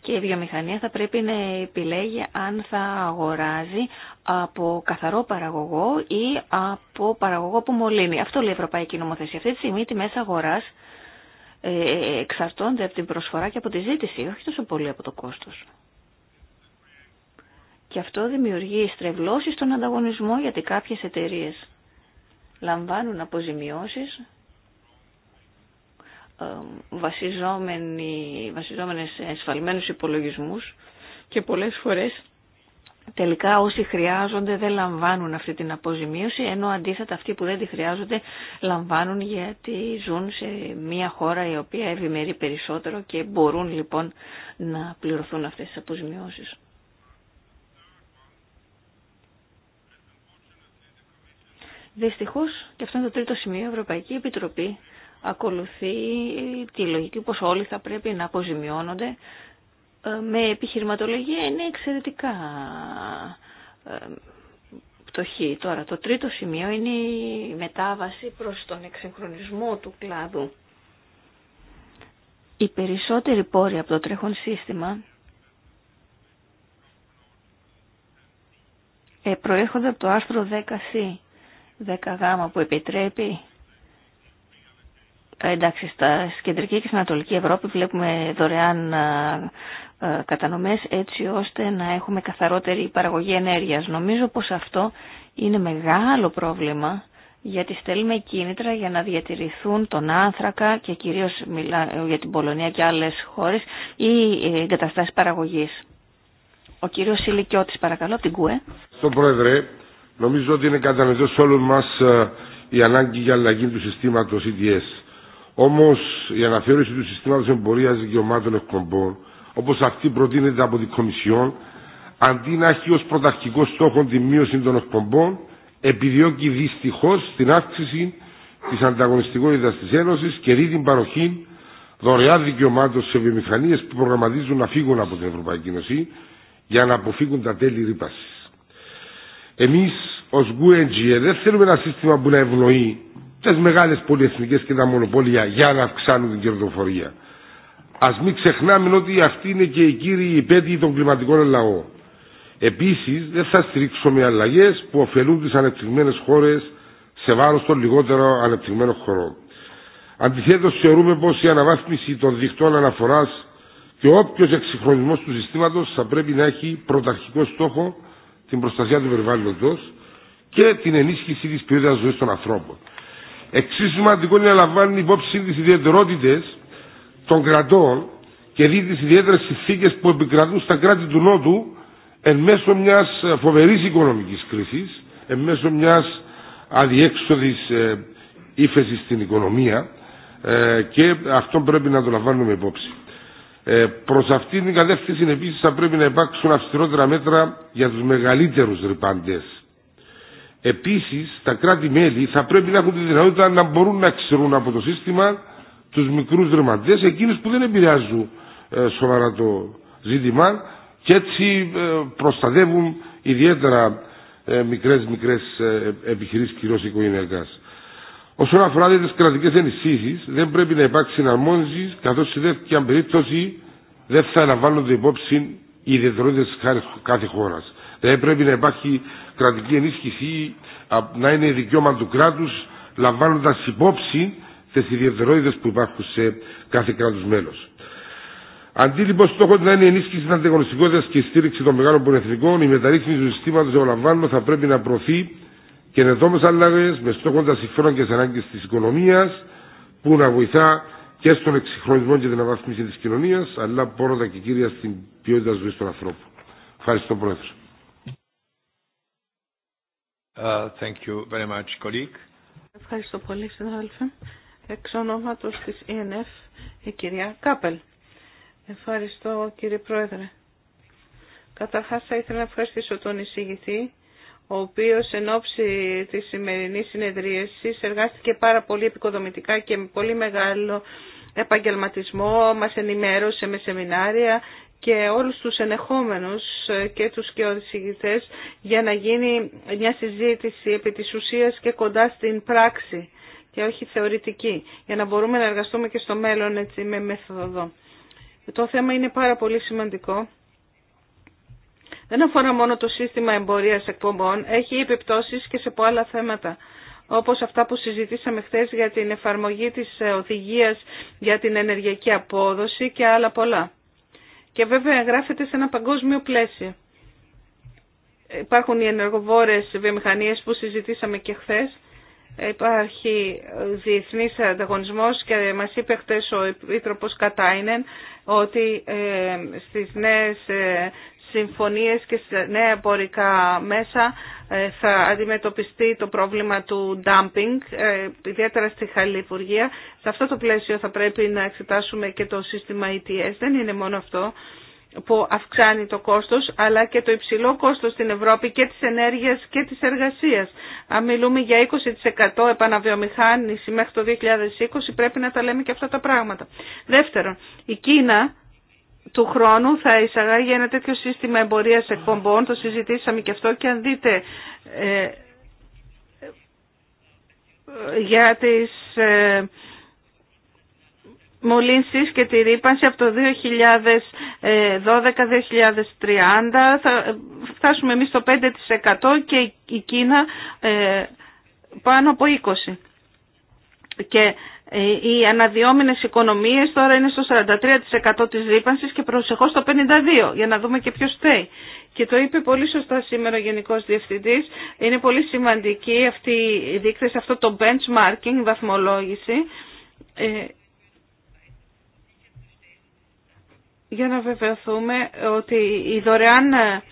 και η βιομηχανία θα πρέπει να επιλέγει αν θα αγοράζει από καθαρό παραγωγό ή από παραγωγό που μολύνει. Αυτό λέει η Ευρωπαϊκή Νομοθεσία. Αυτή τη στιγμή τιμέ αγορά ε, εξαρτώνται από την προσφορά και από τη ζήτηση, όχι τόσο πολύ από το κόστος. Και αυτό δημιουργεί στρεβλώσεις στον ανταγωνισμό γιατί κάποιες εταιρείες λαμβάνουν αποζημιώσεις ε, βασιζόμενες σε εσφαλμένους υπολογισμούς και πολλές φορές τελικά όσοι χρειάζονται δεν λαμβάνουν αυτή την αποζημίωση ενώ αντίθετα αυτοί που δεν τη χρειάζονται λαμβάνουν γιατί ζουν σε μια χώρα η οποία ευημερεί περισσότερο και μπορούν λοιπόν να πληρωθούν αυτές τις αποζημιώσεις. Δυστυχώς, και αυτό είναι το τρίτο σημείο, η Ευρωπαϊκή Επιτροπή ακολουθεί τη λογική πως όλοι θα πρέπει να αποζημιώνονται ε, με επιχειρηματολογία είναι εξαιρετικά ε, πτωχή. Τώρα το τρίτο σημείο είναι η μετάβαση προς τον εξυγχρονισμό του κλάδου. Οι περισσότεροι πόροι από το τρέχον σύστημα ε, προέρχονται από το άρθρο 10C, 10Γ που επιτρέπει Εντάξει, στα κεντρική και στην Ανατολική Ευρώπη βλέπουμε δωρεάν κατανομές έτσι ώστε να έχουμε καθαρότερη παραγωγή ενέργειας. Νομίζω πως αυτό είναι μεγάλο πρόβλημα γιατί στέλνουμε κίνητρα για να διατηρηθούν τον άνθρακα και κυρίως μιλάω για την Πολωνία και άλλες χώρες ή ε, εγκαταστάσεις παραγωγής. Ο κύριος Σιλικιώτης παρακαλώ την ΚΟΕ. Στον Πρόεδρε, νομίζω ότι είναι κατανοητό σε όλους μας ε, η ανάγκη για αλλαγή του συστήματος ETS. Όμω η αναθεώρηση του συστήματο εμπορία δικαιωμάτων εκπομπών, όπω αυτή προτείνεται από την Κομισιόν, αντί να έχει ω πρωταρχικό στόχο τη μείωση των εκπομπών, επιδιώκει δυστυχώ την αύξηση τη ανταγωνιστικότητα τη Ένωση και την παροχή δωρεά δικαιωμάτων σε βιομηχανίε που προγραμματίζουν να φύγουν από την Ευρωπαϊκή Ένωση για να αποφύγουν τα τέλη ρήπαση. Εμεί ω ΓΚΟΕΝΤΖΙΕ δεν θέλουμε ένα σύστημα που να ευνοεί τις μεγάλες πολυεθνικές και τα μονοπόλια για να αυξάνουν την κερδοφορία. Ας μην ξεχνάμε ότι αυτή είναι και η κύριοι υπέτειοι των κλιματικών λαών. Επίσης δεν θα στηρίξουμε αλλαγές που ωφελούν τις ανεπτυγμένες χώρες σε βάρος των λιγότερο ανεπτυγμένων χωρών. Αντιθέτω, θεωρούμε πω η αναβάθμιση των δικτών αναφορά και όποιο εξυγχρονισμό του συστήματο θα πρέπει να έχει πρωταρχικό στόχο την προστασία του περιβάλλοντο και την ενίσχυση τη ποιότητα ζωή των ανθρώπων. Εξίσου σημαντικό είναι να λαμβάνει υπόψη τι ιδιαιτερότητε των κρατών και δει τι ιδιαίτερε συνθήκε που επικρατούν στα κράτη του Νότου εν μέσω μια φοβερή οικονομική κρίση, εν μέσω μια αδιέξοδη ε, ύφεση στην οικονομία ε, και αυτό πρέπει να το λαμβάνουμε υπόψη. Ε, Προ αυτή την κατεύθυνση επίση θα πρέπει να υπάρξουν αυστηρότερα μέτρα για του μεγαλύτερου ρηπαντέ Επίση, τα κράτη-μέλη θα πρέπει να έχουν τη δυνατότητα να μπορούν να ξέρουν από το σύστημα του μικρού δερματές, εκείνου που δεν επηρεάζουν ε, σοβαρά το ζήτημα και έτσι ε, προστατεύουν ιδιαίτερα ε, μικρές μικρές επιχειρήσεις κυρίως οικογενειακά. Όσον αφορά τι κρατικέ ενισχύσει, δεν πρέπει να υπάρξει συναρμόνιση, καθώ σε τέτοια περίπτωση δεν θα αναβάλλονται υπόψη οι ιδιαιτερότητε κάθε χώρα. Δεν πρέπει να υπάρχει κρατική ενίσχυση να είναι η δικαίωμα του κράτου, λαμβάνοντα υπόψη τι ιδιαιτερότητε που υπάρχουν σε κάθε κράτο μέλο. Αντί λοιπόν στόχο να είναι η ενίσχυση τη ανταγωνιστικότητα και η στήριξη των μεγάλων πολυεθνικών, η μεταρρύθμιση του συστήματο λαμβάνω θα πρέπει να προωθεί και νετόμε αλλαγέ με στόχο τα συμφέροντα και τι ανάγκε τη οικονομία, που να βοηθά και στον εξυγχρονισμό και την αναβάθμιση τη κοινωνία, αλλά πόροτα και κύρια στην ποιότητα ζωή των ανθρώπων. Ευχαριστώ, Πρόεδρε. Uh, Ευχαριστώ πολύ, συνάδελφε. Εξ ονόματος της ΕΝΕΦ, e η κυρία Κάπελ. Ευχαριστώ, κύριε Πρόεδρε. Καταρχάς θα ήθελα να ευχαριστήσω τον εισηγητή, ο οποίος εν ώψη της σημερινής συνεδρίασης εργάστηκε πάρα πολύ επικοδομητικά και με πολύ μεγάλο επαγγελματισμό, μας ενημέρωσε με σεμινάρια, και όλους τους ενεχόμενους ε, και τους και για να γίνει μια συζήτηση επί της ουσίας και κοντά στην πράξη και όχι θεωρητική, για να μπορούμε να εργαστούμε και στο μέλλον έτσι, με μέθοδο. Το θέμα είναι πάρα πολύ σημαντικό. Δεν αφορά μόνο το σύστημα εμπορίας εκπομπών, έχει επιπτώσεις και σε πολλά θέματα όπως αυτά που συζητήσαμε χθες για την εφαρμογή της οδηγίας για την ενεργειακή απόδοση και άλλα πολλά και βέβαια γράφεται σε ένα παγκόσμιο πλαίσιο. Υπάρχουν οι ενεργοβόρες βιομηχανίες που συζητήσαμε και χθες. Υπάρχει διεθνής ανταγωνισμός και μας είπε χθες ο Επίτροπος Κατάινεν ότι ε, στις νέες ε, συμφωνίες και σε νέα εμπορικά μέσα ε, θα αντιμετωπιστεί το πρόβλημα του dumping, ε, ιδιαίτερα στη χαλιβουργία. Σε αυτό το πλαίσιο θα πρέπει να εξετάσουμε και το σύστημα ETS. Δεν είναι μόνο αυτό που αυξάνει το κόστος, αλλά και το υψηλό κόστος στην Ευρώπη και της ενέργειας και της εργασίας. Αν μιλούμε για 20% επαναβιομηχάνηση μέχρι το 2020, πρέπει να τα λέμε και αυτά τα πράγματα. Δεύτερον, η Κίνα του χρόνου θα εισαγάγει ένα τέτοιο σύστημα εμπορίας εκπομπών. Το συζητήσαμε και αυτό και αν δείτε ε, ε για τις ε, μολύνσεις και τη ρήπανση από το 2012-2030 θα ε, φτάσουμε εμείς στο 5% και η Κίνα ε, πάνω από 20% και ε, οι αναδυόμενες οικονομίες τώρα είναι στο 43% της ρήπανσης και προσεχώς στο 52% για να δούμε και ποιος θέει. Και το είπε πολύ σωστά σήμερα ο Γενικός Διευθυντής. Είναι πολύ σημαντική αυτή η δείκτηση, αυτό το benchmarking, η βαθμολόγηση, ε, για να βεβαιωθούμε ότι η δωρεάν ε,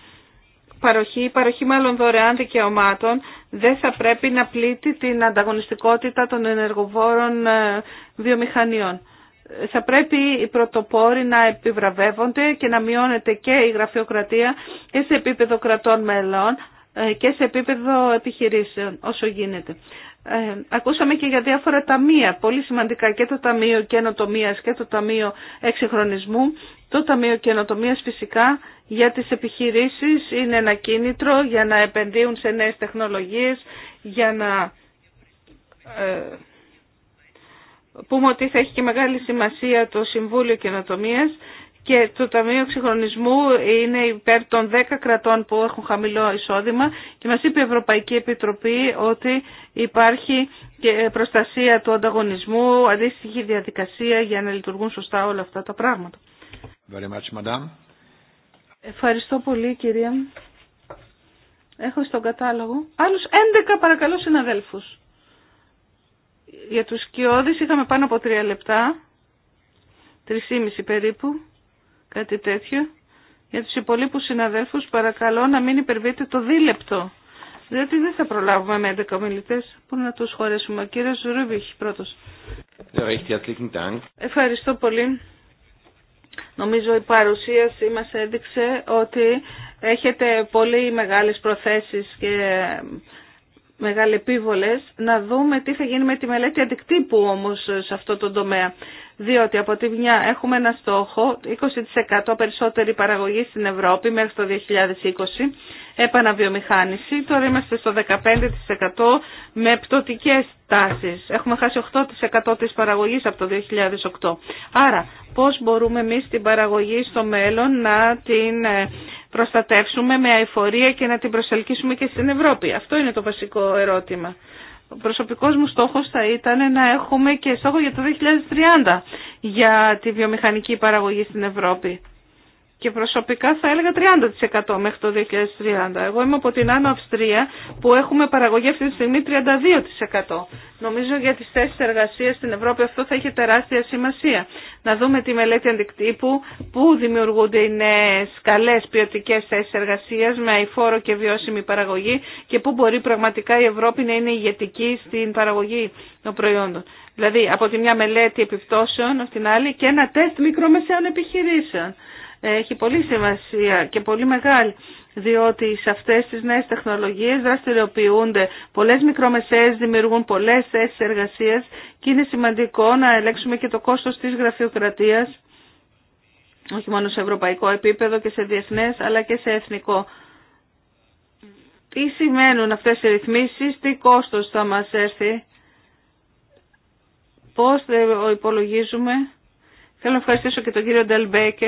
παροχή ή παροχή μάλλον δωρεάν δικαιωμάτων δεν θα πρέπει να πλήττει την ανταγωνιστικότητα των ενεργοβόρων ε, βιομηχανιών. Θα πρέπει οι πρωτοπόροι να επιβραβεύονται και να μειώνεται και η γραφειοκρατία και σε επίπεδο κρατών μελών ε, και σε επίπεδο επιχειρήσεων όσο γίνεται. Ε, ακούσαμε και για διάφορα ταμεία, πολύ σημαντικά και το Ταμείο Καινοτομίας και το Ταμείο Εξυγχρονισμού το Ταμείο Καινοτομίας φυσικά για τις επιχειρήσεις είναι ένα κίνητρο για να επενδύουν σε νέες τεχνολογίες, για να ε, πούμε ότι θα έχει και μεγάλη σημασία το Συμβούλιο Καινοτομίας και το Ταμείο Ξυγχρονισμού είναι υπέρ των 10 κρατών που έχουν χαμηλό εισόδημα και μας είπε η Ευρωπαϊκή Επιτροπή ότι υπάρχει και προστασία του ανταγωνισμού, αντίστοιχη διαδικασία για να λειτουργούν σωστά όλα αυτά τα πράγματα. Very much, Ευχαριστώ πολύ, κυρία Έχω στον κατάλογο άλλους 11 παρακαλώ συναδέλφους. Για τους σκιώδεις είχαμε πάνω από 3 λεπτά, 3,5 περίπου, κάτι τέτοιο. Για τους υπολείπους συναδέλφους παρακαλώ να μην υπερβείτε το δίλεπτο, διότι δεν θα προλάβουμε με 11 ομιλητές. Πού να τους χωρέσουμε. Κύριε Ζουρούβιχ, πρώτος. Ευχαριστώ πολύ. Νομίζω η παρουσίαση μας έδειξε ότι έχετε πολύ μεγάλες προθέσεις και επίβολες Να δούμε τι θα γίνει με τη μελέτη αντικτύπου όμως σε αυτό το τομέα διότι από τη μια έχουμε ένα στόχο 20% περισσότερη παραγωγή στην Ευρώπη μέχρι το 2020, επαναβιομηχάνηση, τώρα είμαστε στο 15% με πτωτικές τάσεις. Έχουμε χάσει 8% της παραγωγής από το 2008. Άρα πώς μπορούμε εμείς την παραγωγή στο μέλλον να την ε, προστατεύσουμε με αηφορία και να την προσελκύσουμε και στην Ευρώπη. Αυτό είναι το βασικό ερώτημα. Ο προσωπικός μου στόχος θα ήταν να έχουμε και στόχο για το 2030 για τη βιομηχανική παραγωγή στην Ευρώπη και προσωπικά θα έλεγα 30% μέχρι το 2030. Εγώ είμαι από την Άνω Αυστρία που έχουμε παραγωγή αυτή τη στιγμή 32%. Νομίζω για τις θέσεις εργασίας στην Ευρώπη αυτό θα έχει τεράστια σημασία. Να δούμε τη μελέτη αντικτύπου που δημιουργούνται οι νέες καλές ποιοτικές θέσεις εργασίας με αηφόρο και βιώσιμη παραγωγή και που μπορεί πραγματικά η Ευρώπη να είναι ηγετική στην παραγωγή των προϊόντων. Δηλαδή από τη μια μελέτη επιπτώσεων, από την άλλη και ένα τεστ μικρομεσαίων επιχειρήσεων έχει πολύ σημασία και πολύ μεγάλη διότι σε αυτές τις νέες τεχνολογίες δραστηριοποιούνται πολλές μικρομεσαίες, δημιουργούν πολλές θέσεις εργασίας και είναι σημαντικό να ελέγξουμε και το κόστος της γραφειοκρατίας όχι μόνο σε ευρωπαϊκό επίπεδο και σε διεθνές αλλά και σε εθνικό. Τι σημαίνουν αυτές οι ρυθμίσεις, τι κόστος θα μας έρθει, πώς το υπολογίζουμε. Θέλω να ευχαριστήσω και τον κύριο Ντελμπέκε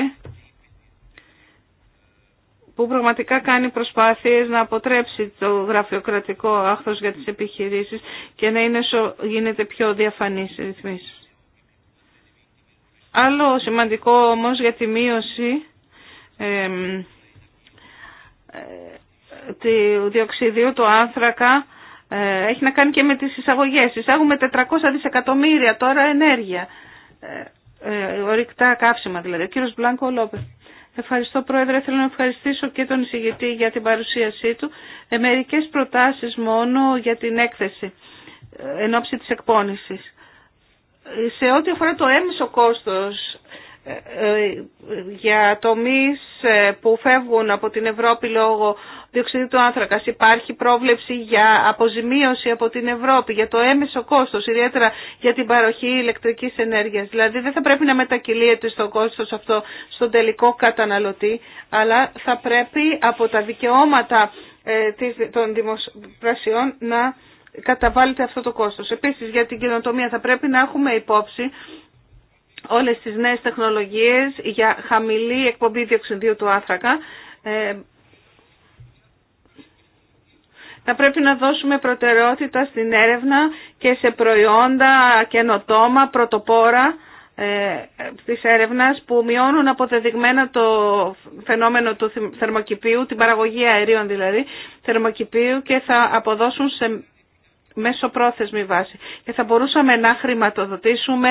που πραγματικά κάνει προσπάθειες να αποτρέψει το γραφειοκρατικό άχθος για τις επιχειρήσεις και να είναι γίνεται πιο διαφανής ρυθμίσεις. Άλλο σημαντικό όμως για τη μείωση ε, του διοξιδίου του άνθρακα ε, έχει να κάνει και με τις εισαγωγές. Εισάγουμε 400 δισεκατομμύρια τώρα ενέργεια, ε, ε, ορυκτά καύσιμα δηλαδή. Ο κύριος Μπλάνκο Λόπερ. Ευχαριστώ Πρόεδρε, θέλω να ευχαριστήσω και τον εισηγητή για την παρουσίασή του. Ε, μερικές προτάσεις μόνο για την έκθεση ε, εν ώψη της εκπόνησης. Ε, σε ό,τι αφορά το έμεσο κόστος για τομεί ε, που φεύγουν από την Ευρώπη λόγω διοξιδίου του άνθρακα. Υπάρχει πρόβλεψη για αποζημίωση από την Ευρώπη, για το έμεσο κόστος, ιδιαίτερα για την παροχή ηλεκτρικής ενέργειας. Δηλαδή δεν θα πρέπει να μετακυλίεται στο κόστος αυτό στον τελικό καταναλωτή, αλλά θα πρέπει από τα δικαιώματα ε, των δημοσπρασιών να καταβάλλεται αυτό το κόστος. Επίσης για την κοινοτομία θα πρέπει να έχουμε υπόψη όλες τις νέες τεχνολογίες για χαμηλή εκπομπή διοξιδίου του άνθρακα. Ε, θα πρέπει να δώσουμε προτεραιότητα στην έρευνα και σε προϊόντα καινοτόμα, πρωτοπόρα ε, της έρευνας που μειώνουν αποδεδειγμένα το φαινόμενο του θερμοκηπίου, την παραγωγή αερίων δηλαδή, θερμοκηπίου και θα αποδώσουν σε μέσω πρόθεσμη βάση και θα μπορούσαμε να χρηματοδοτήσουμε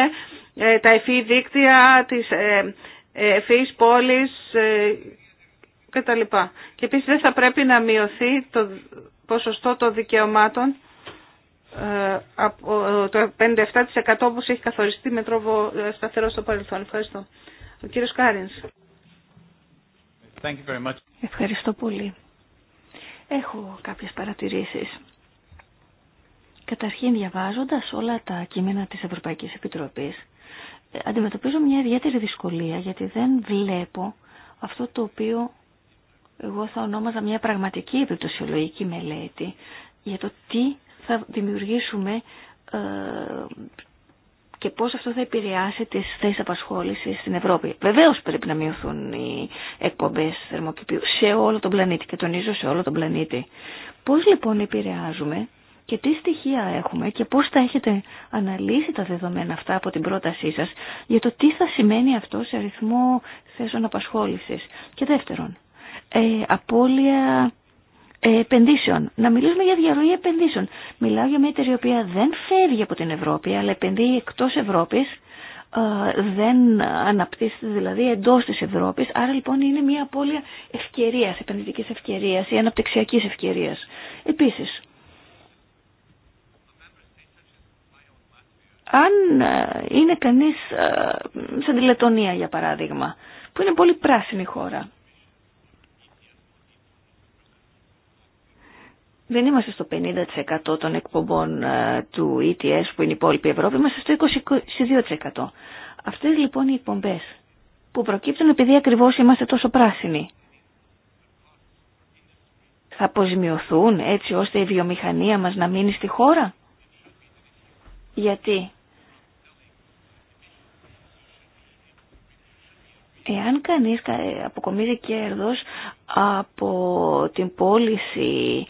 ε, τα εφή δίκτυα, τις ευφύης ε, πόλης ε, κτλ. Και επίσης δεν θα πρέπει να μειωθεί το ποσοστό των δικαιωμάτων από το 57% όπως έχει καθοριστεί με τρόπο σταθερό στο παρελθόν. Ευχαριστώ. Ο κύριος Κάρινς. Ευχαριστώ πολύ. Έχω κάποιες παρατηρήσεις. Καταρχήν, διαβάζοντας όλα τα κείμενα της Ευρωπαϊκής Επιτροπής, ε, αντιμετωπίζω μια ιδιαίτερη δυσκολία γιατί δεν βλέπω αυτό το οποίο εγώ θα ονόμαζα μια πραγματική επιπτωσιολογική μελέτη για το τι θα δημιουργήσουμε ε, και πώς αυτό θα επηρεάσει τις θέσεις απασχόλησης στην Ευρώπη. Βεβαίως πρέπει να μειωθούν οι εκπομπές θερμοκηπίου σε όλο τον πλανήτη και τονίζω σε όλο τον πλανήτη. Πώς λοιπόν επηρεάζουμε και τι στοιχεία έχουμε και πώς θα έχετε αναλύσει τα δεδομένα αυτά από την πρότασή σας για το τι θα σημαίνει αυτό σε αριθμό θέσεων απασχόλησης. Και δεύτερον, ε, απώλεια ε, επενδύσεων. Να μιλήσουμε για διαρροή επενδύσεων. Μιλάω για μια εταιρεία η οποία δεν φεύγει από την Ευρώπη, αλλά επενδύει εκτός Ευρώπης, ε, δεν αναπτύσσεται δηλαδή εντός της Ευρώπης. Άρα λοιπόν είναι μια απώλεια ευκαιρίας, επενδυτικής ευκαιρίας ή αναπτυξιακής ευκαιρίας. Επίσης, αν ε, είναι κανείς ε, σαν τη Λετωνία για παράδειγμα, που είναι πολύ πράσινη χώρα. Δεν είμαστε στο 50% των εκπομπών ε, του ETS που είναι η υπόλοιπη Ευρώπη, είμαστε στο 22%. Αυτές λοιπόν οι εκπομπές που προκύπτουν επειδή ακριβώς είμαστε τόσο πράσινοι θα αποζημιωθούν έτσι ώστε η βιομηχανία μας να μείνει στη χώρα. Γιατί Εάν κανείς αποκομίζει κέρδος από την πώληση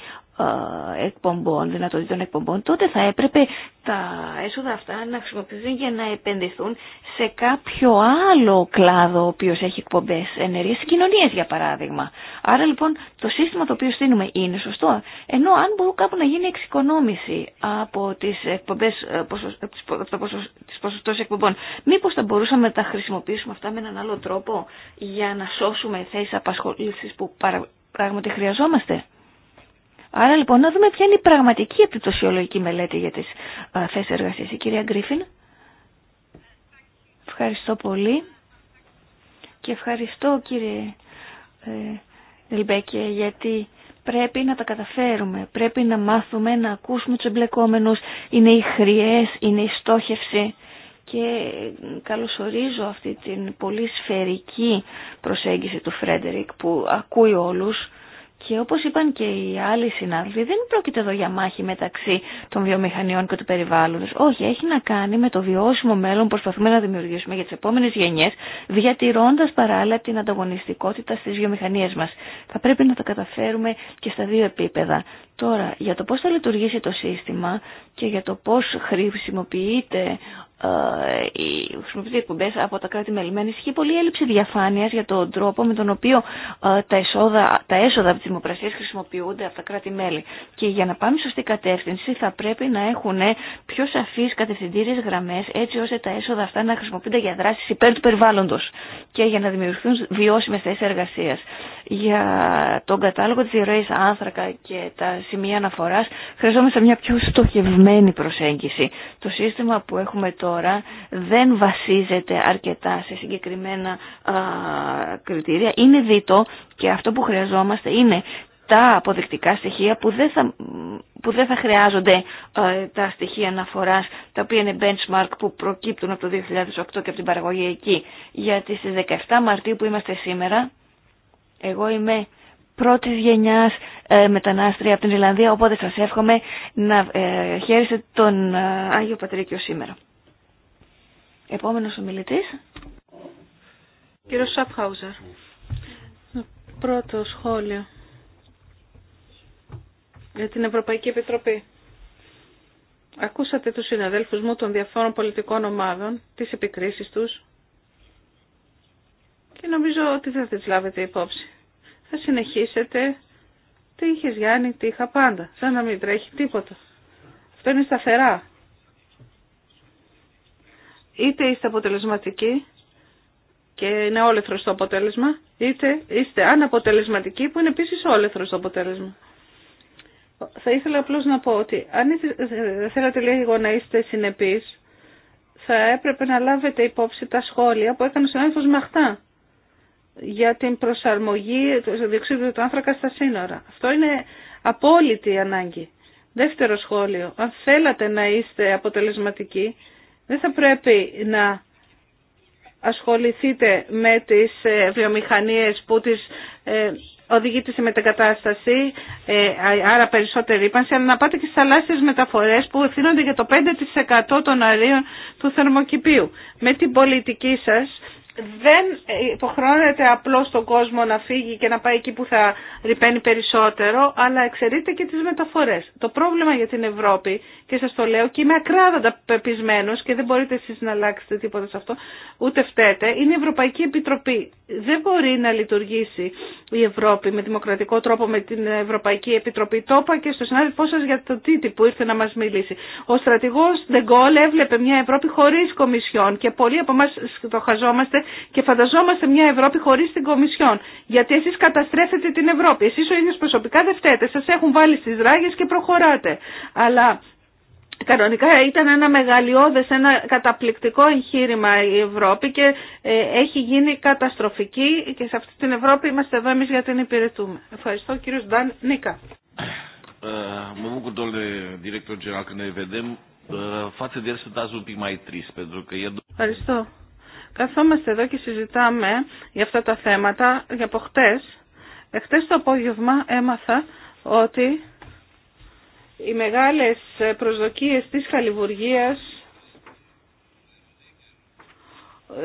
εκπομπών, δυνατοτήτων εκπομπών, τότε θα έπρεπε τα έσοδα αυτά να χρησιμοποιηθούν για να επενδυθούν σε κάποιο άλλο κλάδο ο οποίο έχει εκπομπέ ενέργεια, στις για παράδειγμα. Άρα λοιπόν το σύστημα το οποίο στείλουμε είναι σωστό, ενώ αν μπορούν κάπου να γίνει εξοικονόμηση από τις εκπομπές, από ε, το ποσοστό εκπομπών, μήπως θα μπορούσαμε να τα χρησιμοποιήσουμε αυτά με έναν άλλο τρόπο για να σώσουμε θέσει απασχόληση που πράγματι χρειαζόμαστε. Άρα λοιπόν να δούμε ποια είναι η πραγματική επιπτωσιολογική μελέτη για τις α, θέσεις εργασίας. Η κυρία Γκρίφιν. Ευχαριστώ πολύ. Και ευχαριστώ κύριε ε, γιατί πρέπει να τα καταφέρουμε. Πρέπει να μάθουμε να ακούσουμε τους εμπλεκόμενους. Είναι οι χρειές, είναι η στόχευση. Και καλωσορίζω αυτή την πολύ σφαιρική προσέγγιση του Φρέντερικ που ακούει όλους και όπως είπαν και οι άλλοι συνάδελφοι, δεν πρόκειται εδώ για μάχη μεταξύ των βιομηχανιών και του περιβάλλοντος. Όχι, έχει να κάνει με το βιώσιμο μέλλον που προσπαθούμε να δημιουργήσουμε για τις επόμενες γενιές, διατηρώντας παράλληλα την ανταγωνιστικότητα στις βιομηχανίες μας. Θα πρέπει να τα καταφέρουμε και στα δύο επίπεδα. Τώρα, για το πώς θα λειτουργήσει το σύστημα και για το πώς χρησιμοποιείται ε, οι χρησιμοποιούνται εκπομπέ από τα κράτη μελημένα. Ισχύει πολύ έλλειψη διαφάνεια για τον τρόπο με τον οποίο ε, τα, εσόδα, τα έσοδα από τι δημοπρασίε χρησιμοποιούνται από τα κράτη-μέλη. Και για να πάμε σωστή κατεύθυνση θα πρέπει να έχουν πιο σαφεί κατευθυντήριε γραμμέ έτσι ώστε τα έσοδα αυτά να χρησιμοποιούνται για δράσει υπέρ του περιβάλλοντο και για να δημιουργηθούν βιώσιμε θέσει εργασία. Για τον κατάλογο τη διαρροή άνθρακα και τα σημεία αναφορά χρειαζόμαστε μια πιο στοχευμένη προσέγγιση. Το σύστημα που έχουμε το τώρα δεν βασίζεται αρκετά σε συγκεκριμένα κριτήρια. Είναι δίτο και αυτό που χρειαζόμαστε είναι τα αποδεικτικά στοιχεία που δεν θα, που δεν θα χρειάζονται τα στοιχεία αναφοράς τα οποία είναι benchmark που προκύπτουν από το 2008 και από την παραγωγή εκεί. Γιατί στις 17 Μαρτίου που είμαστε σήμερα, εγώ είμαι πρώτη γενιάς ε, μετανάστρια από την Ιρλανδία, οπότε σας εύχομαι να ε, τον ε, Άγιο Πατρίκιο σήμερα. Επόμενος ομιλητής. Κύριο Σαπχάουζερ. Πρώτο σχόλιο για την Ευρωπαϊκή Επιτροπή. Ακούσατε τους συναδέλφους μου των διαφόρων πολιτικών ομάδων, τις επικρίσεις τους και νομίζω ότι θα τις λάβετε υπόψη. Θα συνεχίσετε τι είχες Γιάννη, τι είχα πάντα, σαν να μην τρέχει τίποτα. Αυτό είναι σταθερά είτε είστε αποτελεσματικοί και είναι όλεθρο το αποτέλεσμα, είτε είστε αναποτελεσματικοί που είναι επίση όλεθρο το αποτέλεσμα. Θα ήθελα απλώ να πω ότι αν θέλατε λίγο να είστε συνεπεί, θα έπρεπε να λάβετε υπόψη τα σχόλια που έκανε ο συνάδελφο Μαχτά για την προσαρμογή του διοξείδου του άνθρακα στα σύνορα. Αυτό είναι απόλυτη ανάγκη. Δεύτερο σχόλιο. Αν θέλατε να είστε αποτελεσματικοί, δεν θα πρέπει να ασχοληθείτε με τις ε, βιομηχανίες που τις ε, οδηγείται σε μετακατάσταση, ε, άρα περισσότερη ύπανση, αλλά να πάτε και στις θαλάσσιες μεταφορές που ευθύνονται για το 5% των αερίων του θερμοκηπίου. Με την πολιτική σας δεν υποχρεώνεται απλώς τον κόσμο να φύγει και να πάει εκεί που θα ρηπαίνει περισσότερο, αλλά εξαιρείται και τις μεταφορές. Το πρόβλημα για την Ευρώπη, και σας το λέω και είμαι ακράδαντα πεπισμένος και δεν μπορείτε εσείς να αλλάξετε τίποτα σε αυτό, ούτε φταίτε, είναι η Ευρωπαϊκή Επιτροπή. Δεν μπορεί να λειτουργήσει η Ευρώπη με δημοκρατικό τρόπο με την Ευρωπαϊκή Επιτροπή. Το είπα και στο συνάδελφό σα για το Τίτι που ήρθε να μας μιλήσει. Ο στρατηγός Ντεγκόλ έβλεπε μια Ευρώπη χωρίς κομισιόν και πολλοί από εμά το χαζόμαστε και φανταζόμαστε μια Ευρώπη χωρί την Κομισιόν. Γιατί εσεί καταστρέφετε την Ευρώπη. Εσεί ο ίδιο προσωπικά δεν φταίτε. Σα έχουν βάλει στι ράγε και προχωράτε. Αλλά Κανονικά ήταν ένα μεγαλειώδες, ένα καταπληκτικό εγχείρημα η Ευρώπη και ε, έχει γίνει καταστροφική και σε αυτή την Ευρώπη είμαστε εδώ εμείς για την υπηρετούμε. Ευχαριστώ κύριο Νταν Νίκα. Ευχαριστώ. Καθόμαστε εδώ και συζητάμε για αυτά τα θέματα για από χτες. το απόγευμα έμαθα ότι οι μεγάλες προσδοκίες της Χαλιβουργίας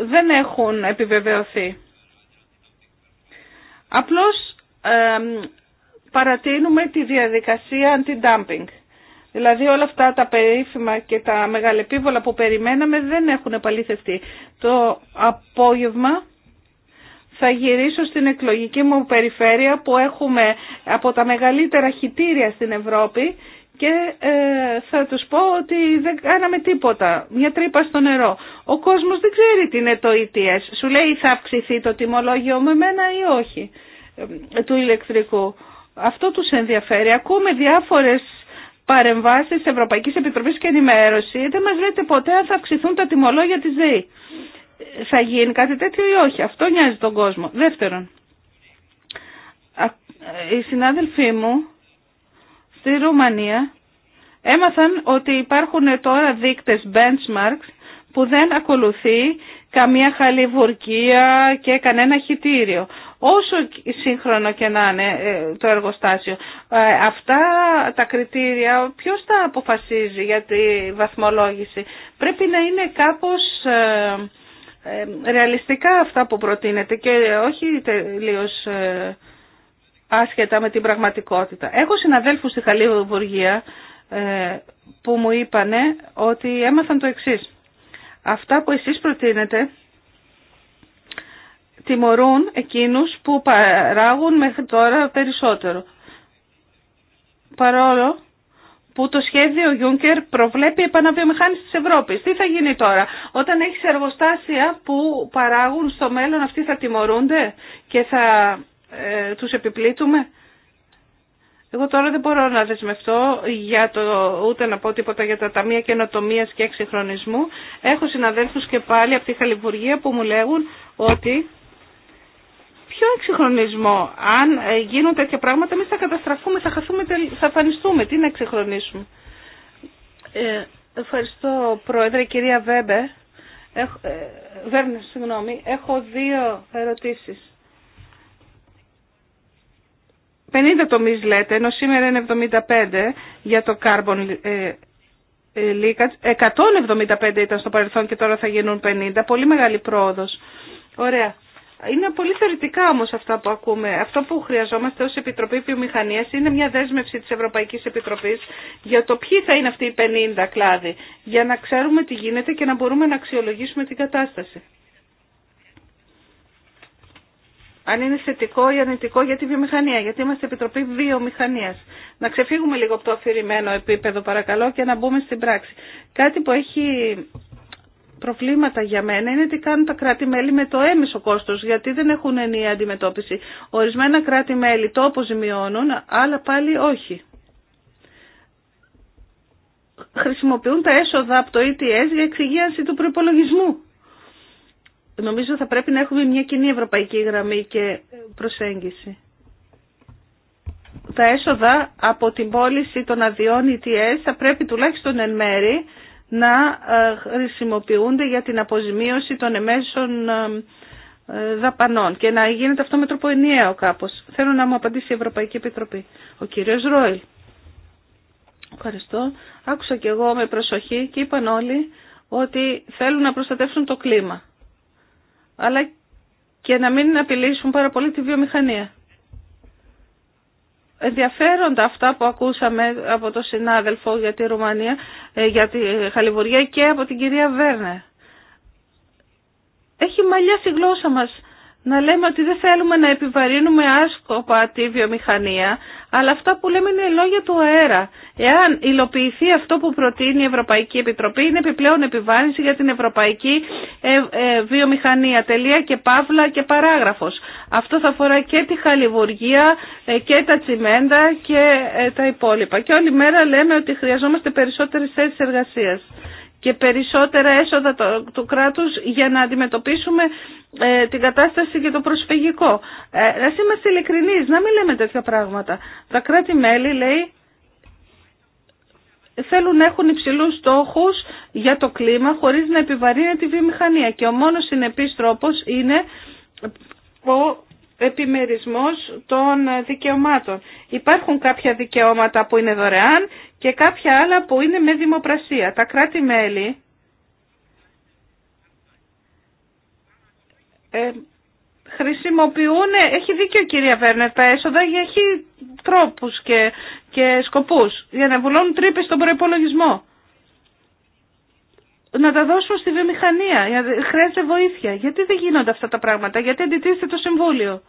δεν έχουν επιβεβαιωθεί. Απλώς παρατείνουμε τη διαδικασία αντι-dumping. Δηλαδή όλα αυτά τα περίφημα και τα μεγαλεπίβολα που περιμέναμε δεν έχουν επαλήθευτεί. Το απόγευμα θα γυρίσω στην εκλογική μου περιφέρεια που έχουμε από τα μεγαλύτερα χιτήρια στην Ευρώπη και ε, θα τους πω ότι δεν κάναμε τίποτα, μια τρύπα στο νερό. Ο κόσμος δεν ξέρει τι είναι το ETS. Σου λέει θα αυξηθεί το τιμολόγιο με μένα ή όχι ε, του ηλεκτρικού. Αυτό τους ενδιαφέρει. Ακούμε διάφορες Παρεμβάσει της Ευρωπαϊκής Επιτροπής και ενημέρωση, δεν μας λέτε ποτέ αν θα αυξηθούν τα τιμολόγια της ΔΕΗ. Θα γίνει κάτι τέτοιο ή όχι. Αυτό νοιάζει τον κόσμο. Δεύτερον, οι συνάδελφοί μου στη Ρουμανία έμαθαν ότι υπάρχουν τώρα δείκτες benchmarks που δεν ακολουθεί καμία χαλιβουργία και κανένα χιτήριο. Όσο σύγχρονο και να είναι ε, το εργοστάσιο, ε, αυτά τα κριτήρια ποιος τα αποφασίζει για τη βαθμολόγηση. Πρέπει να είναι κάπως ε, ρεαλιστικά αυτά που προτείνεται και όχι τελείως άσχετα με την πραγματικότητα. Έχω συναδέλφους στη Χαλιβουργία που μου είπανε ότι έμαθαν το εξής. Αυτά που εσείς προτείνετε τιμωρούν εκείνους που παράγουν μέχρι τώρα περισσότερο. Παρόλο που το σχέδιο Juncker προβλέπει επαναβιομηχάνηση της Ευρώπης. Τι θα γίνει τώρα, όταν έχει εργοστάσια που παράγουν στο μέλλον αυτοί θα τιμωρούνται και θα ε, τους επιπλήττουμε. Εγώ τώρα δεν μπορώ να δεσμευτώ για το, ούτε να πω τίποτα για τα ταμεία καινοτομία και εξυγχρονισμού. Έχω συναδέλφου και πάλι από τη Χαλιβουργία που μου λέγουν ότι ποιο εξυγχρονισμό. Αν ε, γίνουν τέτοια πράγματα, εμεί θα καταστραφούμε, θα χαθούμε, θα αφανιστούμε. Τι να εξυγχρονίσουμε. Ε, ευχαριστώ, Πρόεδρε, κυρία Βέμπε. Ε, Βέρνε, συγγνώμη. Έχω δύο ερωτήσεις. 50 τομείς λέτε, ενώ σήμερα είναι 75 για το carbon ε, ε, leakage. 175 ήταν στο παρελθόν και τώρα θα γίνουν 50. Πολύ μεγάλη πρόοδος. Ωραία. Είναι πολύ θεωρητικά όμω αυτά που ακούμε. Αυτό που χρειαζόμαστε ω Επιτροπή Βιομηχανία είναι μια δέσμευση τη Ευρωπαϊκή Επιτροπή για το ποιοι θα είναι αυτοί οι 50 κλάδοι, για να ξέρουμε τι γίνεται και να μπορούμε να αξιολογήσουμε την κατάσταση αν είναι θετικό ή αρνητικό για τη βιομηχανία, γιατί είμαστε Επιτροπή βιομηχανία. Να ξεφύγουμε λίγο από το αφηρημένο επίπεδο παρακαλώ και να μπούμε στην πράξη. Κάτι που έχει προβλήματα για μένα είναι τι κάνουν τα κράτη-μέλη με το έμεσο κόστος, γιατί δεν έχουν ενιαία αντιμετώπιση. Ορισμένα κράτη-μέλη το αποζημιώνουν, άλλα πάλι όχι. Χρησιμοποιούν τα έσοδα από το ETS για εξυγίανση του προπολογισμού νομίζω θα πρέπει να έχουμε μια κοινή ευρωπαϊκή γραμμή και προσέγγιση. Τα έσοδα από την πώληση των αδειών ETS θα πρέπει τουλάχιστον εν μέρη να ε, χρησιμοποιούνται για την αποζημίωση των εμέσων ε, ε, δαπανών και να γίνεται αυτό με τρόπο ενιαίο κάπως. Θέλω να μου απαντήσει η Ευρωπαϊκή Επιτροπή. Ο κύριος Ρόιλ. Ευχαριστώ. Άκουσα και εγώ με προσοχή και είπαν όλοι ότι θέλουν να προστατεύσουν το κλίμα αλλά και να μην απειλήσουν πάρα πολύ τη βιομηχανία. Ενδιαφέροντα αυτά που ακούσαμε από τον συνάδελφο για τη Ρουμανία, ε, για τη Χαλιβουργία και από την κυρία Βέρνε. Έχει μαλλιάσει η γλώσσα μας να λέμε ότι δεν θέλουμε να επιβαρύνουμε άσκοπα τη βιομηχανία, αλλά αυτά που λέμε είναι λόγια του αέρα. Εάν υλοποιηθεί αυτό που προτείνει η Ευρωπαϊκή Επιτροπή, είναι επιπλέον επιβάρυνση για την Ευρωπαϊκή ε, ε, Βιομηχανία. Τελεία και παύλα και παράγραφος. Αυτό θα αφορά και τη χαλιβουργία ε, και τα τσιμέντα και τα υπόλοιπα. Και όλη μέρα λέμε ότι χρειαζόμαστε περισσότερες θέσεις εργασίας και περισσότερα έσοδα του κράτους για να αντιμετωπίσουμε ε, την κατάσταση και το προσφυγικό. Ε, ας είμαστε ειλικρινείς, να μην λέμε τέτοια πράγματα. Τα κράτη-μέλη, λέει, θέλουν να έχουν υψηλούς στόχους για το κλίμα χωρίς να επιβαρύνει τη βιομηχανία και ο μόνος συνεπής τρόπος είναι ο επιμερισμός των δικαιωμάτων. Υπάρχουν κάποια δικαιώματα που είναι δωρεάν και κάποια άλλα που είναι με δημοπρασία. Τα κράτη-μέλη ε, χρησιμοποιούν, έχει δίκιο κυρία Βέρνερ, τα έσοδα για έχει τρόπους και, και σκοπούς, για να βουλώνουν τρύπες στον προϋπολογισμό. Να τα δώσουν στη βιομηχανία, χρειάζεται βοήθεια. Γιατί δεν γίνονται αυτά τα πράγματα, γιατί αντιτίθεται το Συμβούλιο.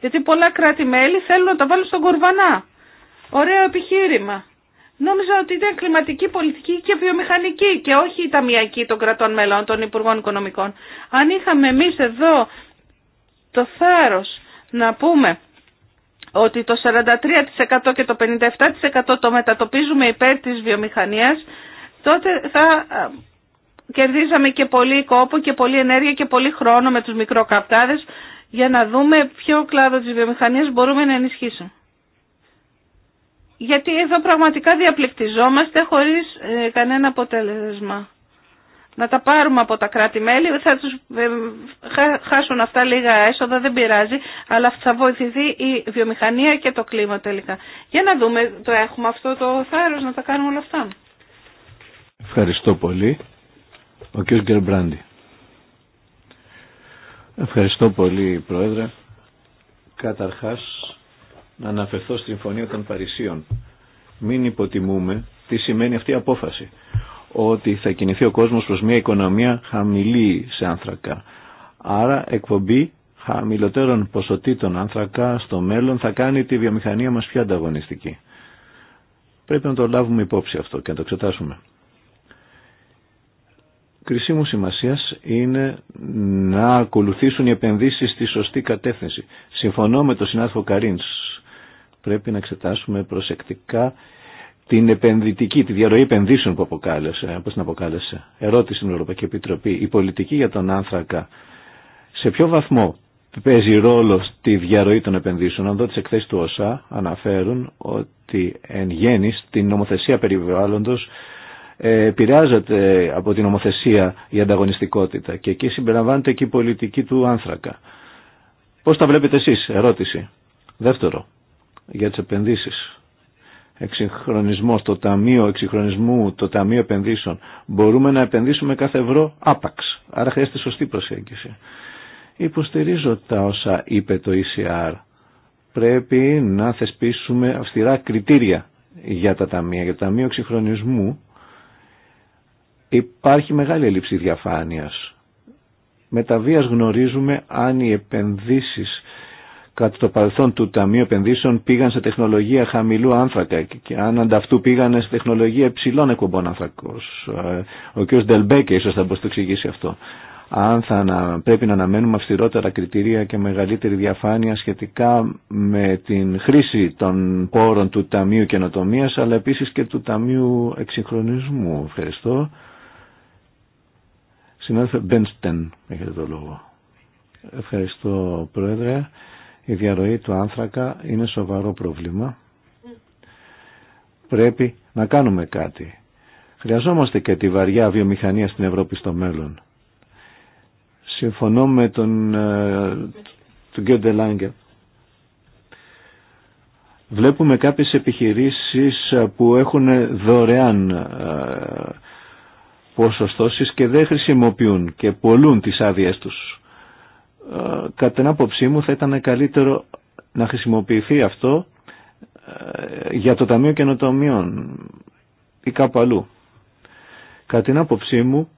Γιατί πολλά κράτη-μέλη θέλουν να τα βάλουν στον κορβανά. Ωραίο επιχείρημα. Νόμιζα ότι ήταν κλιματική πολιτική και βιομηχανική και όχι η ταμιακή των κρατών μελών, των Υπουργών Οικονομικών. Αν είχαμε εμεί εδώ το θάρρο να πούμε ότι το 43% και το 57% το μετατοπίζουμε υπέρ της βιομηχανίας, τότε θα κερδίζαμε και πολύ κόπο και πολύ ενέργεια και πολύ χρόνο με τους μικροκαπτάδες για να δούμε ποιο κλάδο της βιομηχανίας μπορούμε να ενισχύσουμε γιατί εδώ πραγματικά διαπληκτιζόμαστε χωρίς ε, κανένα αποτέλεσμα. Να τα πάρουμε από τα κράτη-μέλη, θα τους ε, χάσουν αυτά λίγα έσοδα, δεν πειράζει, αλλά θα βοηθηθεί η βιομηχανία και το κλίμα τελικά. Για να δούμε, το έχουμε αυτό το θάρρος να τα κάνουμε όλα αυτά. Ευχαριστώ πολύ. Ο κ. Γκερμπράντι. Ευχαριστώ πολύ, Πρόεδρε. Καταρχάς, να αναφερθώ στην Φωνή των Παρισίων. Μην υποτιμούμε τι σημαίνει αυτή η απόφαση. Ότι θα κινηθεί ο κόσμος προς μια οικονομία χαμηλή σε άνθρακα. Άρα εκπομπή χαμηλότερων ποσοτήτων άνθρακα στο μέλλον θα κάνει τη βιομηχανία μας πιο ανταγωνιστική. Πρέπει να το λάβουμε υπόψη αυτό και να το εξετάσουμε. μου σημασία είναι να ακολουθήσουν οι επενδύσεις στη σωστή κατεύθυνση. Συμφωνώ με τον συνάδελφο Καρίνς πρέπει να εξετάσουμε προσεκτικά την επενδυτική, τη διαρροή επενδύσεων που αποκάλεσε, πώς την αποκάλεσε. Ερώτηση στην Ευρωπαϊκή Επιτροπή. Η πολιτική για τον άνθρακα σε ποιο βαθμό παίζει ρόλο στη διαρροή των επενδύσεων. Αν δω τις εκθέσεις του ΩΣΑ αναφέρουν ότι εν γέννη στην νομοθεσία περιβάλλοντος ε, επηρεάζεται από την νομοθεσία η ανταγωνιστικότητα και εκεί συμπεριλαμβάνεται και η πολιτική του άνθρακα. Πώς τα βλέπετε εσείς, ερώτηση. Δεύτερο, για τις επενδύσεις. Εξυγχρονισμό, το Ταμείο Εξυγχρονισμού, το Ταμείο Επενδύσεων. Μπορούμε να επενδύσουμε κάθε ευρώ άπαξ. Άρα χρειάζεται σωστή προσέγγιση. Υποστηρίζω τα όσα είπε το ECR. Πρέπει να θεσπίσουμε αυστηρά κριτήρια για τα ταμεία. Για το Ταμείο Εξυγχρονισμού υπάρχει μεγάλη έλλειψη διαφάνειας. Με τα βίας γνωρίζουμε αν οι επενδύσεις κατά το παρελθόν του Ταμείου Επενδύσεων πήγαν σε τεχνολογία χαμηλού άνθρακα και αν ανταυτού πήγαν σε τεχνολογία υψηλών εκπομπών άνθρακος. Ε, ο κ. Ντελμπέκε ίσως θα μπορούσε να το εξηγήσει αυτό. Αν θα πρέπει να αναμένουμε αυστηρότερα κριτήρια και μεγαλύτερη διαφάνεια σχετικά με την χρήση των πόρων του Ταμείου Καινοτομίας αλλά επίσης και του Ταμείου Εξυγχρονισμού. Ευχαριστώ. Συνάδελφε Μπένστεν, έχετε το λόγο. Ευχαριστώ Πρόεδρε. Η διαρροή του άνθρακα είναι σοβαρό πρόβλημα. Πρέπει να κάνουμε κάτι. Χρειαζόμαστε και τη βαριά βιομηχανία στην Ευρώπη στο μέλλον. Συμφωνώ με τον, ε, τον κ. Βλέπουμε κάποιες επιχειρήσεις ε, που έχουν δωρεάν ε, ποσοστώσεις και δεν χρησιμοποιούν και πολλούν τις άδειές τους. Ε, κατά την άποψή μου θα ήταν καλύτερο να χρησιμοποιηθεί αυτό ε, για το Ταμείο Καινοτομιών ή κάπου αλλού. Κατά την άποψή μου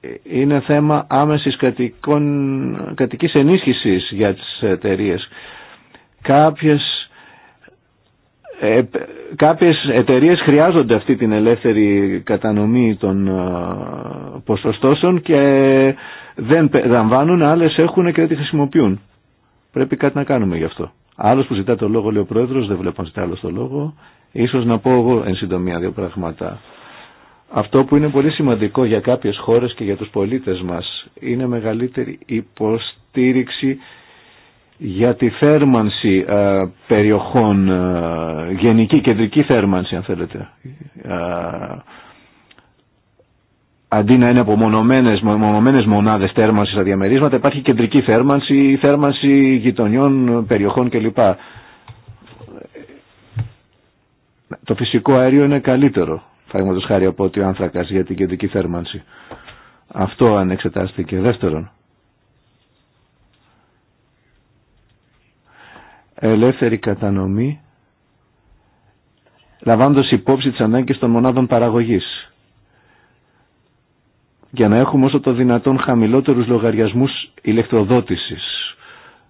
ε, είναι θέμα άμεσης κατοικών, κατοικής ενίσχυσης για τις εταιρείε. Κάποιες ε, κάποιες εταιρείες χρειάζονται αυτή την ελεύθερη κατανομή των ε, ποσοστώσεων και δεν λαμβάνουν, άλλες έχουν και δεν τη χρησιμοποιούν. Πρέπει κάτι να κάνουμε γι' αυτό. Άλλο που ζητά το λόγο, λέει ο Πρόεδρος, δεν βλέπω να ζητά άλλο το λόγο. Ίσως να πω εγώ εν συντομία δύο πράγματα. Αυτό που είναι πολύ σημαντικό για κάποιες χώρες και για τους πολίτες μας είναι μεγαλύτερη υποστήριξη για τη θέρμανση ε, περιοχών, ε, γενική κεντρική θέρμανση αν θέλετε, ε, αντί να είναι απομονωμένες, μονομενές μονάδες θέρμανσης στα διαμερίσματα, υπάρχει κεντρική θέρμανση, θέρμανση γειτονιών, περιοχών κλπ. Το φυσικό αέριο είναι καλύτερο, φαγματος χάρη από ότι ο άνθρακας για την κεντρική θέρμανση. Αυτό αν εξετάστηκε. Δεύτερον, ελεύθερη κατανομή λαμβάνοντας υπόψη τις ανάγκες των μονάδων παραγωγής για να έχουμε όσο το δυνατόν χαμηλότερους λογαριασμούς ηλεκτροδότησης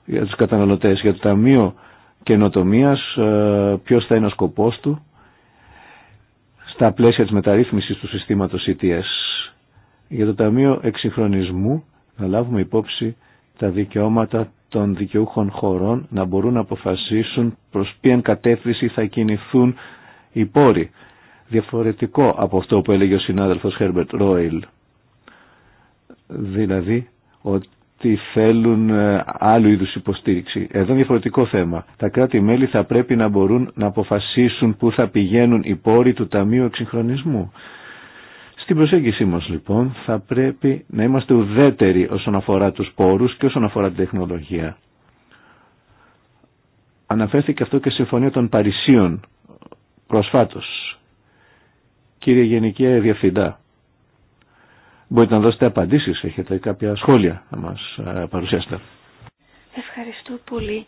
για τους καταναλωτές, για το Ταμείο Καινοτομίας, ε, ποιος θα είναι ο σκοπός του στα πλαίσια της μεταρρύθμισης του συστήματος ETS. Για το Ταμείο Εξυγχρονισμού να λάβουμε υπόψη τα δικαιώματα των δικαιούχων χωρών να μπορούν να αποφασίσουν προς ποιαν κατεύθυνση θα κινηθούν οι πόροι. Διαφορετικό από αυτό που έλεγε ο συνάδελφος Herbert Ρόιλ Δηλαδή ότι θέλουν ε, άλλου είδους υποστήριξη. Εδώ είναι διαφορετικό θέμα. Τα κράτη-μέλη θα πρέπει να μπορούν να αποφασίσουν πού θα πηγαίνουν οι πόροι του Ταμείου Εξυγχρονισμού. Στην προσέγγιση μας λοιπόν θα πρέπει να είμαστε ουδέτεροι όσον αφορά τους πόρους και όσον αφορά την τεχνολογία. Αναφέρθηκε αυτό και στη Συμφωνία των Παρισίων προσφάτως. Κύριε Γενική Διευθυντά, μπορείτε να δώσετε απαντήσεις, έχετε κάποια σχόλια να μας ε, παρουσιάσετε. Ευχαριστώ πολύ.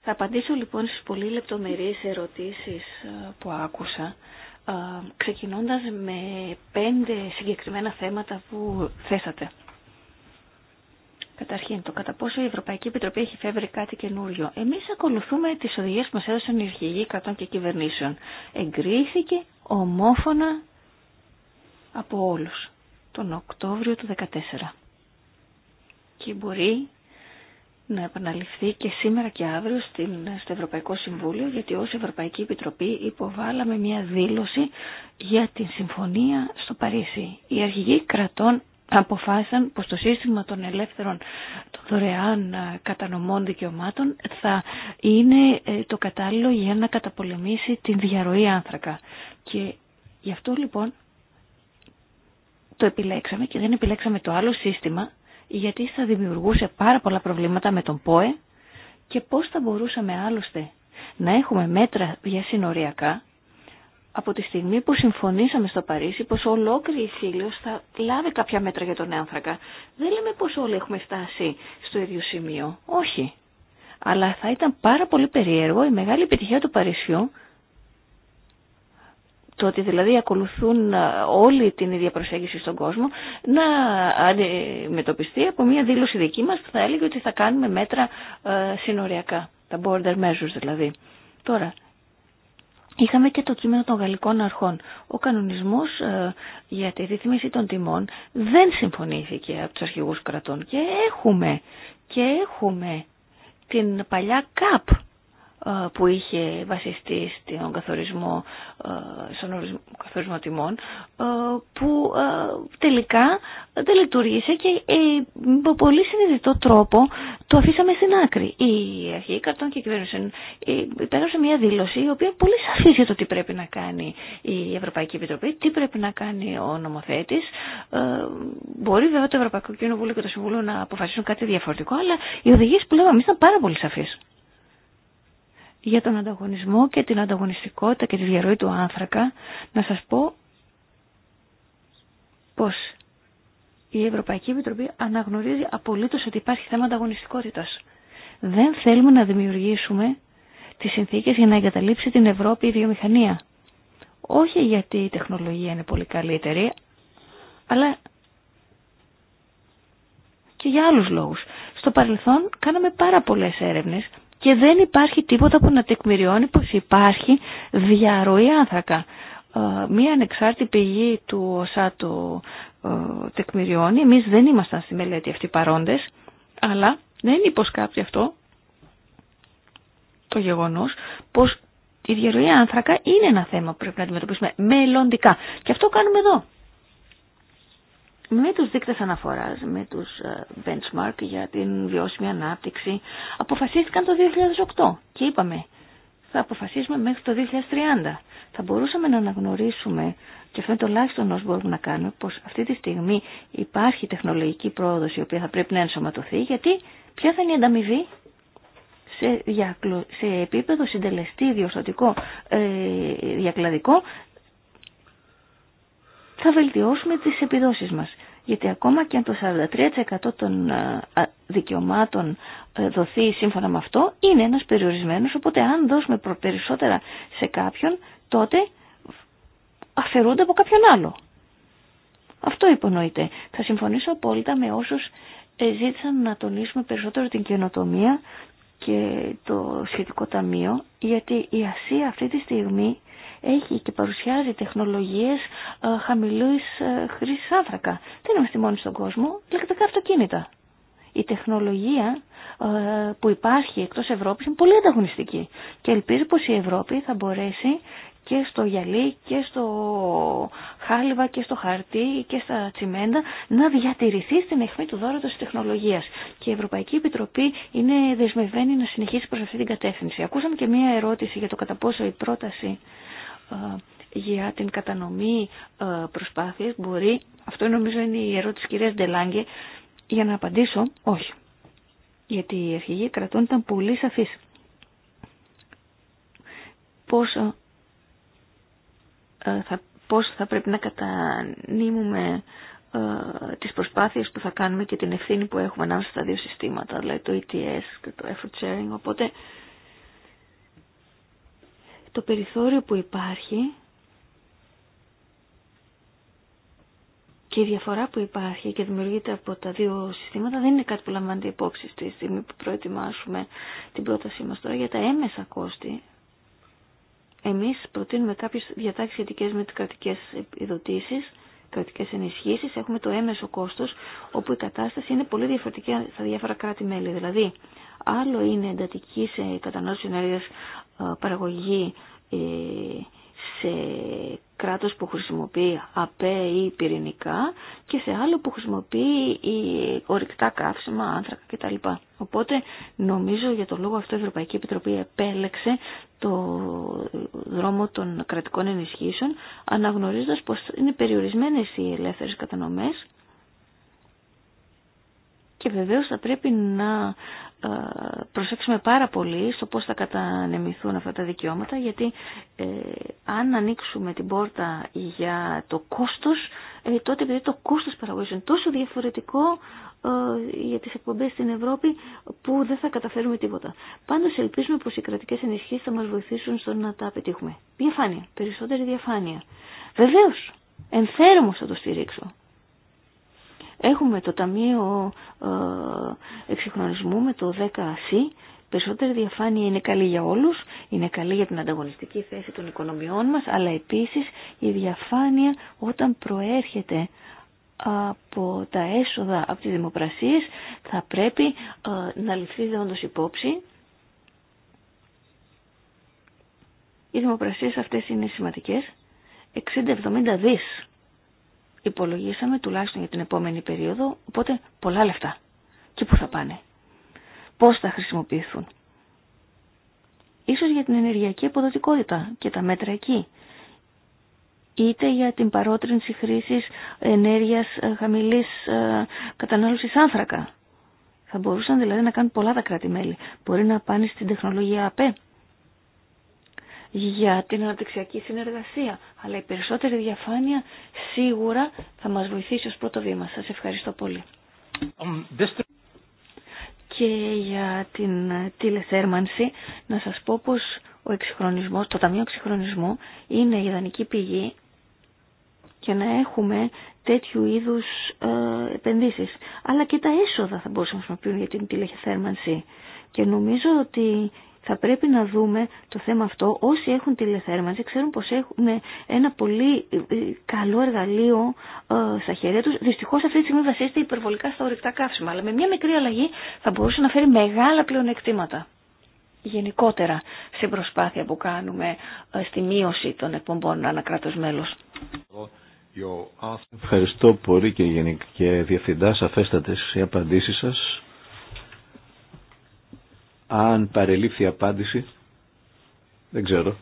Θα απαντήσω λοιπόν στις πολύ λεπτομερείς ερωτήσεις ε, που άκουσα ε, ξεκινώντας με πέντε συγκεκριμένα θέματα που θέσατε. Καταρχήν, το κατά πόσο η Ευρωπαϊκή Επιτροπή έχει φεύγει κάτι καινούριο. Εμεί ακολουθούμε τι οδηγίε που μα έδωσαν οι αρχηγοί κρατών και κυβερνήσεων. Εγκρίθηκε ομόφωνα από όλου τον Οκτώβριο του 2014. Και μπορεί να επαναληφθεί και σήμερα και αύριο στην, στο Ευρωπαϊκό Συμβούλιο, γιατί ως Ευρωπαϊκή Επιτροπή υποβάλαμε μια δήλωση για την συμφωνία στο Παρίσι. Οι αρχηγοί κρατών αποφάσισαν πως το σύστημα των ελεύθερων των δωρεάν ε, κατανομών δικαιωμάτων θα είναι ε, το κατάλληλο για να καταπολεμήσει την διαρροή άνθρακα. Και γι' αυτό λοιπόν το επιλέξαμε και δεν επιλέξαμε το άλλο σύστημα γιατί θα δημιουργούσε πάρα πολλά προβλήματα με τον ΠΟΕ και πώς θα μπορούσαμε άλλωστε να έχουμε μέτρα για συνοριακά από τη στιγμή που συμφωνήσαμε στο Παρίσι πως ολόκληρη η Σύλλος θα μπορουσαμε αλλωστε να εχουμε μετρα για απο κάποια μέτρα για τον άνθρακα. Δεν λέμε πως όλοι έχουμε φτάσει στο ίδιο σημείο. Όχι. Αλλά θα ήταν πάρα πολύ περίεργο η μεγάλη επιτυχία του Παρισιού το ότι δηλαδή ακολουθούν ε, όλη την ίδια προσέγγιση στον κόσμο, να αντιμετωπιστεί από μια δήλωση δική μας που θα έλεγε ότι θα κάνουμε μέτρα ε, συνοριακά, τα border measures δηλαδή. Τώρα, Είχαμε και το κείμενο των γαλλικών αρχών. Ο κανονισμός ε, για τη ρύθμιση των τιμών δεν συμφωνήθηκε από τους αρχηγούς κρατών και έχουμε, και έχουμε την παλιά ΚΑΠ ε, που είχε βασιστεί στον καθορισμό, ε, στον καθορισμό τιμών ε, που τελικά δεν λειτουργήσε και με πολύ συνειδητό τρόπο το αφήσαμε στην άκρη. Η αρχή καρτών και κυβέρνηση υπέγραψε μια δήλωση η οποία πολύ σαφής για το τι πρέπει να κάνει η Ευρωπαϊκή Επιτροπή, τι πρέπει να κάνει ο νομοθέτης. Μπορεί βέβαια το Ευρωπαϊκό Κοινοβούλιο και το Συμβούλιο να αποφασίσουν κάτι διαφορετικό, αλλά οι οδηγίες που λέγαμε ήταν πάρα πολύ σαφείς για τον ανταγωνισμό και την ανταγωνιστικότητα και τη διαρροή του άνθρακα, να σας πω πως η Ευρωπαϊκή Επιτροπή αναγνωρίζει απολύτως ότι υπάρχει θέμα ανταγωνιστικότητας. Δεν θέλουμε να δημιουργήσουμε τις συνθήκες για να εγκαταλείψει την Ευρώπη η βιομηχανία. Όχι γιατί η τεχνολογία είναι πολύ καλύτερη, αλλά και για άλλους λόγους. Στο παρελθόν κάναμε πάρα πολλές έρευνες και δεν υπάρχει τίποτα που να τεκμηριώνει πως υπάρχει διαρροή άνθρακα. Ε, μία ανεξάρτητη πηγή του ΩΣΑ το ε, τεκμηριώνει. Εμείς δεν ήμασταν στη μελέτη αυτοί παρόντες, αλλά δεν υποσκάπτει αυτό το γεγονός πως η διαρροή άνθρακα είναι ένα θέμα που πρέπει να αντιμετωπίσουμε μελλοντικά. Και αυτό κάνουμε εδώ με τους δείκτες αναφοράς, με τους ε, benchmark για την βιώσιμη ανάπτυξη αποφασίστηκαν το 2008 και είπαμε θα αποφασίσουμε μέχρι το 2030. Θα μπορούσαμε να αναγνωρίσουμε και αυτό είναι το λάχιστο όσο μπορούμε να κάνουμε πως αυτή τη στιγμή υπάρχει τεχνολογική πρόοδος η οποία θα πρέπει να ενσωματωθεί γιατί ποια θα είναι η ανταμοιβή σε, σε επίπεδο συντελεστή διορθωτικό ε, διακλαδικό θα βελτιώσουμε τις επιδόσεις μας. Γιατί ακόμα και αν το 43% των ε, δικαιωμάτων ε, δοθεί σύμφωνα με αυτό, είναι ένας περιορισμένος, οπότε αν δώσουμε περισσότερα σε κάποιον, τότε αφαιρούνται από κάποιον άλλο. Αυτό υπονοείται. Θα συμφωνήσω απόλυτα με όσους ε, ζήτησαν να τονίσουμε περισσότερο την καινοτομία και το σχετικό ταμείο, γιατί η Ασία αυτή τη στιγμή έχει και παρουσιάζει τεχνολογίες ε, χαμηλής ε, χρήσης άνθρακα. Δεν είμαστε μόνοι στον κόσμο, ηλεκτρικά αυτοκίνητα. Η τεχνολογία ε, που υπάρχει εκτός Ευρώπης είναι πολύ ανταγωνιστική και ελπίζω πως η Ευρώπη θα μπορέσει και στο γυαλί και στο χάλιβα και στο χαρτί και στα τσιμέντα να διατηρηθεί στην αιχμή του δώρατος της τεχνολογίας. Και η Ευρωπαϊκή Επιτροπή είναι δεσμευμένη να συνεχίσει προς αυτή την κατεύθυνση. Ακούσαμε και μία ερώτηση για το κατά πόσο η πρόταση για την κατανομή προσπάθειας μπορεί, αυτό νομίζω είναι η ερώτηση της κυρίας Ντελάγκε, για να απαντήσω όχι. Γιατί η αρχηγοί κρατών ήταν πολύ σαφείς. Πώς, θα, πώς θα πρέπει να κατανείμουμε τις προσπάθειες που θα κάνουμε και την ευθύνη που έχουμε ανάμεσα στα δύο συστήματα, δηλαδή το ETS και το effort sharing, οπότε το περιθώριο που υπάρχει και η διαφορά που υπάρχει και δημιουργείται από τα δύο συστήματα δεν είναι κάτι που λαμβάνεται υπόψη στη στιγμή που προετοιμάσουμε την πρότασή μας τώρα για τα έμεσα κόστη. Εμείς προτείνουμε κάποιες διατάξεις σχετικέ με τις κρατικές επιδοτήσεις, κρατικές ενισχύσεις. Έχουμε το έμεσο κόστος όπου η κατάσταση είναι πολύ διαφορετική στα διάφορα κράτη-μέλη. Δηλαδή, άλλο είναι εντατική σε κατανάλωση ενέργειας ε, παραγωγή ε, σε κράτος που χρησιμοποιεί ΑΠΕ ή πυρηνικά και σε άλλο που χρησιμοποιεί ε, ορυκτά καύσιμα, άνθρακα κτλ. Οπότε νομίζω για τον λόγο αυτό η Ευρωπαϊκή Επιτροπή επέλεξε το δρόμο των κρατικών ενισχύσεων αναγνωρίζοντας πως είναι περιορισμένες οι ελεύθερες κατανομές και βεβαίως θα πρέπει να ε, προσέξουμε πάρα πολύ στο πώς θα κατανεμηθούν αυτά τα δικαιώματα γιατί ε, αν ανοίξουμε την πόρτα για το κόστος ε, τότε επειδή το κόστος παραγωγής είναι τόσο διαφορετικό ε, για τις εκπομπές στην Ευρώπη που δεν θα καταφέρουμε τίποτα. Πάντως ελπίζουμε πως οι κρατικές ενισχύσεις θα μας βοηθήσουν στο να τα πετύχουμε. Διαφάνεια, περισσότερη διαφάνεια. Βεβαίως, ενθέρομαι θα το στηρίξω. Έχουμε το Ταμείο ε, Εξυγχρονισμού με το 10C. Περισσότερη διαφάνεια είναι καλή για όλους, είναι καλή για την ανταγωνιστική θέση των οικονομιών μας, αλλά επίσης η διαφάνεια όταν προέρχεται από τα έσοδα, από τις δημοπρασίες, θα πρέπει ε, να ληφθεί δεόντως υπόψη. Οι δημοπρασίες αυτές είναι σημαντικές. 60-70 δις υπολογίσαμε τουλάχιστον για την επόμενη περίοδο, οπότε πολλά λεφτά. Και πού θα πάνε. Πώς θα χρησιμοποιηθούν. Ίσως για την ενεργειακή αποδοτικότητα και τα μέτρα εκεί. Είτε για την παρότρινση χρήσης ενέργειας ε, χαμηλής ε, κατανάλωσης άνθρακα. Θα μπορούσαν δηλαδή να κάνουν πολλά τα κράτη-μέλη. Μπορεί να πάνε στην τεχνολογία ΑΠΕ για την αναπτυξιακή συνεργασία. Αλλά η περισσότερη διαφάνεια σίγουρα θα μας βοηθήσει ως πρώτο βήμα. Σας ευχαριστώ πολύ. Και για την τηλεθέρμανση να σας πω πως ο εξυγχρονισμός, το Ταμείο Εξυγχρονισμού είναι η ιδανική πηγή και να έχουμε τέτοιου είδους ε, επενδύσεις. Αλλά και τα έσοδα θα μπορούσαμε να χρησιμοποιούν για την τηλεθέρμανση. Και νομίζω ότι θα πρέπει να δούμε το θέμα αυτό. Όσοι έχουν τηλεθέρμανση ξέρουν πως έχουν ένα πολύ ε, καλό εργαλείο ε, στα χέρια τους. Δυστυχώς αυτή τη στιγμή βασίζεται υπερβολικά στα ορυκτά καύσιμα, αλλά με μια μικρή αλλαγή θα μπορούσε να φέρει μεγάλα πλεονεκτήματα γενικότερα σε προσπάθεια που κάνουμε ε, στη μείωση των εκπομπών ανακράτως μέλος. Ευχαριστώ πολύ και, και διευθυντά σαφέστατες οι απαντήσεις σας. Αν παρελήφθη απάντηση, δεν ξέρω.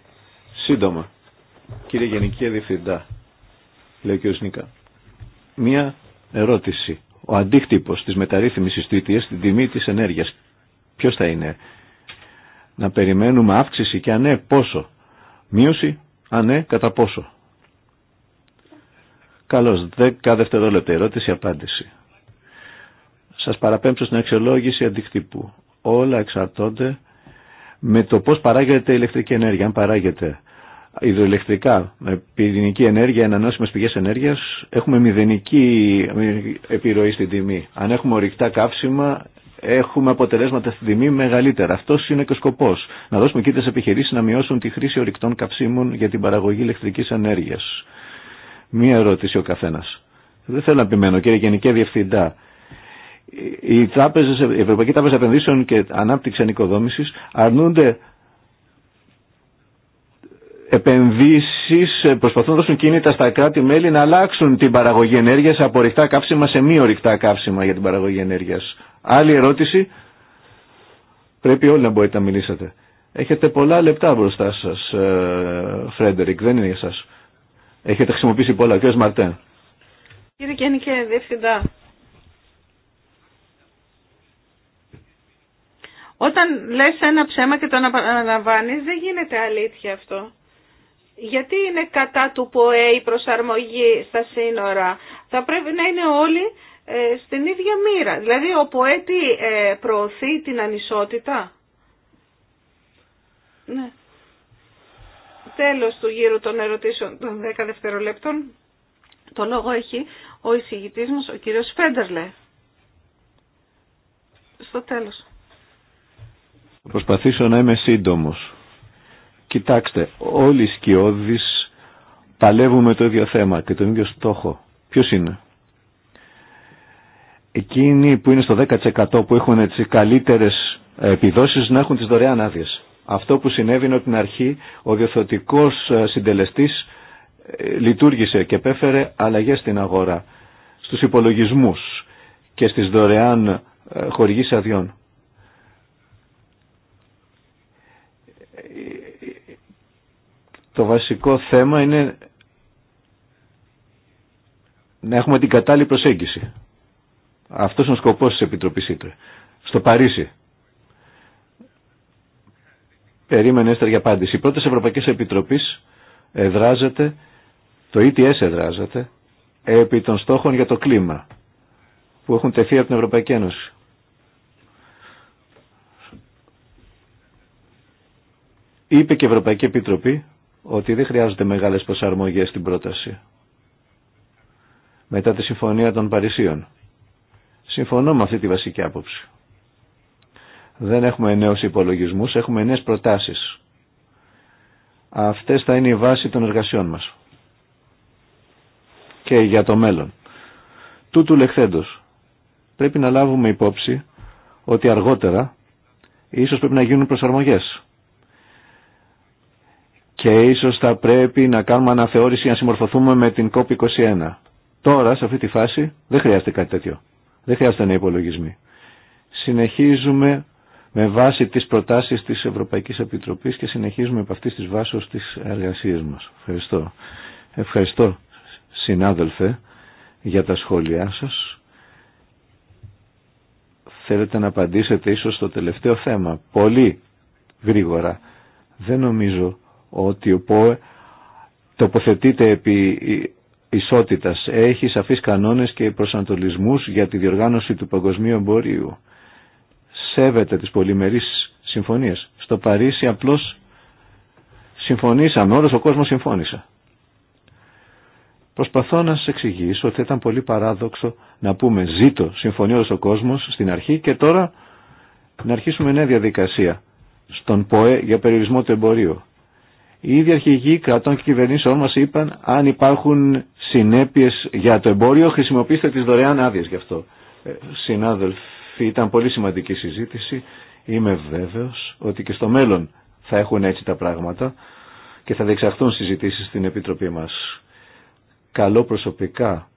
Σύντομα, κύριε Γενική Διευθυντά, λέει ο Νίκα, μία ερώτηση. Ο τη της μεταρρύθμισης θητείας στην τιμή τη ενέργειας, Ποιο θα είναι. Να περιμένουμε αύξηση και αν ναι, πόσο. Μείωση, αν ναι, κατά πόσο. Καλώ 10 δευτερόλεπτα ερώτηση-απάντηση. Σας παραπέμψω στην αξιολόγηση αντικτύπου όλα εξαρτώνται με το πώς παράγεται η ηλεκτρική ενέργεια. Αν παράγεται υδροηλεκτρικά με πυρηνική ενέργεια, ανανεώσιμε πηγές ενέργειας, έχουμε μηδενική επιρροή στην τιμή. Αν έχουμε ορυκτά καύσιμα, έχουμε αποτελέσματα στην τιμή μεγαλύτερα. Αυτό είναι και ο σκοπό. Να δώσουμε κοίτα επιχειρήσει να μειώσουν τη χρήση ορυκτών καυσίμων για την παραγωγή ηλεκτρική ενέργεια. Μία ερώτηση ο καθένα. Δεν θέλω να επιμένω, κύριε Γενική Διευθυντά οι τράπεζες, η Ευρωπαϊκή Τράπεζα Επενδύσεων και Ανάπτυξη Ανοικοδόμηση αρνούνται επενδύσεις, προσπαθούν να δώσουν κίνητα στα κράτη-μέλη να αλλάξουν την παραγωγή ενέργειας από ρηχτά καύσιμα σε μη ορυκτά καύσιμα για την παραγωγή ενέργειας. Άλλη ερώτηση, πρέπει όλοι να μπορείτε να μιλήσετε. Έχετε πολλά λεπτά μπροστά σα, ε, Φρέντερικ, δεν είναι για Έχετε χρησιμοποιήσει πολλά, ο κ. Μαρτέν. Κύριε Διευθυντά, Όταν λες ένα ψέμα και το αναλαμβάνει, δεν γίνεται αλήθεια αυτό. Γιατί είναι κατά του ΠΟΕ η προσαρμογή στα σύνορα. Θα πρέπει να είναι όλοι ε, στην ίδια μοίρα. Δηλαδή ο ΠΟΕ τι ε, προωθεί την ανισότητα. Ναι. Τέλος του γύρου των ερωτήσεων των 10 δευτερολέπτων. Το λόγο έχει ο εισηγητής μας, ο κύριος Φέντερλε. Στο τέλος προσπαθήσω να είμαι σύντομος. Κοιτάξτε, όλοι οι σκιώδεις με το ίδιο θέμα και τον ίδιο στόχο. Ποιος είναι? Εκείνοι που είναι στο 10% που έχουν τις καλύτερες επιδόσεις να έχουν τις δωρεάν άδειε. Αυτό που συνέβη είναι ότι την αρχή ο διορθωτικό ε, συντελεστής ε, λειτουργήσε και επέφερε αλλαγές στην αγορά, στους υπολογισμούς και στις δωρεάν ε, χορηγήσεις αδειών. Το βασικό θέμα είναι να έχουμε την κατάλληλη προσέγγιση. Αυτός είναι ο σκοπός της Επιτροπής Ήτρε. Στο Παρίσι. Περίμενε έστερα για απάντηση. Η πρώτη Ευρωπαϊκή Επιτροπή εδράζεται, το ETS εδράζεται, επί των στόχων για το κλίμα που έχουν τεθεί από την Ευρωπαϊκή Ένωση. Είπε και η Ευρωπαϊκή Επιτροπή ότι δεν χρειάζονται μεγάλες προσαρμογές στην πρόταση μετά τη Συμφωνία των Παρισίων. Συμφωνώ με αυτή τη βασική άποψη. Δεν έχουμε νέους υπολογισμούς, έχουμε νέες προτάσεις. Αυτές θα είναι η βάση των εργασιών μας. Και για το μέλλον. Τούτου λεχθέντος. Πρέπει να λάβουμε υπόψη ότι αργότερα ίσως πρέπει να γίνουν προσαρμογές και ίσως θα πρέπει να κάνουμε αναθεώρηση να συμμορφωθούμε με την COP21. Τώρα, σε αυτή τη φάση, δεν χρειάζεται κάτι τέτοιο. Δεν χρειάζεται να υπολογισμοί. Συνεχίζουμε με βάση τις προτάσεις της Ευρωπαϊκής Επιτροπής και συνεχίζουμε από αυτή της βάσης της εργασίας μας. Ευχαριστώ. Ευχαριστώ, συνάδελφε, για τα σχόλιά σας. Θέλετε να απαντήσετε ίσως στο τελευταίο θέμα. Πολύ γρήγορα. Δεν νομίζω ότι ο ΠΟΕ τοποθετείται επί ισότητας, έχει σαφείς κανόνες και προσανατολισμούς για τη διοργάνωση του παγκοσμίου εμπορίου. Σέβεται τις πολυμερείς συμφωνίες. Στο Παρίσι απλώς συμφωνήσαμε, όλος ο κόσμος συμφώνησε. Προσπαθώ να σα εξηγήσω ότι ήταν πολύ παράδοξο να πούμε ζήτω συμφωνεί όλος ο κόσμος στην αρχή και τώρα να αρχίσουμε νέα διαδικασία στον ΠΟΕ για περιορισμό του εμπορίου. Οι ίδιοι αρχηγοί κρατών και κυβερνήσεων μας είπαν αν υπάρχουν συνέπειες για το εμπόριο χρησιμοποιήστε τις δωρεάν άδειες γι' αυτό. Ε, συνάδελφοι, ήταν πολύ σημαντική συζήτηση. Είμαι βέβαιος ότι και στο μέλλον θα έχουν έτσι τα πράγματα και θα διεξαχθούν συζητήσεις στην Επιτροπή μας. Καλό προσωπικά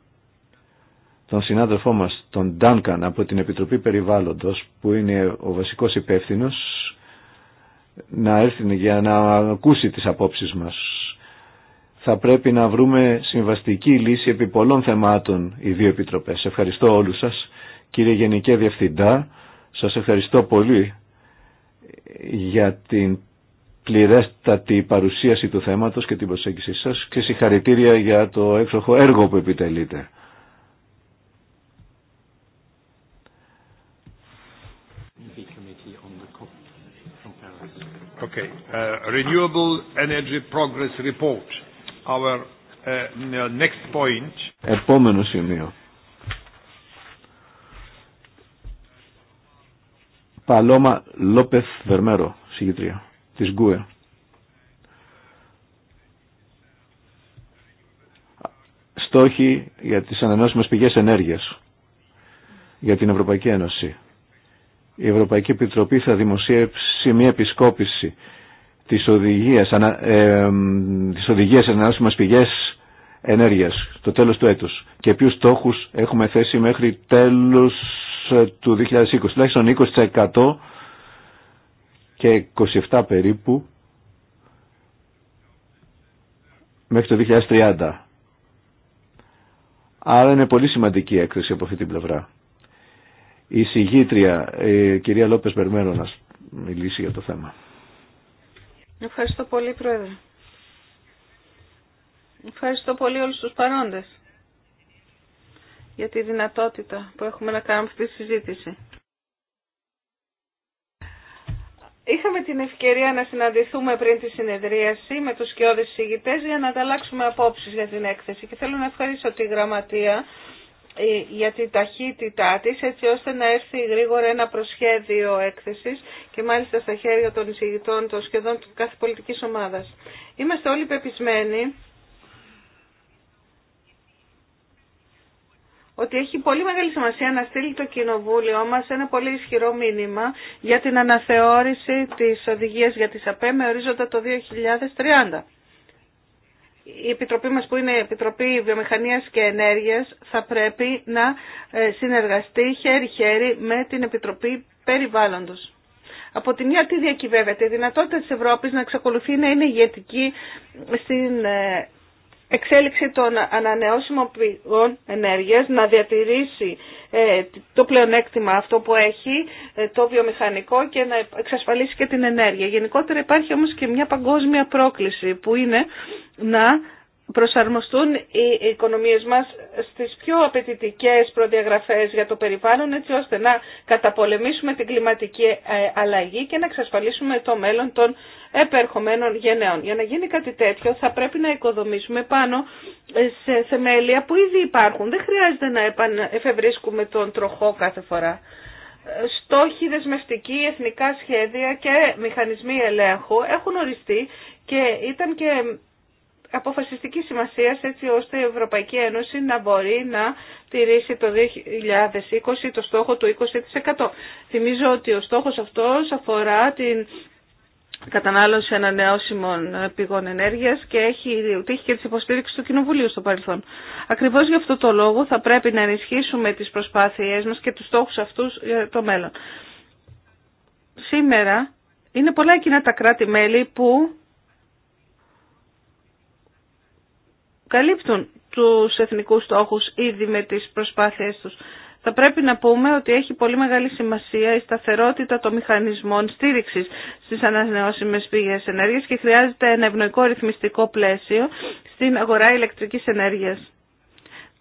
τον συνάδελφό μας, τον Ντάνκαν από την Επιτροπή Περιβάλλοντος που είναι ο βασικός υπεύθυνος να έρθει για να ακούσει τις απόψεις μας. Θα πρέπει να βρούμε συμβαστική λύση επί πολλών θεμάτων οι δύο επιτροπές. Ευχαριστώ όλους σας. Κύριε Γενικέ Διευθυντά, σας ευχαριστώ πολύ για την πληρέστατη παρουσίαση του θέματος και την προσέγγιση σας και συγχαρητήρια για το έξοχο έργο που επιτελείτε. Okay. Uh, Renewable Energy Progress Report. Uh, Επόμενο σημείο. Παλώμα Λόπεθ Βερμέρο, συγκεκριά, της Γκουε. Στόχοι για τις ανανεώσιμες πηγές ενέργειας για την Ευρωπαϊκή Ένωση η Ευρωπαϊκή Επιτροπή θα δημοσιεύσει μια επισκόπηση της οδηγίας, ανα, ε, της οδηγίας ανανεώσιμες πηγές ενέργειας το τέλος του έτους και ποιους στόχους έχουμε θέσει μέχρι τέλος ε, του 2020 τουλάχιστον 20% και 27 περίπου μέχρι το 2030 άρα είναι πολύ σημαντική η έκθεση από αυτή την πλευρά η συγγήτρια, ε, κυρία Λόπες Μπερμένο, να μιλήσει για το θέμα. Ευχαριστώ πολύ, Πρόεδρε. Ευχαριστώ πολύ όλους τους παρόντες για τη δυνατότητα που έχουμε να κάνουμε αυτή τη συζήτηση. Είχαμε την ευκαιρία να συναντηθούμε πριν τη συνεδρίαση με τους σκιώδεις συγητές για να ανταλλάξουμε απόψεις για την έκθεση και θέλω να ευχαριστήσω τη γραμματεία ε, για την ταχύτητά της έτσι ώστε να έρθει γρήγορα ένα προσχέδιο έκθεσης και μάλιστα στα χέρια των εισηγητών των σχεδόν κάθε πολιτικής ομάδας. Είμαστε όλοι πεπισμένοι ότι έχει πολύ μεγάλη σημασία να στείλει το Κοινοβούλιο μας ένα πολύ ισχυρό μήνυμα για την αναθεώρηση της οδηγίας για τις ΑΠΕ με ορίζοντα το 2030 η Επιτροπή μας που είναι η Επιτροπή Βιομηχανίας και Ενέργειας θα πρέπει να ε, συνεργαστεί χέρι-χέρι με την Επιτροπή Περιβάλλοντος. Από τη μία τι διακυβεύεται, η δυνατότητα της Ευρώπης να εξακολουθεί να είναι ηγετική στην ε, εξέλιξη των ανανεώσιμων πηγών ενέργειας να διατηρήσει ε, το πλεονέκτημα αυτό που έχει, ε, το βιομηχανικό και να εξασφαλίσει και την ενέργεια. Γενικότερα υπάρχει όμως και μια παγκόσμια πρόκληση που είναι να προσαρμοστούν οι οικονομίες μας στις πιο απαιτητικές προδιαγραφές για το περιβάλλον έτσι ώστε να καταπολεμήσουμε την κλιματική ε, αλλαγή και να εξασφαλίσουμε το μέλλον των επερχομένων γενναίων. Για να γίνει κάτι τέτοιο θα πρέπει να οικοδομήσουμε πάνω ε, σε θεμέλια που ήδη υπάρχουν. Δεν χρειάζεται να εφευρίσκουμε τον τροχό κάθε φορά. Ε, στόχοι δεσμευτικοί, εθνικά σχέδια και μηχανισμοί ελέγχου έχουν οριστεί και ήταν και αποφασιστική σημασία έτσι ώστε η Ευρωπαϊκή Ένωση να μπορεί να τηρήσει το 2020 το στόχο του 20%. Θυμίζω ότι ο στόχος αυτός αφορά την κατανάλωση ανανεώσιμων πηγών ενέργειας και έχει και τις υποστήριξη του Κοινοβουλίου στο παρελθόν. Ακριβώς γι' αυτό το λόγο θα πρέπει να ενισχύσουμε τις προσπάθειές μας και τους στόχους αυτούς για το μέλλον. Σήμερα είναι πολλά εκείνα τα κράτη-μέλη που καλύπτουν τους εθνικούς στόχους ήδη με τις προσπάθειές τους. Θα πρέπει να πούμε ότι έχει πολύ μεγάλη σημασία η σταθερότητα των μηχανισμών στήριξης στις ανανεώσιμες πηγές ενέργειας και χρειάζεται ένα ευνοϊκό ρυθμιστικό πλαίσιο στην αγορά ηλεκτρικής ενέργειας.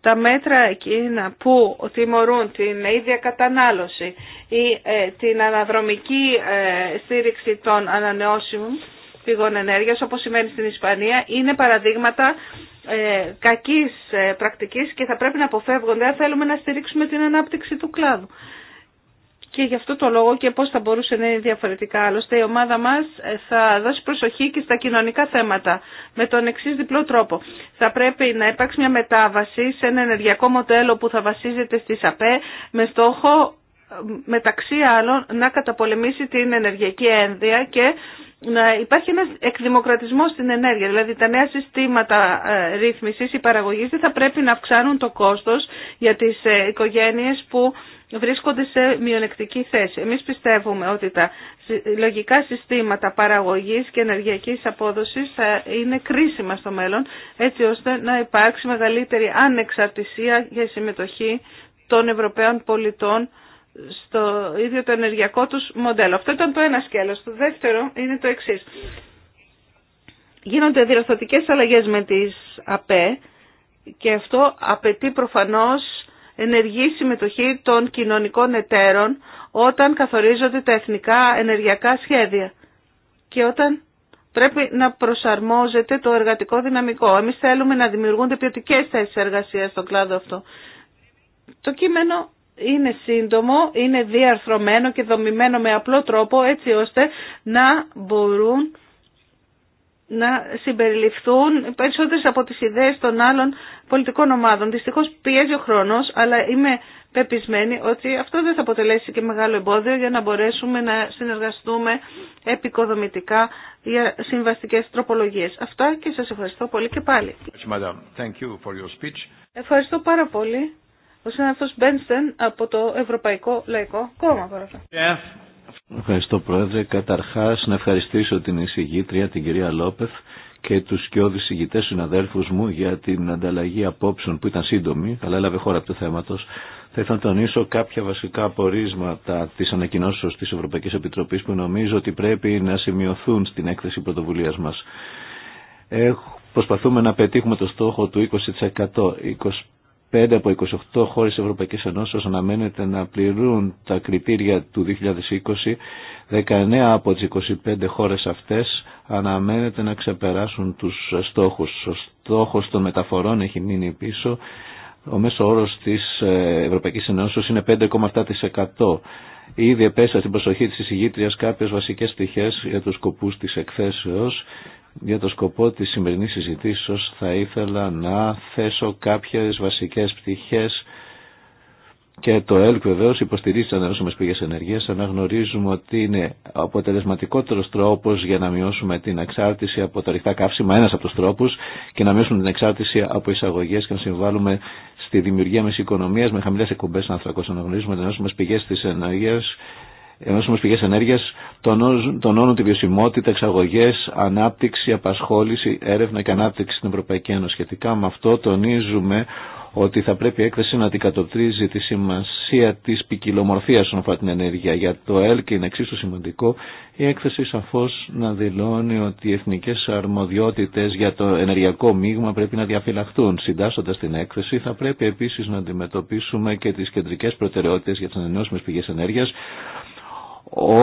Τα μέτρα εκείνα που τιμωρούν την ίδια κατανάλωση ή ε, την αναδρομική ε, στήριξη των ανανεώσιμων πηγών ενέργειας, όπως σημαίνει στην Ισπανία, είναι παραδείγματα ε, κακής ε, πρακτικής και θα πρέπει να αποφεύγονται αν θέλουμε να στηρίξουμε την ανάπτυξη του κλάδου. Και γι' αυτό το λόγο και πώς θα μπορούσε να είναι διαφορετικά. Άλλωστε η ομάδα μας ε, θα δώσει προσοχή και στα κοινωνικά θέματα με τον εξή διπλό τρόπο. Θα πρέπει να υπάρξει μια μετάβαση σε ένα ενεργειακό μοντέλο που θα βασίζεται στη ΣΑΠΕ με στόχο ε, μεταξύ άλλων να καταπολεμήσει την ενεργειακή ένδυα και να υπάρχει ένας εκδημοκρατισμός στην ενέργεια. Δηλαδή τα νέα συστήματα ε, ρύθμισης ή παραγωγής δεν θα πρέπει να αυξάνουν το κόστος για τις ε, οικογένειες που βρίσκονται σε μειονεκτική θέση. Εμείς πιστεύουμε ότι τα λογικά συστήματα παραγωγής και ενεργειακής απόδοσης θα είναι κρίσιμα στο μέλλον, έτσι ώστε να υπάρξει μεγαλύτερη ανεξαρτησία για συμμετοχή των Ευρωπαίων πολιτών στο ίδιο το ενεργειακό τους μοντέλο. Αυτό ήταν το ένα σκέλος. Το δεύτερο είναι το εξής. Γίνονται διαστατικές αλλαγές με τις ΑΠΕ και αυτό απαιτεί προφανώς ενεργή συμμετοχή των κοινωνικών εταίρων όταν καθορίζονται τα εθνικά ενεργειακά σχέδια και όταν πρέπει να προσαρμόζεται το εργατικό δυναμικό. Εμείς θέλουμε να δημιουργούνται ποιοτικέ θέσει εργασία στον κλάδο αυτό. Το κείμενο είναι σύντομο, είναι διαρθρωμένο και δομημένο με απλό τρόπο έτσι ώστε να μπορούν να συμπεριληφθούν περισσότερες από τις ιδέες των άλλων πολιτικών ομάδων. Δυστυχώς πιέζει ο χρόνος, αλλά είμαι πεπισμένη ότι αυτό δεν θα αποτελέσει και μεγάλο εμπόδιο για να μπορέσουμε να συνεργαστούμε επικοδομητικά για συμβαστικές τροπολογίες. Αυτά και σας ευχαριστώ πολύ και πάλι. Ευχαριστώ πάρα πολύ. Ο συνάδελφος Μπένστεν από το Ευρωπαϊκό Λαϊκό Κόμμα. Ευχαριστώ Πρόεδρε. Καταρχάς να ευχαριστήσω την εισηγήτρια, την κυρία Λόπεθ και τους σκιώδης ηγητές συναδέλφους μου για την ανταλλαγή απόψεων που ήταν σύντομη, αλλά έλαβε χώρα από το θέματος. Θα ήθελα να τονίσω κάποια βασικά απορίσματα της ανακοινώσεως της Ευρωπαϊκής Επιτροπής που νομίζω ότι πρέπει να σημειωθούν στην έκθεση πρωτοβουλίας μας. προσπαθούμε να πετύχουμε το στόχο του 20%. 5 από 28 χώρες Ευρωπαϊκής Ενώσεως αναμένεται να πληρούν τα κριτήρια του 2020. 19 από τις 25 χώρες αυτές αναμένεται να ξεπεράσουν τους στόχους. Ο στόχος των μεταφορών έχει μείνει πίσω. Ο μέσο όρος της ε, Ευρωπαϊκής Ενώσεως είναι 5,7%. Ήδη επέσα στην προσοχή της εισηγήτριας κάποιες βασικές στοιχές για τους σκοπούς της εκθέσεως για το σκοπό της σημερινής συζητήσεως θα ήθελα να θέσω κάποιες βασικές πτυχές και το ΕΛΚ βεβαίως υποστηρίζει τι πηγές πηγέ ενεργεία. Αναγνωρίζουμε ότι είναι ο αποτελεσματικότερο τρόπο για να μειώσουμε την εξάρτηση από τα ρηχτά καύσιμα, ένα από τους τρόπους, και να μειώσουμε την εξάρτηση από εισαγωγές και να συμβάλλουμε στη δημιουργία μιας οικονομίας με χαμηλές εκπομπές ανθρακώ. Αναγνωρίζουμε ότι τις πηγές πηγέ τη ενεργεία ενώσιμες πηγές ενέργειας τονώνουν τη βιωσιμότητα, εξαγωγέ, ανάπτυξη, απασχόληση, έρευνα και ανάπτυξη στην Ευρωπαϊκή Ένωση. Σχετικά με αυτό τονίζουμε ότι θα πρέπει η έκθεση να αντικατοπτρίζει τη σημασία τη ποικιλομορφία όσον αφορά την ενέργεια. Για το ΕΛ και είναι εξίσου σημαντικό η έκθεση σαφώ να δηλώνει ότι οι εθνικέ αρμοδιότητε για το ενεργειακό μείγμα πρέπει να διαφυλαχτούν. Συντάσσοντας την έκθεση θα πρέπει επίση να αντιμετωπίσουμε και τι κεντρικέ προτεραιότητε για τι ανανεώσιμε πηγές ενέργεια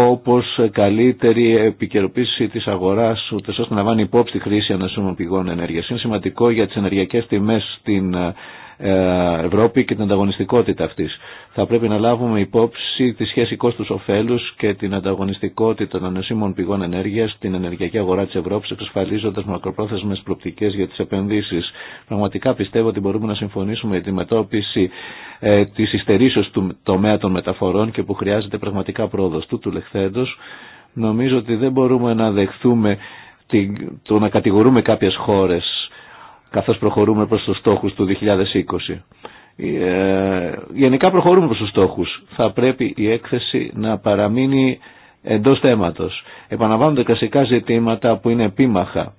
όπως καλύτερη επικαιροποίηση της αγοράς ούτε ώστε να λαμβάνει υπόψη τη χρήση ανασύμων πηγών ενέργειας. Είναι σημαντικό για τις ενεργειακές τιμές στην ε, ε, Ευρώπη και την ανταγωνιστικότητα αυτής. Θα πρέπει να λάβουμε υπόψη τη σχέση κόστους-οφέλους και την ανταγωνιστικότητα των ανεσίμων πηγών ενέργειας στην ενεργειακή αγορά της Ευρώπης, εξασφαλίζοντας μακροπρόθεσμες προπτικές για τις επενδύσεις. Πραγματικά πιστεύω ότι μπορούμε να συμφωνήσουμε για τη μετώπιση ε, της του τομέα των μεταφορών και που χρειάζεται πραγματικά πρόοδος του, του λεχθέντος. Νομίζω ότι δεν μπορούμε να δεχθούμε το να κατηγορούμε κάποιες χώρες καθώς προχωρούμε προς τους στόχους του 2020. Ε, γενικά προχωρούμε προς τους στόχους. Θα πρέπει η έκθεση να παραμείνει εντός θέματος. Επαναβάνονται κλασικά ζητήματα που είναι επίμαχα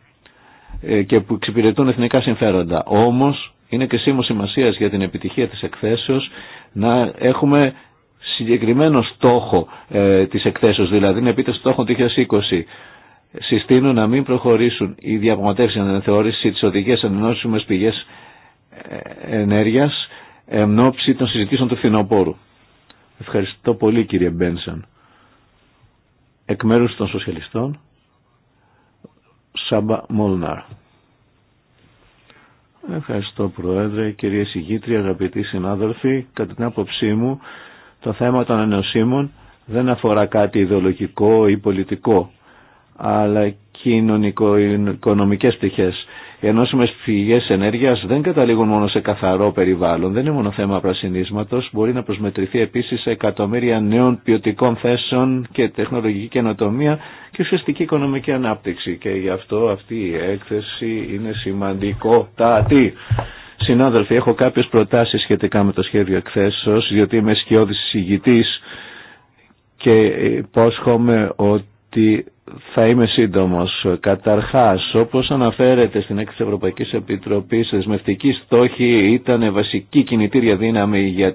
ε, και που εξυπηρετούν εθνικά συμφέροντα. Όμως είναι και σήμος σημασίας για την επιτυχία της εκθέσεως να έχουμε συγκεκριμένο στόχο ε, της εκθέσεως, δηλαδή είναι επίτευξη στόχο 2020 συστήνουν να μην προχωρήσουν οι διαπραγματεύσει αναθεώρηση τι οδηγίε ενώσιμε πηγέ ε, ενέργεια εν ώψη των συζητήσεων του φθινοπόρου. Ευχαριστώ πολύ κύριε Μπένσον. Εκ μέρου των σοσιαλιστών, Σάμπα Μόλναρ. Ευχαριστώ Πρόεδρε, κυρία Συγήτρια, αγαπητοί συνάδελφοι. Κατά την άποψή μου, το θέμα των ανεωσίμων δεν αφορά κάτι ιδεολογικό ή πολιτικό αλλά κοινωνικο-οικονομικές πτυχές. Οι ενώσιμες πηγές ενέργειας δεν καταλήγουν μόνο σε καθαρό περιβάλλον, δεν είναι μόνο θέμα πρασινίσματος, μπορεί να προσμετρηθεί επίσης σε εκατομμύρια νέων ποιοτικών θέσεων και τεχνολογική καινοτομία και ουσιαστική οικονομική ανάπτυξη. Και γι' αυτό αυτή η έκθεση είναι σημαντικότατη. Συνάδελφοι, έχω κάποιες προτάσεις σχετικά με το σχέδιο εκθέσεως, διότι είμαι σκιώδης συγητής και υπόσχομαι ότι θα είμαι σύντομος. Καταρχάς, όπως αναφέρεται στην έκθεση Ευρωπαϊκής Επιτροπής, δεσμευτική στόχη ήταν βασική κινητήρια δύναμη για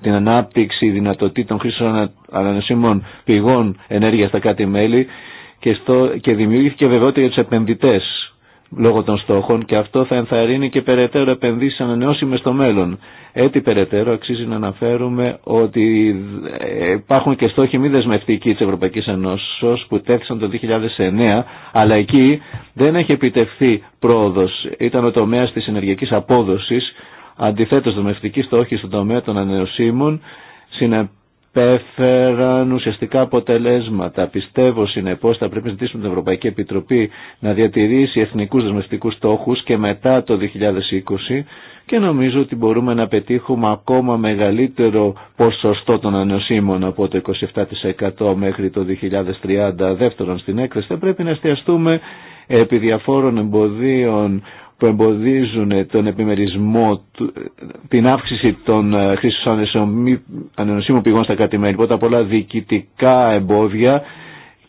την ανάπτυξη δυνατοτήτων χρήσεων ανανεσίμων πηγών ενέργειας στα κάτι μέλη και, στο, και δημιούργηκε βεβαιότητα για τους επενδυτές λόγω των στόχων και αυτό θα ενθαρρύνει και περαιτέρω επενδύσεις ανανεώσιμε στο μέλλον. Έτσι περαιτέρω αξίζει να αναφέρουμε ότι υπάρχουν και στόχοι μη δεσμευτικοί τη Ευρωπαϊκής Ενώσεως που τέθησαν το 2009 αλλά εκεί δεν έχει επιτευχθεί πρόοδος. Ήταν ο τομέας της ενεργειακής απόδοσης αντιθέτω δεσμευτικοί στόχη στον τομέα των ανανεωσίμων επέφεραν ουσιαστικά αποτελέσματα. Πιστεύω συνεπώ θα πρέπει να ζητήσουμε την Ευρωπαϊκή Επιτροπή να διατηρήσει εθνικού δεσμευτικού στόχου και μετά το 2020 και νομίζω ότι μπορούμε να πετύχουμε ακόμα μεγαλύτερο ποσοστό των ανοσίμων από το 27% μέχρι το 2030. Δεύτερον, στην έκθεση θα πρέπει να εστιαστούμε επί διαφόρων εμποδίων που εμποδίζουν τον επιμερισμό, την αύξηση των ε, χρήσεων ανενοσύμων πηγών στα κράτη-μέλη. Πρώτα απ' όλα διοικητικά εμπόδια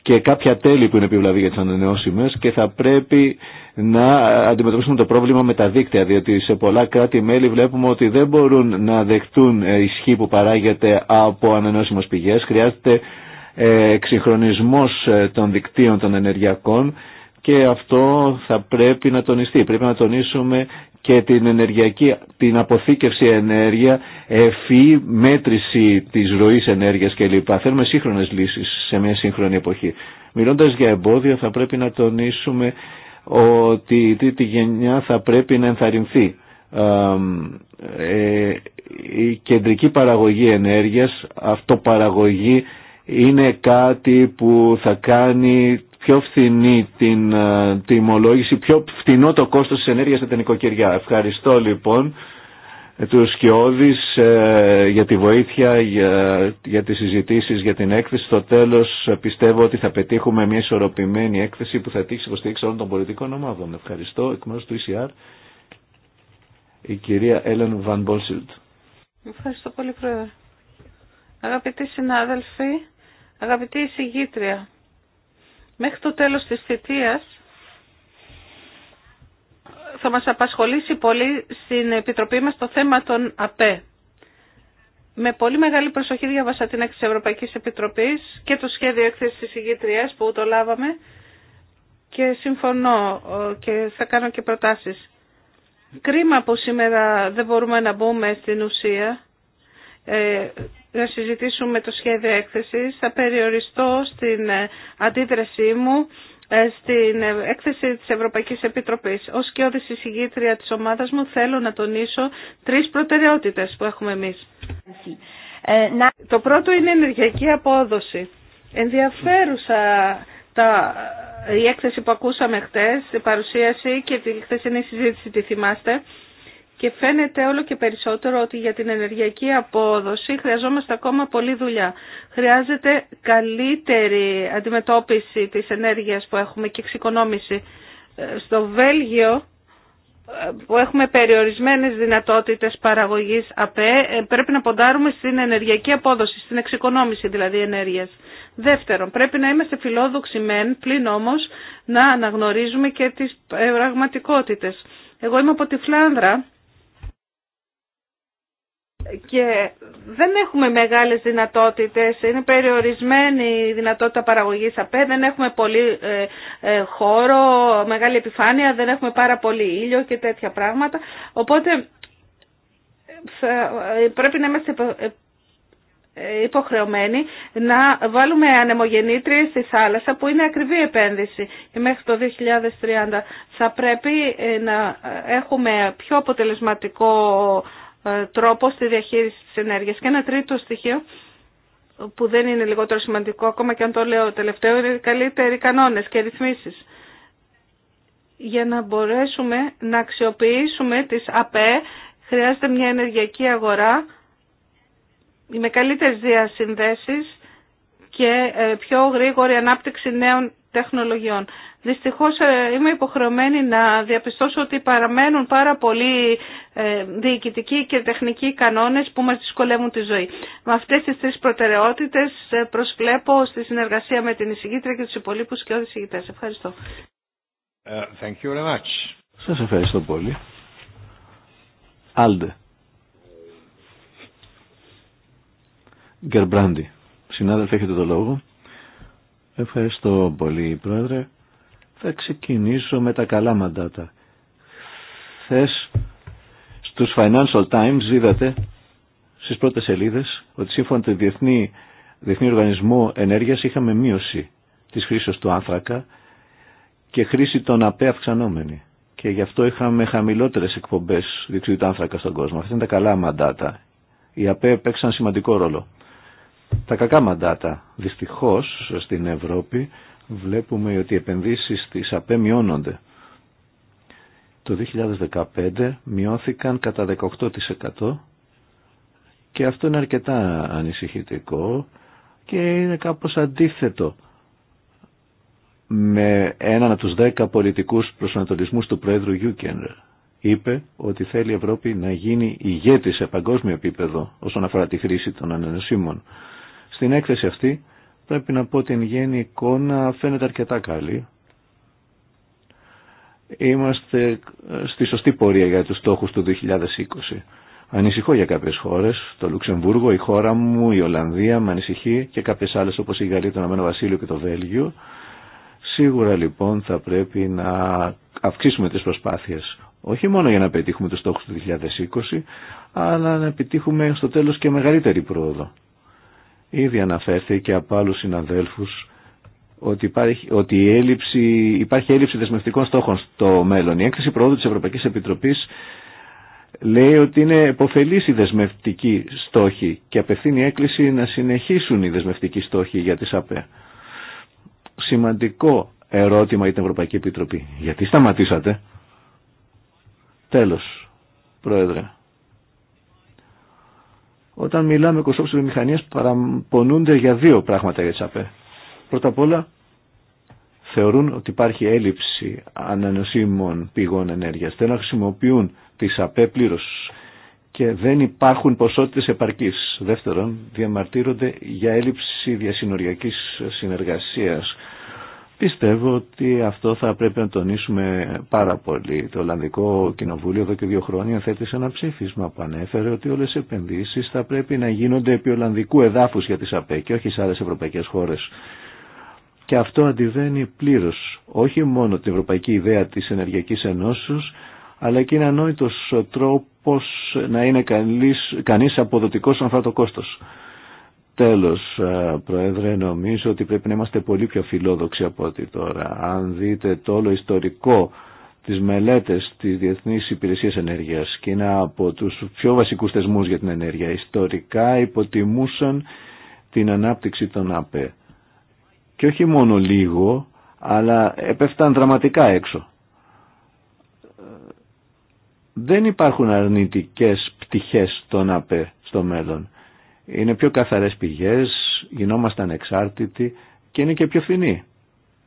και κάποια τέλη που είναι επιβλαβή για τις ανανεώσιμες και θα πρέπει να αντιμετωπίσουμε το πρόβλημα με τα δίκτυα διότι σε πολλά κράτη-μέλη βλέπουμε ότι δεν μπορούν να δεχτούν ε, ισχύ που παράγεται από ανανεώσιμες πηγές. Χρειάζεται ε, εξυγχρονισμός των δικτύων των ενεργειακών και αυτό θα πρέπει να τονιστεί. Πρέπει να τονίσουμε και την ενεργειακή, την αποθήκευση ενέργεια, εφή μέτρηση της ροής ενέργειας κλπ. Θέλουμε σύγχρονες λύσεις σε μια σύγχρονη εποχή. Μιλώντας για εμπόδια θα πρέπει να τονίσουμε ότι η τρίτη γενιά θα πρέπει να ενθαρρυνθεί. Ε, η κεντρική παραγωγή ενέργειας, αυτοπαραγωγή είναι κάτι που θα κάνει πιο φθηνή την ε, τιμολόγηση, πιο φθηνό το κόστος της ενέργειας στα νοικοκυριά. Ευχαριστώ λοιπόν ε, του Σκιώδης ε, για τη βοήθεια, για, για τις συζητήσεις, για την έκθεση. Στο τέλος πιστεύω ότι θα πετύχουμε μια ισορροπημένη έκθεση που θα τύχει υποστήριξη όλων των πολιτικών ομάδων. Ευχαριστώ εκ μέρους του ECR η κυρία Έλεν Βαν Μπόλσιλτ. Ευχαριστώ πολύ Πρόεδρε. Αγαπητοί συνάδελφοι, αγαπητή εισηγήτρια, Μέχρι το τέλος της θητείας θα μας απασχολήσει πολύ στην Επιτροπή μας το θέμα των ΑΠΕ. Με πολύ μεγάλη προσοχή διαβάσα την έκθεση Ευρωπαϊκής Επιτροπής και το σχέδιο έκθεσης της ηγήτριας που το λάβαμε και συμφωνώ ε, και θα κάνω και προτάσεις. Κρίμα που σήμερα δεν μπορούμε να μπούμε στην ουσία ε, να συζητήσουμε το σχέδιο έκθεσης. Θα περιοριστώ στην ε, αντίδρασή μου ε, στην ε, έκθεση της Ευρωπαϊκής Επιτροπής. Ως και όδηση συγγήτρια της ομάδας μου θέλω να τονίσω τρεις προτεραιότητες που έχουμε εμείς. Το πρώτο είναι η ενεργειακή απόδοση. Ενδιαφέρουσα τα, η έκθεση που ακούσαμε χτες, η παρουσίαση και τη χθεσινή συζήτηση τη θυμάστε και φαίνεται όλο και περισσότερο ότι για την ενεργειακή απόδοση χρειαζόμαστε ακόμα πολλή δουλειά. Χρειάζεται καλύτερη αντιμετώπιση της ενέργειας που έχουμε και εξοικονόμηση. Ε, στο Βέλγιο ε, που έχουμε περιορισμένες δυνατότητες παραγωγής ΑΠΕ ε, πρέπει να ποντάρουμε στην ενεργειακή απόδοση, στην εξοικονόμηση δηλαδή ενέργειας. Δεύτερον, πρέπει να είμαστε φιλόδοξοι μεν, πλην όμως να αναγνωρίζουμε και τις πραγματικότητες. Εγώ είμαι από τη Φλάνδρα και δεν έχουμε μεγάλες δυνατότητες, είναι περιορισμένη η δυνατότητα παραγωγής ΑΠΕ, δεν έχουμε πολύ ε, ε, χώρο, μεγάλη επιφάνεια, δεν έχουμε πάρα πολύ ήλιο και τέτοια πράγματα. Οπότε ε, πρέπει να είμαστε υποχρεωμένοι να βάλουμε ανεμογεννήτριες στη θάλασσα που είναι ακριβή επένδυση και μέχρι το 2030 θα πρέπει να έχουμε πιο αποτελεσματικό ε, τρόπο στη διαχείριση της ενέργειας. Και ένα τρίτο στοιχείο που δεν είναι λιγότερο σημαντικό, ακόμα και αν το λέω τελευταίο, είναι καλύτεροι κανόνες και ρυθμίσεις για να μπορέσουμε να αξιοποιήσουμε τις ΑΠΕ χρειάζεται μια ενεργειακή αγορά με καλύτερες διασυνδέσεις και ε, πιο γρήγορη ανάπτυξη νέων τεχνολογιών. Δυστυχώς ε, είμαι υποχρεωμένη να διαπιστώσω ότι παραμένουν πάρα πολλοί ε, διοικητικοί και τεχνικοί κανόνες που μας δυσκολεύουν τη ζωή. Με αυτές τις τρεις προτεραιότητες ε, προσβλέπω στη συνεργασία με την εισηγήτρια και τους υπολείπους και όλους εισηγητές. Ευχαριστώ. Thank you very much. Σας ευχαριστώ πολύ. Άλντε. Γκερμπράντι. Συνάδελφε, έχετε το λόγο. Ευχαριστώ πολύ, Πρόεδρε. Θα ξεκινήσω με τα καλά μαντάτα. Χθε στους Financial Times είδατε στις πρώτες σελίδες ότι σύμφωνα με το Διεθνή, Διεθνή Οργανισμό Ενέργειας είχαμε μείωση της χρήσης του άνθρακα και χρήση των ΑΠΕ αυξανόμενη. Και γι' αυτό είχαμε χαμηλότερες εκπομπές διεξιδιού του άνθρακα στον κόσμο. Αυτά είναι τα καλά μαντάτα. Οι ΑΠΕ παίξαν σημαντικό ρόλο τα κακά μαντάτα. Δυστυχώς στην Ευρώπη βλέπουμε ότι οι επενδύσεις στις ΑΠΕ μειώνονται. Το 2015 μειώθηκαν κατά 18% και αυτό είναι αρκετά ανησυχητικό και είναι κάπως αντίθετο με έναν από τους δέκα πολιτικούς προσανατολισμούς του Πρόεδρου Γιούκεν. Είπε ότι θέλει η Ευρώπη να γίνει ηγέτη σε παγκόσμιο επίπεδο όσον αφορά τη χρήση των ανανεωσίμων. Στην έκθεση αυτή πρέπει να πω ότι η γέννη εικόνα φαίνεται αρκετά καλή. Είμαστε στη σωστή πορεία για τους στόχους του 2020. Ανησυχώ για κάποιες χώρες, το Λουξεμβούργο, η χώρα μου, η Ολλανδία με ανησυχεί και κάποιες άλλες όπως η Γαλλία, το Ναμένο Βασίλειο και το Βέλγιο. Σίγουρα λοιπόν θα πρέπει να αυξήσουμε τις προσπάθειες όχι μόνο για να πετύχουμε τους στόχους του 2020 αλλά να επιτύχουμε στο τέλος και μεγαλύτερη πρόοδο. Ήδη αναφέρθηκε από άλλους συναδέλφους ότι υπάρχει, ότι έλλειψη, υπάρχει έλλειψη δεσμευτικών στόχων στο μέλλον. Η έκθεση πρόοδου τη Ευρωπαϊκής Επιτροπής λέει ότι είναι επωφελή η δεσμευτική στόχη και απευθύνει η έκκληση να συνεχίσουν οι δεσμευτικοί στόχοι για τις ΑΠΕ. Σημαντικό ερώτημα για την Ευρωπαϊκή Επιτροπή. Γιατί σταματήσατε. Τέλος, Πρόεδρε. Όταν μιλάμε τη βιομηχανίας παραπονούνται για δύο πράγματα για τις ΑΠΕ. Πρώτα απ' όλα θεωρούν ότι υπάρχει έλλειψη ανανοσίμων πηγών ενέργειας. Δεν χρησιμοποιούν τις ΑΠΕ πλήρως και δεν υπάρχουν ποσότητες επαρκής. Δεύτερον, διαμαρτύρονται για έλλειψη διασυνοριακής συνεργασίας Πιστεύω ότι αυτό θα πρέπει να τονίσουμε πάρα πολύ. Το Ολλανδικό Κοινοβούλιο εδώ και δύο χρόνια θέτησε ένα ψήφισμα που ανέφερε ότι όλες οι επενδύσεις θα πρέπει να γίνονται επί Ολλανδικού εδάφους για τις ΑΠΕ και όχι σε άλλες ευρωπαϊκές χώρες. Και αυτό αντιβαίνει πλήρως όχι μόνο την ευρωπαϊκή ιδέα της Ενεργειακής Ενώσεως αλλά και είναι ανόητος τρόπος να είναι κανείς αποδοτικός αυτό το κόστος. Τέλος, ε, Πρόεδρε, νομίζω ότι πρέπει να είμαστε πολύ πιο φιλόδοξοι από ό,τι τώρα. Αν δείτε το όλο ιστορικό της μελέτες της Διεθνής Υπηρεσίας Ενέργειας και είναι από τους πιο βασικούς θεσμούς για την ενέργεια. Ιστορικά υποτιμούσαν την ανάπτυξη των ΑΠΕ. Και όχι μόνο λίγο, αλλά έπεφταν δραματικά έξω. Δεν υπάρχουν αρνητικές πτυχές των ΑΠΕ στο μέλλον είναι πιο καθαρές πηγές, γινόμαστε εξάρτητοι και είναι και πιο φθηνή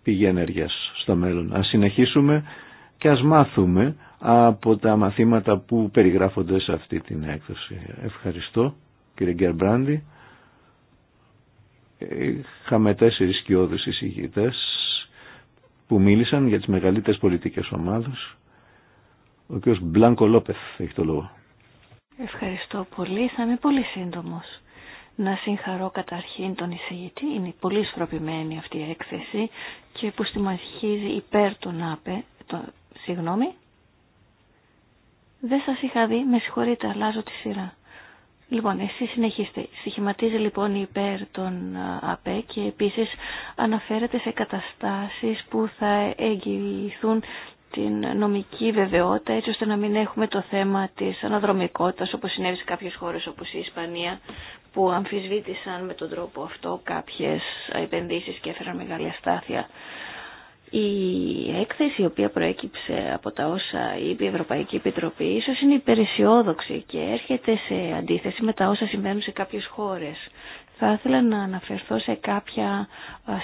πηγή ενέργειας στο μέλλον. Ας συνεχίσουμε και ας μάθουμε από τα μαθήματα που περιγράφονται σε αυτή την έκδοση. Ευχαριστώ κύριε Γκερμπράντι. Είχαμε τέσσερις σκιώδεις εισηγητές που μίλησαν για τις μεγαλύτερες πολιτικές ομάδες. Ο κ. Μπλάνκο Λόπεθ έχει το λόγο. Ευχαριστώ πολύ. Θα είμαι πολύ σύντομος να συγχαρώ καταρχήν τον εισηγητή. Είναι πολύ σφροπημένη αυτή η έκθεση και που στιμαχίζει υπέρ του ΑΠΕ. Το, συγγνώμη. Δεν σας είχα δει, με συγχωρείτε, αλλάζω τη σειρά. Λοιπόν, εσύ συνεχίστε. Συχηματίζει λοιπόν υπέρ των ΑΠΕ και επίσης αναφέρεται σε καταστάσεις που θα εγγυηθούν την νομική βεβαιότητα έτσι ώστε να μην έχουμε το θέμα της αναδρομικότητας όπως συνέβη σε κάποιες χώρες όπως η Ισπανία που αμφισβήτησαν με τον τρόπο αυτό κάποιες επενδύσεις και έφεραν μεγάλη αστάθεια. Η έκθεση η οποία προέκυψε από τα όσα είπε η Ευρωπαϊκή Επιτροπή ίσως είναι υπεραισιόδοξη και έρχεται σε αντίθεση με τα όσα συμβαίνουν σε κάποιες χώρες. Θα ήθελα να αναφερθώ σε κάποια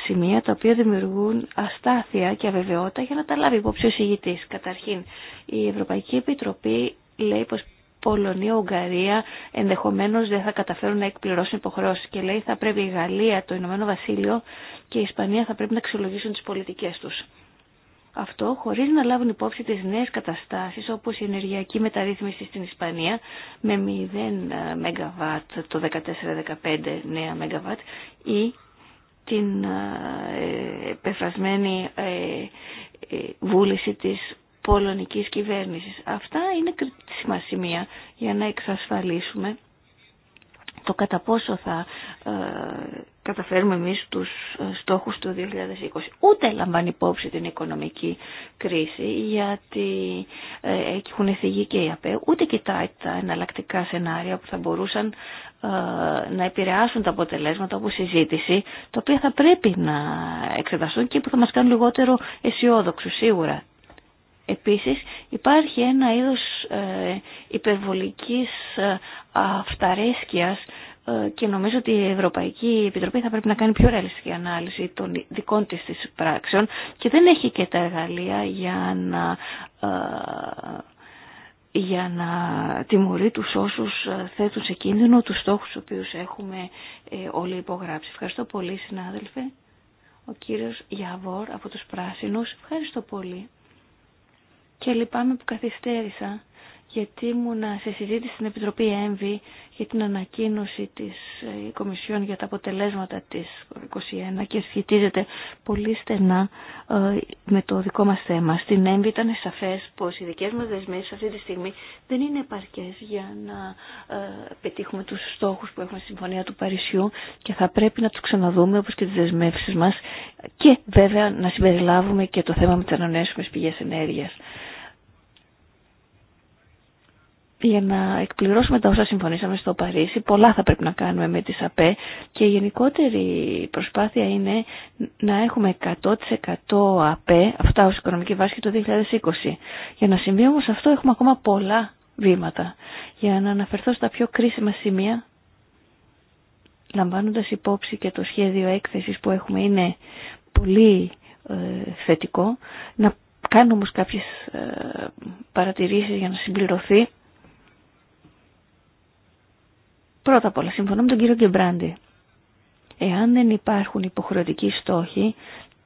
σημεία τα οποία δημιουργούν αστάθεια και αβεβαιότητα για να τα λάβει υπόψη ο συγητής. Καταρχήν, η Ευρωπαϊκή Επιτροπή λέει πως Πολωνία, Ουγγαρία ενδεχομένω δεν θα καταφέρουν να εκπληρώσουν υποχρεώσει. και λέει θα πρέπει η Γαλλία, το Ηνωμένο Βασίλειο και η Ισπανία θα πρέπει να αξιολογήσουν τι πολιτικέ του. Αυτό χωρί να λάβουν υπόψη τι νέε καταστάσει όπω η ενεργειακή μεταρρύθμιση στην Ισπανία με 0 ε, ΜΒ το 14-15 νέα ΜΒ ή την ε, ε, ε βούληση της πολωνικής κυβέρνησης. Αυτά είναι κρίσιμα σημεία για να εξασφαλίσουμε το κατά πόσο θα ε, καταφέρουμε εμείς τους ε, στόχους του 2020. Ούτε λαμβάνει υπόψη την οικονομική κρίση γιατί ε, έχουν εθιγεί και οι ΑΠΕ, ούτε κοιτάει τα εναλλακτικά σενάρια που θα μπορούσαν να επηρεάσουν τα αποτελέσματα από συζήτηση, τα οποία θα πρέπει να εξεταστούν και που θα μας κάνουν λιγότερο αισιόδοξου σίγουρα. Επίσης υπάρχει ένα είδος ε, υπερβολικής ε, αυταρέσκειας ε, και νομίζω ότι η Ευρωπαϊκή Επιτροπή θα πρέπει να κάνει πιο ρεαλιστική ανάλυση των δικών της της πράξεων και δεν έχει και τα εργαλεία για να, για να τιμωρεί τους όσους θέτουν σε κίνδυνο τους στόχους τους οποίους έχουμε όλοι υπογράψει. Ευχαριστώ πολύ συνάδελφε. Ο κύριος Γιαβόρ από τους Πράσινους. Ευχαριστώ πολύ και λυπάμαι που καθυστέρησα γιατί ήμουνα σε συζήτηση στην Επιτροπή ΕΜΒΗ για την ανακοίνωση της ε, Κομισιόν για τα αποτελέσματα της 21 και σχετίζεται πολύ στενά ε, με το δικό μας θέμα. Στην ΕΜΒΗ ήταν σαφές πως οι δικές μας δεσμεύσεις αυτή τη στιγμή δεν είναι επαρκές για να ε, πετύχουμε τους στόχους που έχουμε στη Συμφωνία του Παρισιού και θα πρέπει να τους ξαναδούμε όπως και τις δεσμεύσεις μας και βέβαια να συμπεριλάβουμε και το θέμα με τις ανανέσουμες πηγές ενέργειας για να εκπληρώσουμε τα όσα συμφωνήσαμε στο Παρίσι, πολλά θα πρέπει να κάνουμε με τις ΑΠΕ και η γενικότερη προσπάθεια είναι να έχουμε 100% ΑΠΕ, αυτά ως οικονομική βάση το 2020. Για να συμβεί όμως αυτό έχουμε ακόμα πολλά βήματα. Για να αναφερθώ στα πιο κρίσιμα σημεία, λαμβάνοντας υπόψη και το σχέδιο έκθεσης που έχουμε είναι πολύ ε, θετικό, να κάνουμε όμως κάποιες ε, παρατηρήσεις για να συμπληρωθεί Πρώτα απ' όλα, συμφωνώ με τον κύριο Γκεμπράντη. Εάν δεν υπάρχουν υποχρεωτικοί στόχοι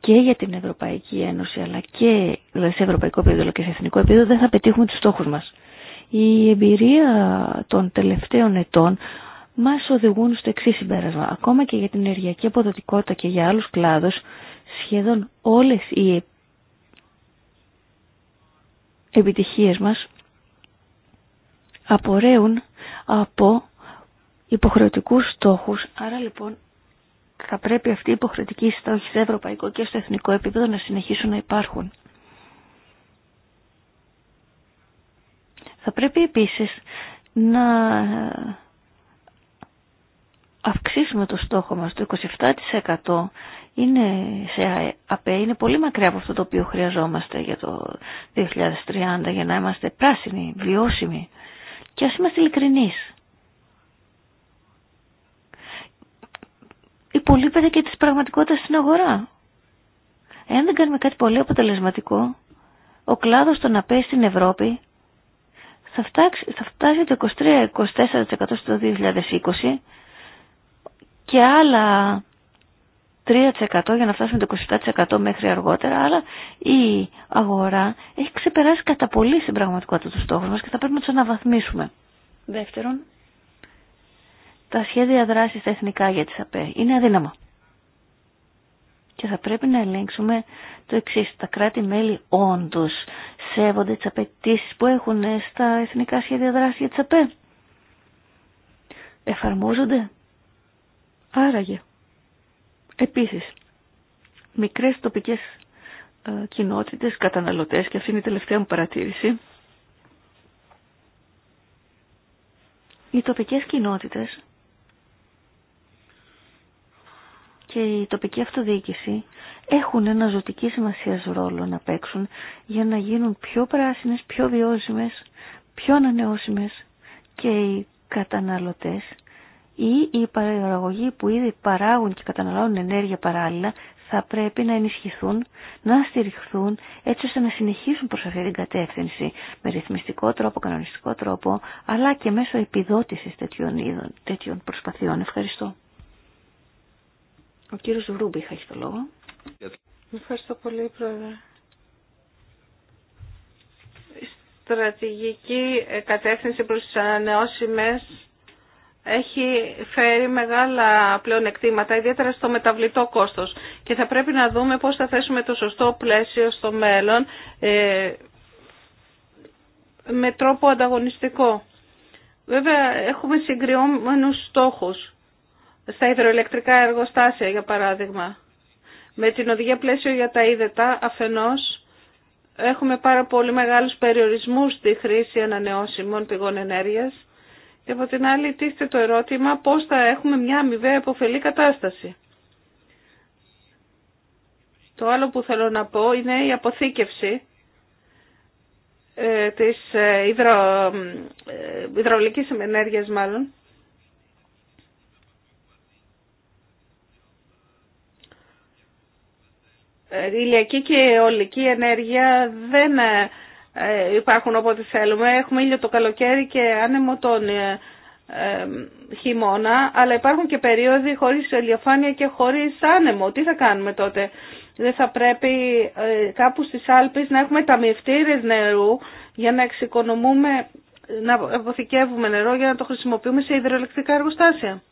και για την Ευρωπαϊκή Ένωση, αλλά και δηλαδή σε ευρωπαϊκό επίπεδο και σε εθνικό επίπεδο, δεν θα πετύχουμε τους στόχους μας. Η εμπειρία των τελευταίων ετών μας οδηγούν στο εξή συμπέρασμα. Ακόμα και για την ενεργειακή αποδοτικότητα και για άλλου κλάδου, σχεδόν όλε οι επιτυχίε μας απορρέουν από υποχρεωτικούς στόχους. Άρα λοιπόν θα πρέπει αυτοί οι υποχρεωτικοί στόχοι σε ευρωπαϊκό και στο εθνικό επίπεδο να συνεχίσουν να υπάρχουν. Θα πρέπει επίσης να αυξήσουμε το στόχο μας. Το 27% είναι σε ΑΠΕ, είναι πολύ μακριά από αυτό το οποίο χρειαζόμαστε για το 2030 για να είμαστε πράσινοι, βιώσιμοι. Και ας είμαστε ειλικρινείς. υπολείπεται και της πραγματικότητας στην αγορά. Εάν δεν κάνουμε κάτι πολύ αποτελεσματικό, ο κλάδος να πέσει στην Ευρώπη θα φτάσει, το 23-24% στο 2020 και άλλα 3% για να φτάσουμε το 27% μέχρι αργότερα, αλλά η αγορά έχει ξεπεράσει κατά πολύ στην πραγματικότητα του στόχου μας και θα πρέπει να τους αναβαθμίσουμε. Δεύτερον, τα σχέδια δράση στα εθνικά για τις ΑΠΕ. Είναι αδύναμα. Και θα πρέπει να ελέγξουμε το εξή. Τα κράτη-μέλη όντω σέβονται τι απαιτήσει που έχουν στα εθνικά σχέδια δράση για τι ΑΠΕ. Εφαρμόζονται. Άραγε. Επίσης, μικρές τοπικέ ε, κοινότητες, καταναλωτές, και αυτή είναι η τελευταία μου παρατήρηση, οι τοπικές κοινότητες και η τοπική αυτοδιοίκηση έχουν ένα ζωτική σημασία ρόλο να παίξουν για να γίνουν πιο πράσινες, πιο βιώσιμες, πιο ανανεώσιμες και οι καταναλωτές ή οι παραγωγοί που ήδη παράγουν και καταναλώνουν ενέργεια παράλληλα θα πρέπει να ενισχυθούν, να στηριχθούν έτσι ώστε να συνεχίσουν προς αυτή την κατεύθυνση με ρυθμιστικό τρόπο, κανονιστικό τρόπο αλλά και μέσω επιδότησης τέτοιων, είδων, τέτοιων προσπαθειών. Ευχαριστώ. Ο κύριος Ρούμπιχ έχει το λόγο. Ευχαριστώ πολύ, Πρόεδρε. στρατηγική κατεύθυνση προς τις ανανεώσιμες έχει φέρει μεγάλα πλεονεκτήματα, ιδιαίτερα στο μεταβλητό κόστος. Και θα πρέπει να δούμε πώς θα θέσουμε το σωστό πλαίσιο στο μέλλον ε, με τρόπο ανταγωνιστικό. Βέβαια, έχουμε συγκριόμενους στόχους στα υδροελεκτρικά εργοστάσια, για παράδειγμα. Με την οδηγία πλαίσιο για τα είδετα, αφενός, έχουμε πάρα πολύ μεγάλους περιορισμούς στη χρήση ανανεώσιμων πηγών ενέργειας και από την άλλη τίθεται το ερώτημα πώς θα έχουμε μια αμοιβαία υποφελή κατάσταση. Το άλλο που θέλω να πω είναι η αποθήκευση ε, της ε, υδρο, ε, υδραυλικής ενέργειας μάλλον Ε, ηλιακή και ολική ενέργεια δεν ε, ε, υπάρχουν όποτε θέλουμε. Έχουμε ήλιο το καλοκαίρι και άνεμο τον χειμώνα, αλλά υπάρχουν και περίοδοι χωρίς ηλιοφάνεια και χωρίς άνεμο. Τι θα κάνουμε τότε. Δεν θα πρέπει κάπου στις Άλπεις να έχουμε ταμιευτήρες νερού για να εξοικονομούμε, να αποθηκεύουμε νερό για να το χρησιμοποιούμε σε υδροελεκτρικά εργοστάσια.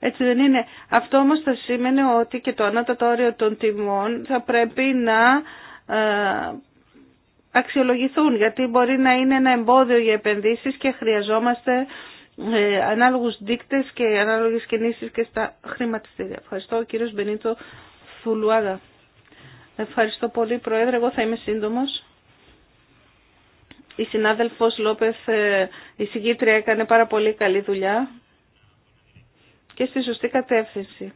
Έτσι δεν είναι. Αυτό όμως θα σήμαινε ότι και το ανώτατο όριο των τιμών θα πρέπει να ε, αξιολογηθούν γιατί μπορεί να είναι ένα εμπόδιο για επενδύσεις και χρειαζόμαστε ε, ανάλογους δείκτες και ανάλογες κινήσεις και στα χρηματιστήρια. Ευχαριστώ κύριος Μπενίτο Φουλουάδα. Ευχαριστώ πολύ Πρόεδρε, εγώ θα είμαι σύντομος. Η συνάδελφος Λόπεθ, ε, η συγκήτρια, έκανε πάρα πολύ καλή δουλειά και στη σωστή κατεύθυνση.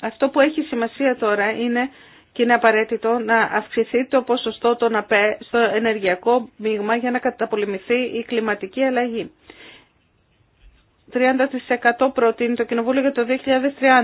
Αυτό που έχει σημασία τώρα είναι και είναι απαραίτητο να αυξηθεί το ποσοστό των ΑΠΕ στο ενεργειακό μείγμα για να καταπολεμηθεί η κλιματική αλλαγή. 30% προτείνει το Κοινοβούλιο για το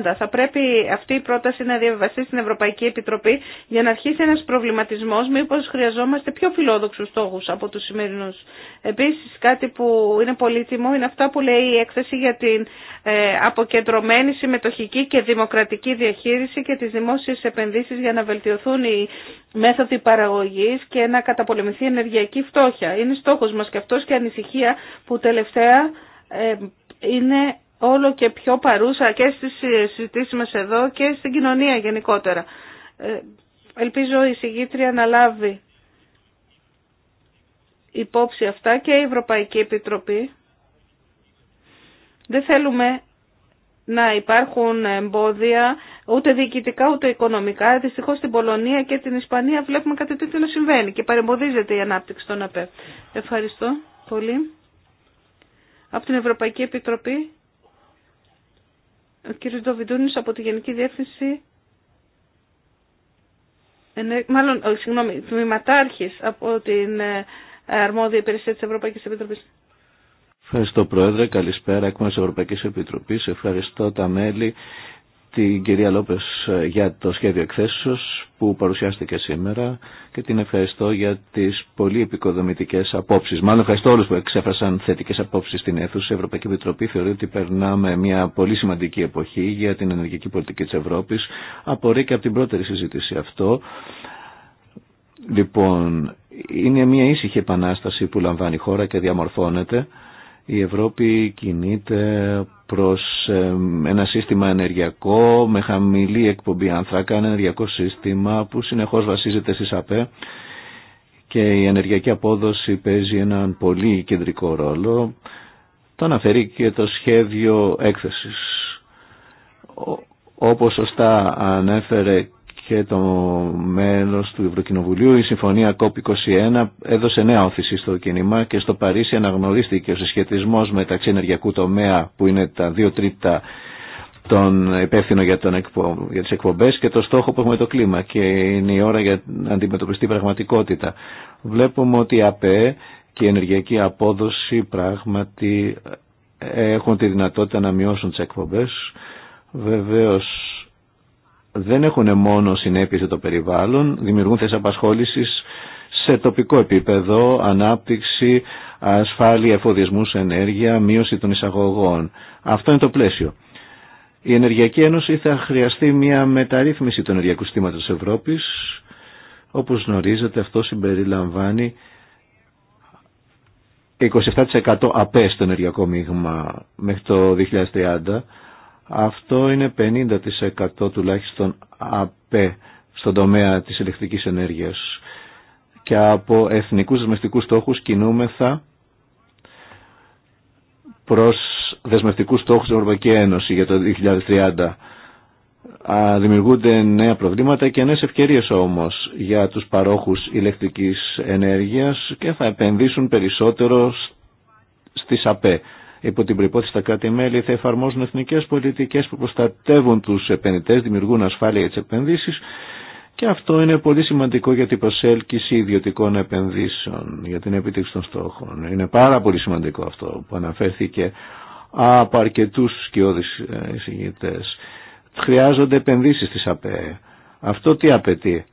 2030. Θα πρέπει αυτή η πρόταση να διαβαστεί στην Ευρωπαϊκή Επιτροπή για να αρχίσει ένας προβληματισμός μήπως χρειαζόμαστε πιο φιλόδοξους στόχους από τους σημερινούς. Επίσης κάτι που είναι πολύτιμο είναι αυτά που λέει η έκθεση για την ε, αποκεντρωμένη συμμετοχική και δημοκρατική διαχείριση και τις δημόσιες επενδύσεις για να βελτιωθούν οι μέθοδοι παραγωγής και να καταπολεμηθεί η ενεργειακή φτώχεια. Είναι στόχος μας και αυτός και ανησυχία που τελευταία ε, είναι όλο και πιο παρούσα και στις συζητήσεις μας εδώ και στην κοινωνία γενικότερα. Ε, ελπίζω η συγγήτρια να λάβει υπόψη αυτά και η Ευρωπαϊκή Επιτροπή. Δεν θέλουμε να υπάρχουν εμπόδια ούτε διοικητικά ούτε οικονομικά. Δυστυχώς στην Πολωνία και την Ισπανία βλέπουμε κάτι τέτοιο να συμβαίνει και παρεμποδίζεται η ανάπτυξη των ΑΠΕ. Ευχαριστώ πολύ. Από την Ευρωπαϊκή Επιτροπή, ο κύριος Ντοβιντούνης από τη Γενική Διεύθυνση, μάλλον, ο, συγγνώμη, τμήματάρχης από την ε, αρμόδια υπηρεσία της Ευρωπαϊκής Επιτροπής. Ευχαριστώ Πρόεδρε, καλησπέρα εκ μας Ευρωπαϊκής Επιτροπής, ευχαριστώ τα μέλη την κυρία Λόπες ε, για το σχέδιο εκθέσεως που παρουσιάστηκε σήμερα και την ευχαριστώ για τις πολύ επικοδομητικές απόψεις. Μάλλον ευχαριστώ όλους που εξέφρασαν θετικές απόψεις στην αίθουσα. Η Ευρωπαϊκή Επιτροπή θεωρεί ότι περνάμε μια πολύ σημαντική εποχή για την ενεργειακή πολιτική της Ευρώπης. Απορεί και από την πρώτερη συζήτηση αυτό. Λοιπόν, είναι μια ήσυχη επανάσταση που λαμβάνει η χώρα και διαμορφώνεται. Η Ευρώπη κινείται προς ένα σύστημα ενεργειακό με χαμηλή εκπομπή άνθρακα, ένα ενεργειακό σύστημα που συνεχώς βασίζεται στις ΑΠΕ και η ενεργειακή απόδοση παίζει έναν πολύ κεντρικό ρόλο. Το αναφέρει και το σχέδιο έκθεσης. Όπως σωστά ανέφερε και το μέλος του Ευρωκοινοβουλίου. Η συμφωνία COP21 έδωσε νέα όθηση στο κίνημα και στο Παρίσι αναγνωρίστηκε ο συσχετισμός μεταξύ ενεργειακού τομέα που είναι τα δύο τρίτα τον υπεύθυνο για, τον εκπο, για τις εκπομπές και το στόχο που έχουμε το κλίμα και είναι η ώρα για να αντιμετωπιστεί πραγματικότητα. Βλέπουμε ότι η ΑΠΕ και η ενεργειακή απόδοση πράγματι έχουν τη δυνατότητα να μειώσουν τις εκπομπές. Βεβαίως δεν έχουν μόνο συνέπειες για το περιβάλλον, δημιουργούν θέσεις απασχόλησης σε τοπικό επίπεδο, ανάπτυξη, ασφάλεια εφοδιασμού σε ενέργεια, μείωση των εισαγωγών. Αυτό είναι το πλαίσιο. Η Ενεργειακή Ένωση θα χρειαστεί μια μεταρρύθμιση του ενεργειακού συστήματος της Ευρώπης. Όπως γνωρίζετε αυτό συμπεριλαμβάνει 27% απέ στο ενεργειακό μείγμα μέχρι το 2030 αυτό είναι 50% τουλάχιστον ΑΠΕ στον τομέα της ηλεκτρικής ενέργειας. Και από εθνικούς δεσμευτικούς στόχους κινούμεθα προς δεσμευτικούς στόχους της Ευρωπαϊκή Ένωση για το 2030. δημιουργούνται νέα προβλήματα και νέες ευκαιρίες όμως για τους παρόχους ηλεκτρικής ενέργειας και θα επενδύσουν περισσότερο στις ΑΠΕ. Υπό την προπόθεση τα κράτη-μέλη θα εφαρμόζουν εθνικέ πολιτικέ που προστατεύουν του επενδυτέ, δημιουργούν ασφάλεια για τι επενδύσει και αυτό είναι πολύ σημαντικό για την προσέλκυση ιδιωτικών επενδύσεων, για την επίτευξη των στόχων. Είναι πάρα πολύ σημαντικό αυτό που αναφέρθηκε από αρκετού σκιώδει ε, εισηγητέ. Χρειάζονται επενδύσει τη ΑΠΕ. Αυτό τι απαιτεί.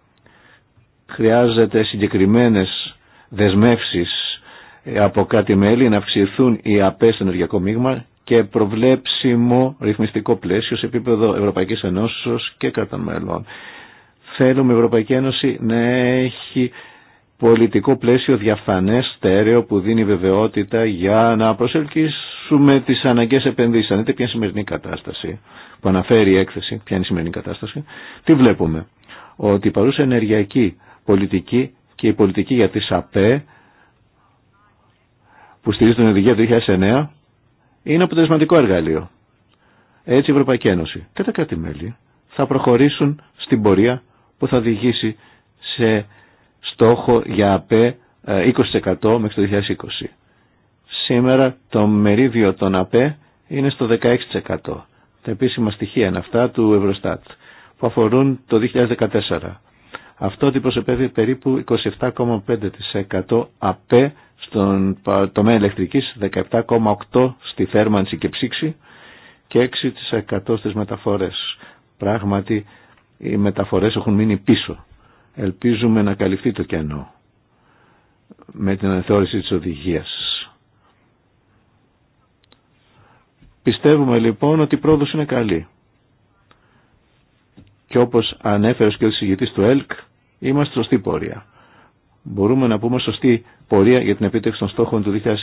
Χρειάζεται συγκεκριμένε δεσμεύσει απο κάτι κράτη-μέλη να αυξηθούν οι ΑΠΕ στο ενεργειακό μείγμα και προβλέψιμο ρυθμιστικό πλαίσιο σε επίπεδο Ευρωπαϊκή Ενώσης και κρατών μελών. Θέλουμε η Ευρωπαϊκή Ένωση να έχει πολιτικό πλαίσιο διαφανές στέρεο που δίνει βεβαιότητα για να προσελκύσουμε τι αναγκαίε επενδύσει. Αν δείτε ποια είναι η σημερινή κατάσταση που αναφέρει η έκθεση, ποια είναι η σημερινή κατάσταση, τι βλέπουμε. Ότι η παρούσα ενεργειακή πολιτική και η πολιτική για τις ΑΠΕ που στηρίζει την οδηγία 2009 είναι αποτελεσματικό εργαλείο. Έτσι η Ευρωπαϊκή Ένωση και τα κράτη-μέλη θα προχωρήσουν στην πορεία που θα οδηγήσει σε στόχο για ΑΠΕ 20% ε, μέχρι το 2020. Σήμερα το μερίδιο των ΑΠΕ είναι στο 16%. Τα επίσημα στοιχεία είναι αυτά του Ευρωστάτ που αφορούν το 2014. Αυτό αντιπροσωπεύει περίπου 27,5% ΑΠΕ στον τομέα ηλεκτρικής, 17,8% στη θέρμανση και ψήξη και 6% στις μεταφορές. Πράγματι, οι μεταφορές έχουν μείνει πίσω. Ελπίζουμε να καλυφθεί το κενό με την αναθεώρηση της οδηγίας. Πιστεύουμε λοιπόν ότι η πρόοδος είναι καλή και όπως ανέφερε και ο συγγετής του ΕΛΚ, είμαστε σωστή πορεία. Μπορούμε να πούμε σωστή πορεία για την επίτευξη των στόχων του 2020.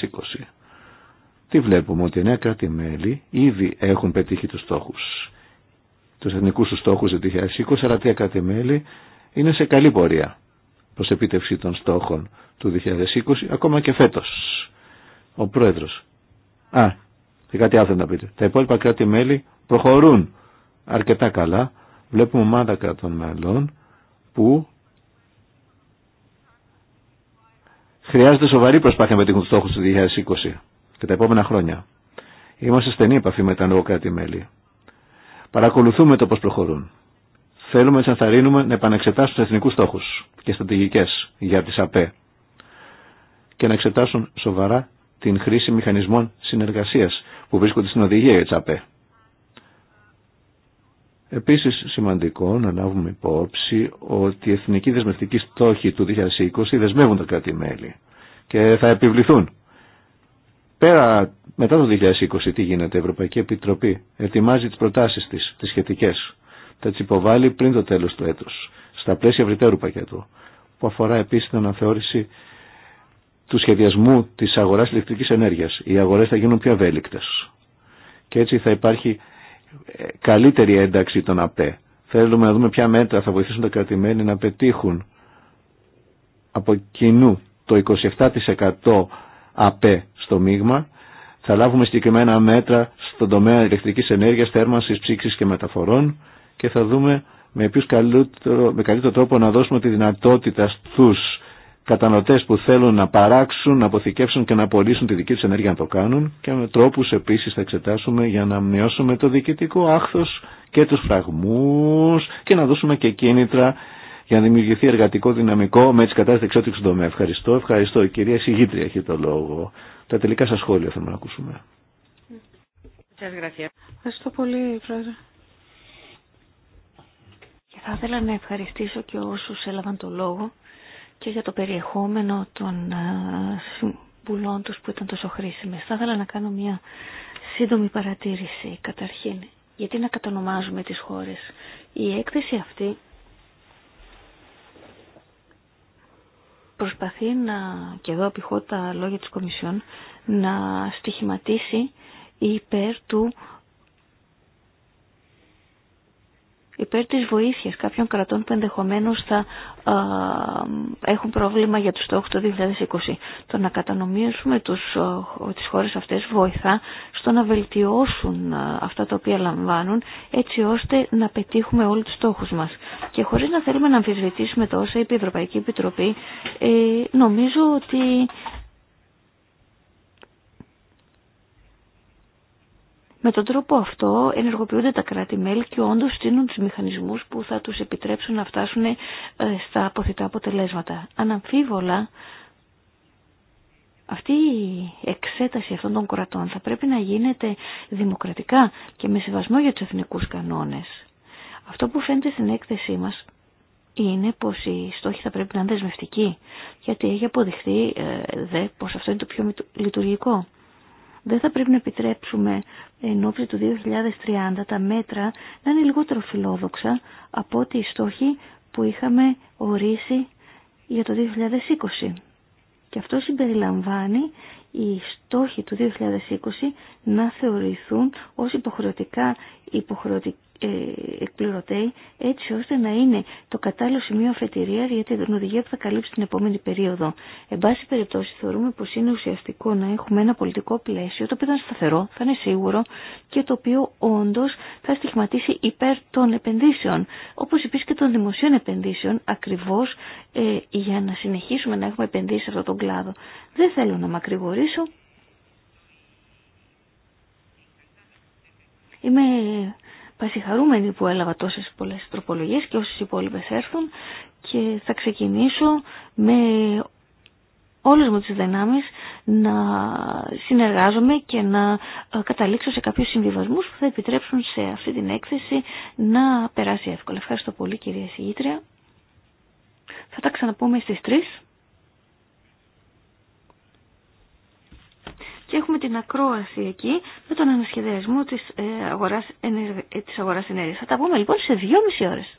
Τι βλέπουμε, ότι νέα κράτη-μέλη ήδη έχουν πετύχει τους στόχους. Τους εθνικούς τους στόχους του 2020, αλλά τρία κράτη-μέλη είναι σε καλή πορεία προς επίτευξη των στόχων του 2020, ακόμα και φέτος. Ο πρόεδρος. Α, και κάτι άλλο να πείτε. Τα υπόλοιπα κράτη-μέλη προχωρούν αρκετά καλά, βλέπουμε ομάδα κρατών μελών που χρειάζεται σοβαρή προσπάθεια να πετύχουν τους στόχους του 2020 και τα επόμενα χρόνια. Είμαστε στενή επαφή με τα νοοκράτη κράτη-μέλη. Παρακολουθούμε το πώς προχωρούν. Θέλουμε να ενθαρρύνουμε να επανεξετάσουν τους εθνικούς στόχους και στρατηγικές για τις ΑΠΕ και να εξετάσουν σοβαρά την χρήση μηχανισμών συνεργασίας που βρίσκονται στην οδηγία για τις ΑΠΕ. Επίσης σημαντικό να λάβουμε υπόψη ότι οι εθνικοί δεσμευτικοί στόχοι του 2020 δεσμεύουν τα κράτη-μέλη και θα επιβληθούν. Πέρα μετά το 2020 τι γίνεται, η Ευρωπαϊκή Επιτροπή ετοιμάζει τις προτάσεις της, τις σχετικές. Θα τις υποβάλει πριν το τέλος του έτους, στα πλαίσια ευρυτέρου πακέτου, που αφορά επίσης την αναθεώρηση του σχεδιασμού της αγοράς ηλεκτρικής ενέργειας. Οι αγορές θα γίνουν πιο ευέλικτες. Και έτσι θα υπάρχει καλύτερη ένταξη των ΑΠΕ. Θέλουμε να δούμε ποια μέτρα θα βοηθήσουν τα κρατημένη να πετύχουν από κοινού το 27% ΑΠΕ στο μείγμα. Θα λάβουμε συγκεκριμένα μέτρα στον τομέα ηλεκτρικής ενέργειας, θέρμανσης, ψήξης και μεταφορών και θα δούμε με, καλύτερο, με καλύτερο τρόπο να δώσουμε τη δυνατότητα στους κατανοτές που θέλουν να παράξουν, να αποθηκεύσουν και να απολύσουν τη δική τους ενέργεια να το κάνουν και με τρόπους επίσης θα εξετάσουμε για να μειώσουμε το διοικητικό άχθος και τους φραγμούς και να δώσουμε και κίνητρα για να δημιουργηθεί εργατικό δυναμικό με τις κατάσταση εξώτηξης του τομέα. Ευχαριστώ, ευχαριστώ. Η κυρία Σιγήτρια έχει το λόγο. Τα τελικά σας σχόλια θέλουμε να ακούσουμε. Ευχαριστώ πολύ, Πρόεδρε. Και θα ήθελα να ευχαριστήσω και όσους έλαβαν το λόγο και για το περιεχόμενο των ε, συμβουλών τους που ήταν τόσο χρήσιμες. Θα ήθελα να κάνω μια σύντομη παρατήρηση καταρχήν. Γιατί να κατανομάζουμε τις χώρες. Η έκθεση αυτή προσπαθεί να, και εδώ απηχώ τα λόγια της Κομισιόν, να στοιχηματίσει υπέρ του υπέρ της βοήθειας κάποιων κρατών που ενδεχομένως θα έχουν πρόβλημα για τους στόχους το 2020. Το να κατανομήσουμε τους, χώρε τις χώρες αυτές βοηθά στο να βελτιώσουν αυτά τα οποία λαμβάνουν έτσι ώστε να πετύχουμε όλους τους στόχους μας. Και χωρίς να θέλουμε να αμφισβητήσουμε το η Ευρωπαϊκή Επιτροπή, ε, νομίζω ότι Με τον τρόπο αυτό ενεργοποιούνται τα κράτη-μέλη και όντως στείλουν τους μηχανισμούς που θα τους επιτρέψουν να φτάσουν ε, στα αποθητά αποτελέσματα. Αναμφίβολα, αυτή η εξέταση αυτών των κρατών θα πρέπει να γίνεται δημοκρατικά και με σεβασμό για τους εθνικούς κανόνες. Αυτό που φαίνεται στην έκθεσή μας είναι πως οι στόχοι θα πρέπει να είναι δεσμευτικοί, γιατί έχει αποδειχθεί ε, δε πως αυτό είναι το πιο λειτουργικό δεν θα πρέπει να επιτρέψουμε εν ώψη του 2030 τα μέτρα να είναι λιγότερο φιλόδοξα από ό,τι οι στόχοι που είχαμε ορίσει για το 2020. Και αυτό συμπεριλαμβάνει οι στόχοι του 2020 να θεωρηθούν ως υποχρεωτικά υποχρεωτικά. Ε, εκπληρωτεί έτσι ώστε να είναι το κατάλληλο σημείο αφετηρία για την οδηγία που θα καλύψει την επόμενη περίοδο. Εν πάση περιπτώσει θεωρούμε πω είναι ουσιαστικό να έχουμε ένα πολιτικό πλαίσιο το οποίο θα είναι σταθερό, θα είναι σίγουρο και το οποίο όντω θα στοιχηματίσει υπέρ των επενδύσεων Όπω επίση και των δημοσίων επενδύσεων ακριβώ ε, για να συνεχίσουμε να έχουμε επενδύσει σε αυτόν τον κλάδο. Δεν θέλω να μακρηγορήσω. Είμαι πασιχαρούμενη που έλαβα τόσες πολλές τροπολογίες και όσες υπόλοιπε έρθουν και θα ξεκινήσω με όλες μου τις δυνάμεις να συνεργάζομαι και να ε, καταλήξω σε κάποιους συμβιβασμούς που θα επιτρέψουν σε αυτή την έκθεση να περάσει εύκολα. Ευχαριστώ πολύ κυρία Συγήτρια. Θα τα ξαναπούμε στις 3. και έχουμε την ακρόαση εκεί με τον ανασχεδιασμό της ε, αγοράς, ε, της αγοράς ενέργειας. Θα τα πούμε λοιπόν σε 2,5 ώρες.